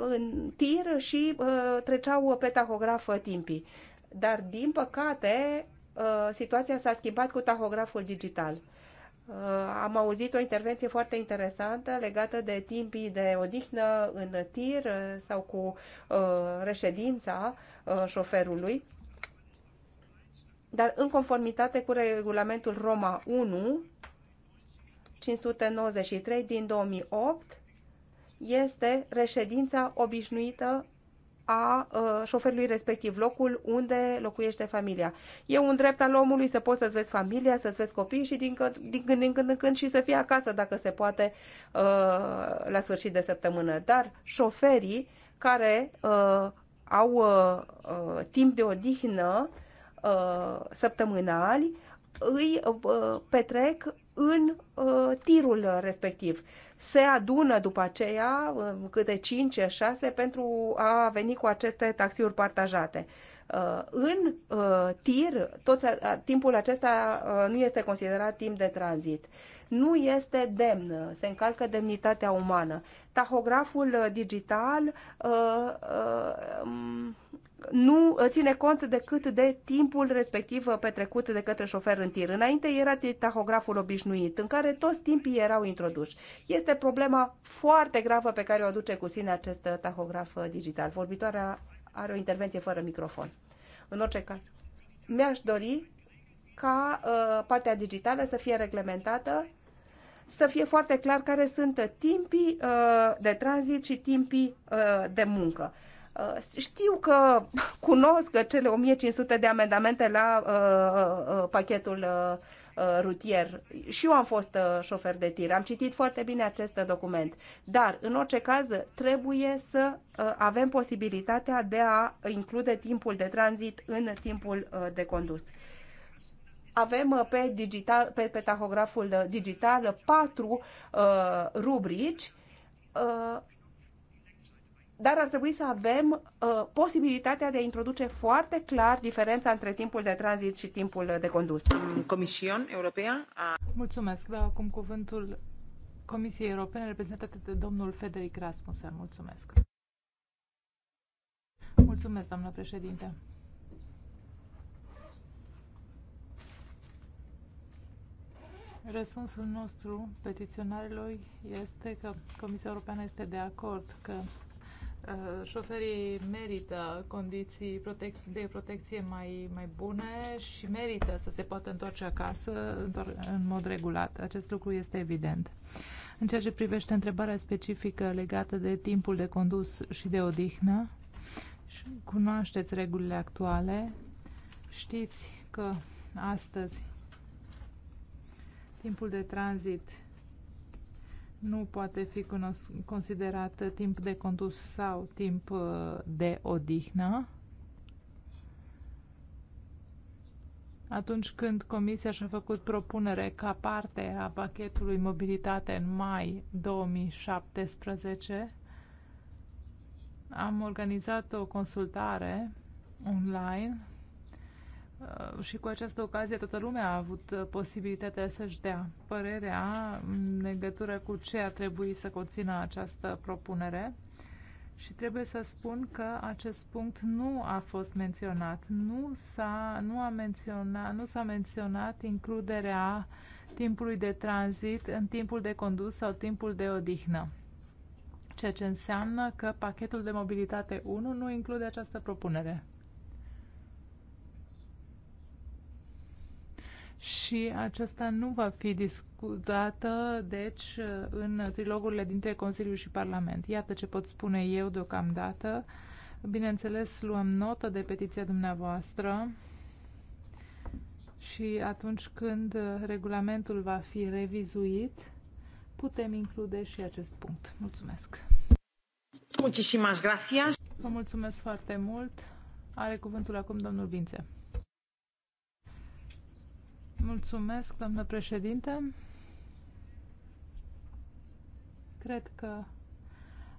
în tir și treceau pe tahograf timpii. Dar, din păcate, situația s-a schimbat cu tahograful digital Uh, am auzit o intervenție foarte interesantă legată de timpii de odihnă în tir uh, sau cu uh, reședința șoferului. Dar în conformitate cu regulamentul Roma 1, 593 din 2008, este reședința obișnuită a șoferului respectiv, locul unde locuiește familia. E un drept al omului să poți să-ți vezi familia, să-ți vezi copii și din, din, când în când în când și să fie acasă, dacă se poate, la sfârșit de săptămână. Dar șoferii care au timp de odihnă săptămânali, îi petrec în tirul respectiv se adună după aceea uh, câte 5-6 pentru a veni cu aceste taxiuri partajate. Uh, în uh, tir, tot uh, timpul acesta nu este considerat timp de tranzit. Nu este demn, se încalcă demnitatea umană. Tahograful digital um, nu ține cont decât de timpul respectiv petrecut de către șofer în tir. Înainte era tahograful obișnuit, în care toți timpii erau introduși. Este problema foarte gravă pe care o aduce cu sine acest tahograf digital. Vorbitoarea are o intervenție fără microfon. În orice caz, mi-aș dori ca uh, partea digitală să fie reglementată, să fie foarte clar care sunt timpii uh, de tranzit și timpii uh, de muncă. Uh, știu că [laughs] cunosc cele 1500 de amendamente la uh, uh, uh pachetul uh, Uh, rutier. Și eu am fost uh, șofer de tir, am citit foarte bine acest uh, document. Dar, în orice caz, trebuie să avem posibilitatea de a include timpul de tranzit în timpul de condus avem pe, digital, pe, pe tahograful digital patru uh, rubrici uh, dar ar trebui să avem uh, posibilitatea de a introduce foarte clar diferența între timpul de tranzit și timpul de condus. Comisión Europeană. A... Mulțumesc. Da, acum cuvântul Comisiei Europene reprezentată de domnul Federic Rasmussen. Mulțumesc. Mulțumesc, doamnă președinte. Răspunsul nostru petiționarilor este că Comisia Europeană este de acord că Uh, șoferii merită condiții protec de protecție mai, mai bune și merită să se poată întoarce acasă în mod regulat. Acest lucru este evident. În ceea ce privește întrebarea specifică legată de timpul de condus și de odihnă, cunoașteți regulile actuale, știți că astăzi timpul de tranzit nu poate fi considerat timp de condus sau timp uh, de odihnă. Atunci când Comisia și-a făcut propunere ca parte a pachetului mobilitate în mai 2017, am organizat o consultare online Uh, și cu această ocazie toată lumea a avut uh, posibilitatea să-și dea părerea în legătură cu ce ar trebui să conțină această propunere. Și trebuie să spun că acest punct nu a fost menționat. Nu s-a, nu a menționat, nu s-a menționat includerea timpului de tranzit în timpul de condus sau timpul de odihnă. Ceea ce înseamnă că pachetul de mobilitate 1 nu include această propunere. și aceasta nu va fi discutată, deci, în trilogurile dintre Consiliu și Parlament. Iată ce pot spune eu deocamdată. Bineînțeles, luăm notă de petiția dumneavoastră și atunci când regulamentul va fi revizuit, putem include și acest punct. Mulțumesc! Muchísimas gracias! Vă mulțumesc foarte mult! Are cuvântul acum domnul Vințe. Mulțumesc, domnule președinte. Cred că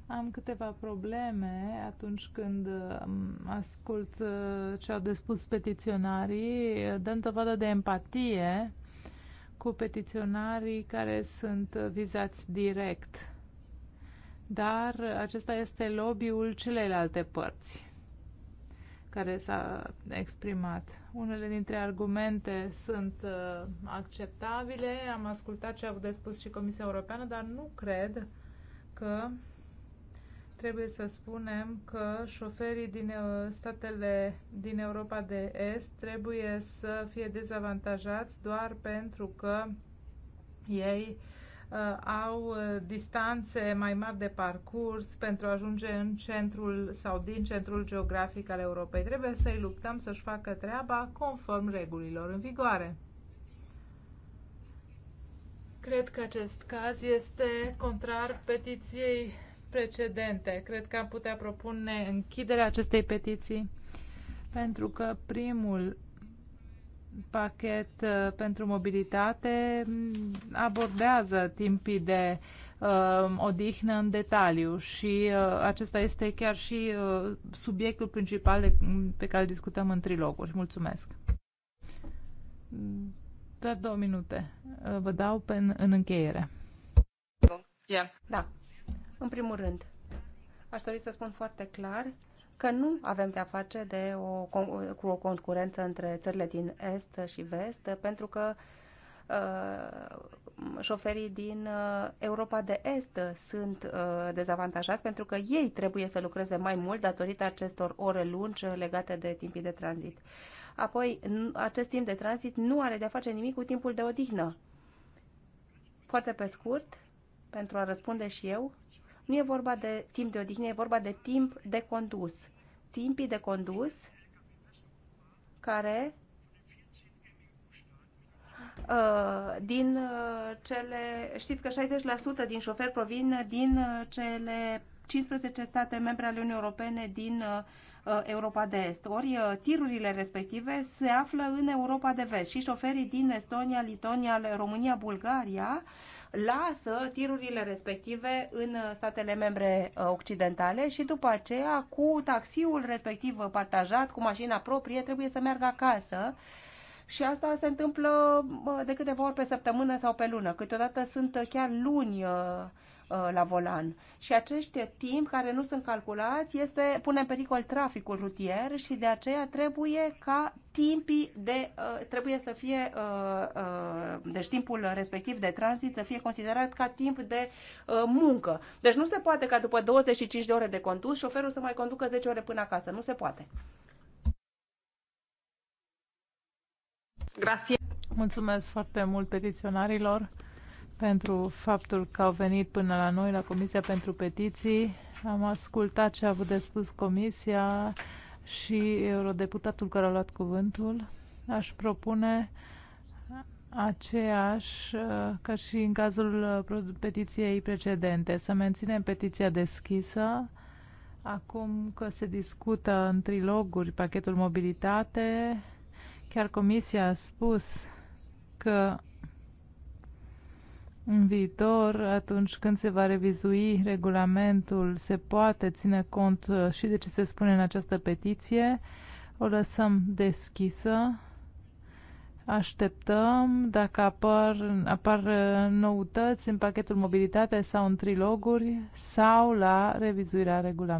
am câteva probleme atunci când um, ascult uh, ce au de spus petiționarii. Dăm dovadă de empatie cu petiționarii care sunt uh, vizați direct. Dar acesta este lobby-ul celelalte părți care s-a exprimat. Unele dintre argumente sunt uh, acceptabile, am ascultat ce a avut de spus și Comisia Europeană, dar nu cred că trebuie să spunem că șoferii din uh, statele din Europa de Est trebuie să fie dezavantajați doar pentru că ei uh, Uh, au uh, distanțe mai mari de parcurs pentru a ajunge în centrul sau din centrul geografic al Europei. Trebuie să-i luptăm să-și facă treaba conform regulilor în vigoare. Cred că acest caz este contrar petiției precedente. Cred că am putea propune închiderea acestei petiții pentru că primul pachet uh, pentru mobilitate abordează timpii de uh, odihnă în detaliu și uh, acesta este chiar și subiectul principal pe care îl discutăm în triloguri. Mulțumesc! Doar două minute. Vă dau pe în, în încheiere. Yeah. Da. În primul rând, aș dori să spun foarte clar că nu avem de-a face de o, cu o concurență între țările din Est și Vest, pentru că uh, șoferii din uh, Europa de Est sunt uh, dezavantajați pentru că ei trebuie să lucreze mai mult datorită acestor ore lungi legate de timpii de tranzit. Apoi, acest timp de tranzit nu are de-a face nimic cu timpul de odihnă. Foarte pe scurt, pentru a răspunde și eu, nu e vorba de timp de odihnă, e vorba de timp de condus. Timpii de condus care uh, din uh, cele, știți că 60% din șoferi provin din uh, cele 15 state membre ale Uniunii Europene din Europa de Est. Ori tirurile respective se află în Europa de Vest și șoferii din Estonia, Litonia, România, Bulgaria lasă tirurile respective în statele membre uh, occidentale și după aceea cu taxiul respectiv partajat, cu mașina proprie, trebuie să meargă acasă și asta se întâmplă uh, de câteva ori pe săptămână sau pe lună. Câteodată sunt chiar luni uh, Uh, la volan. Și acești timp care nu sunt calculați este pune în pericol traficul rutier și de aceea trebuie ca timpii de uh, trebuie să fie uh, deci timpul respectiv de tranzit să fie considerat ca timp de muncă. Deci nu se poate ca după 25 de ore de condus șoferul să mai conducă 10 ore până acasă. Nu se poate. Grazie. Mulțumesc foarte mult petiționarilor pentru faptul că au venit până la noi, la Comisia pentru Petiții. Am ascultat ce a avut de spus Comisia și eurodeputatul care a luat cuvântul. Aș propune aceeași ca și în cazul uh, petiției precedente, să menținem petiția deschisă. Acum că se discută în triloguri pachetul mobilitate, chiar Comisia a spus că în viitor, atunci când se va revizui regulamentul, se poate ține cont uh, și de ce se spune în această petiție. O lăsăm deschisă. Așteptăm dacă apar, apar uh, noutăți în pachetul mobilitate sau în triloguri sau la revizuirea regulamentului.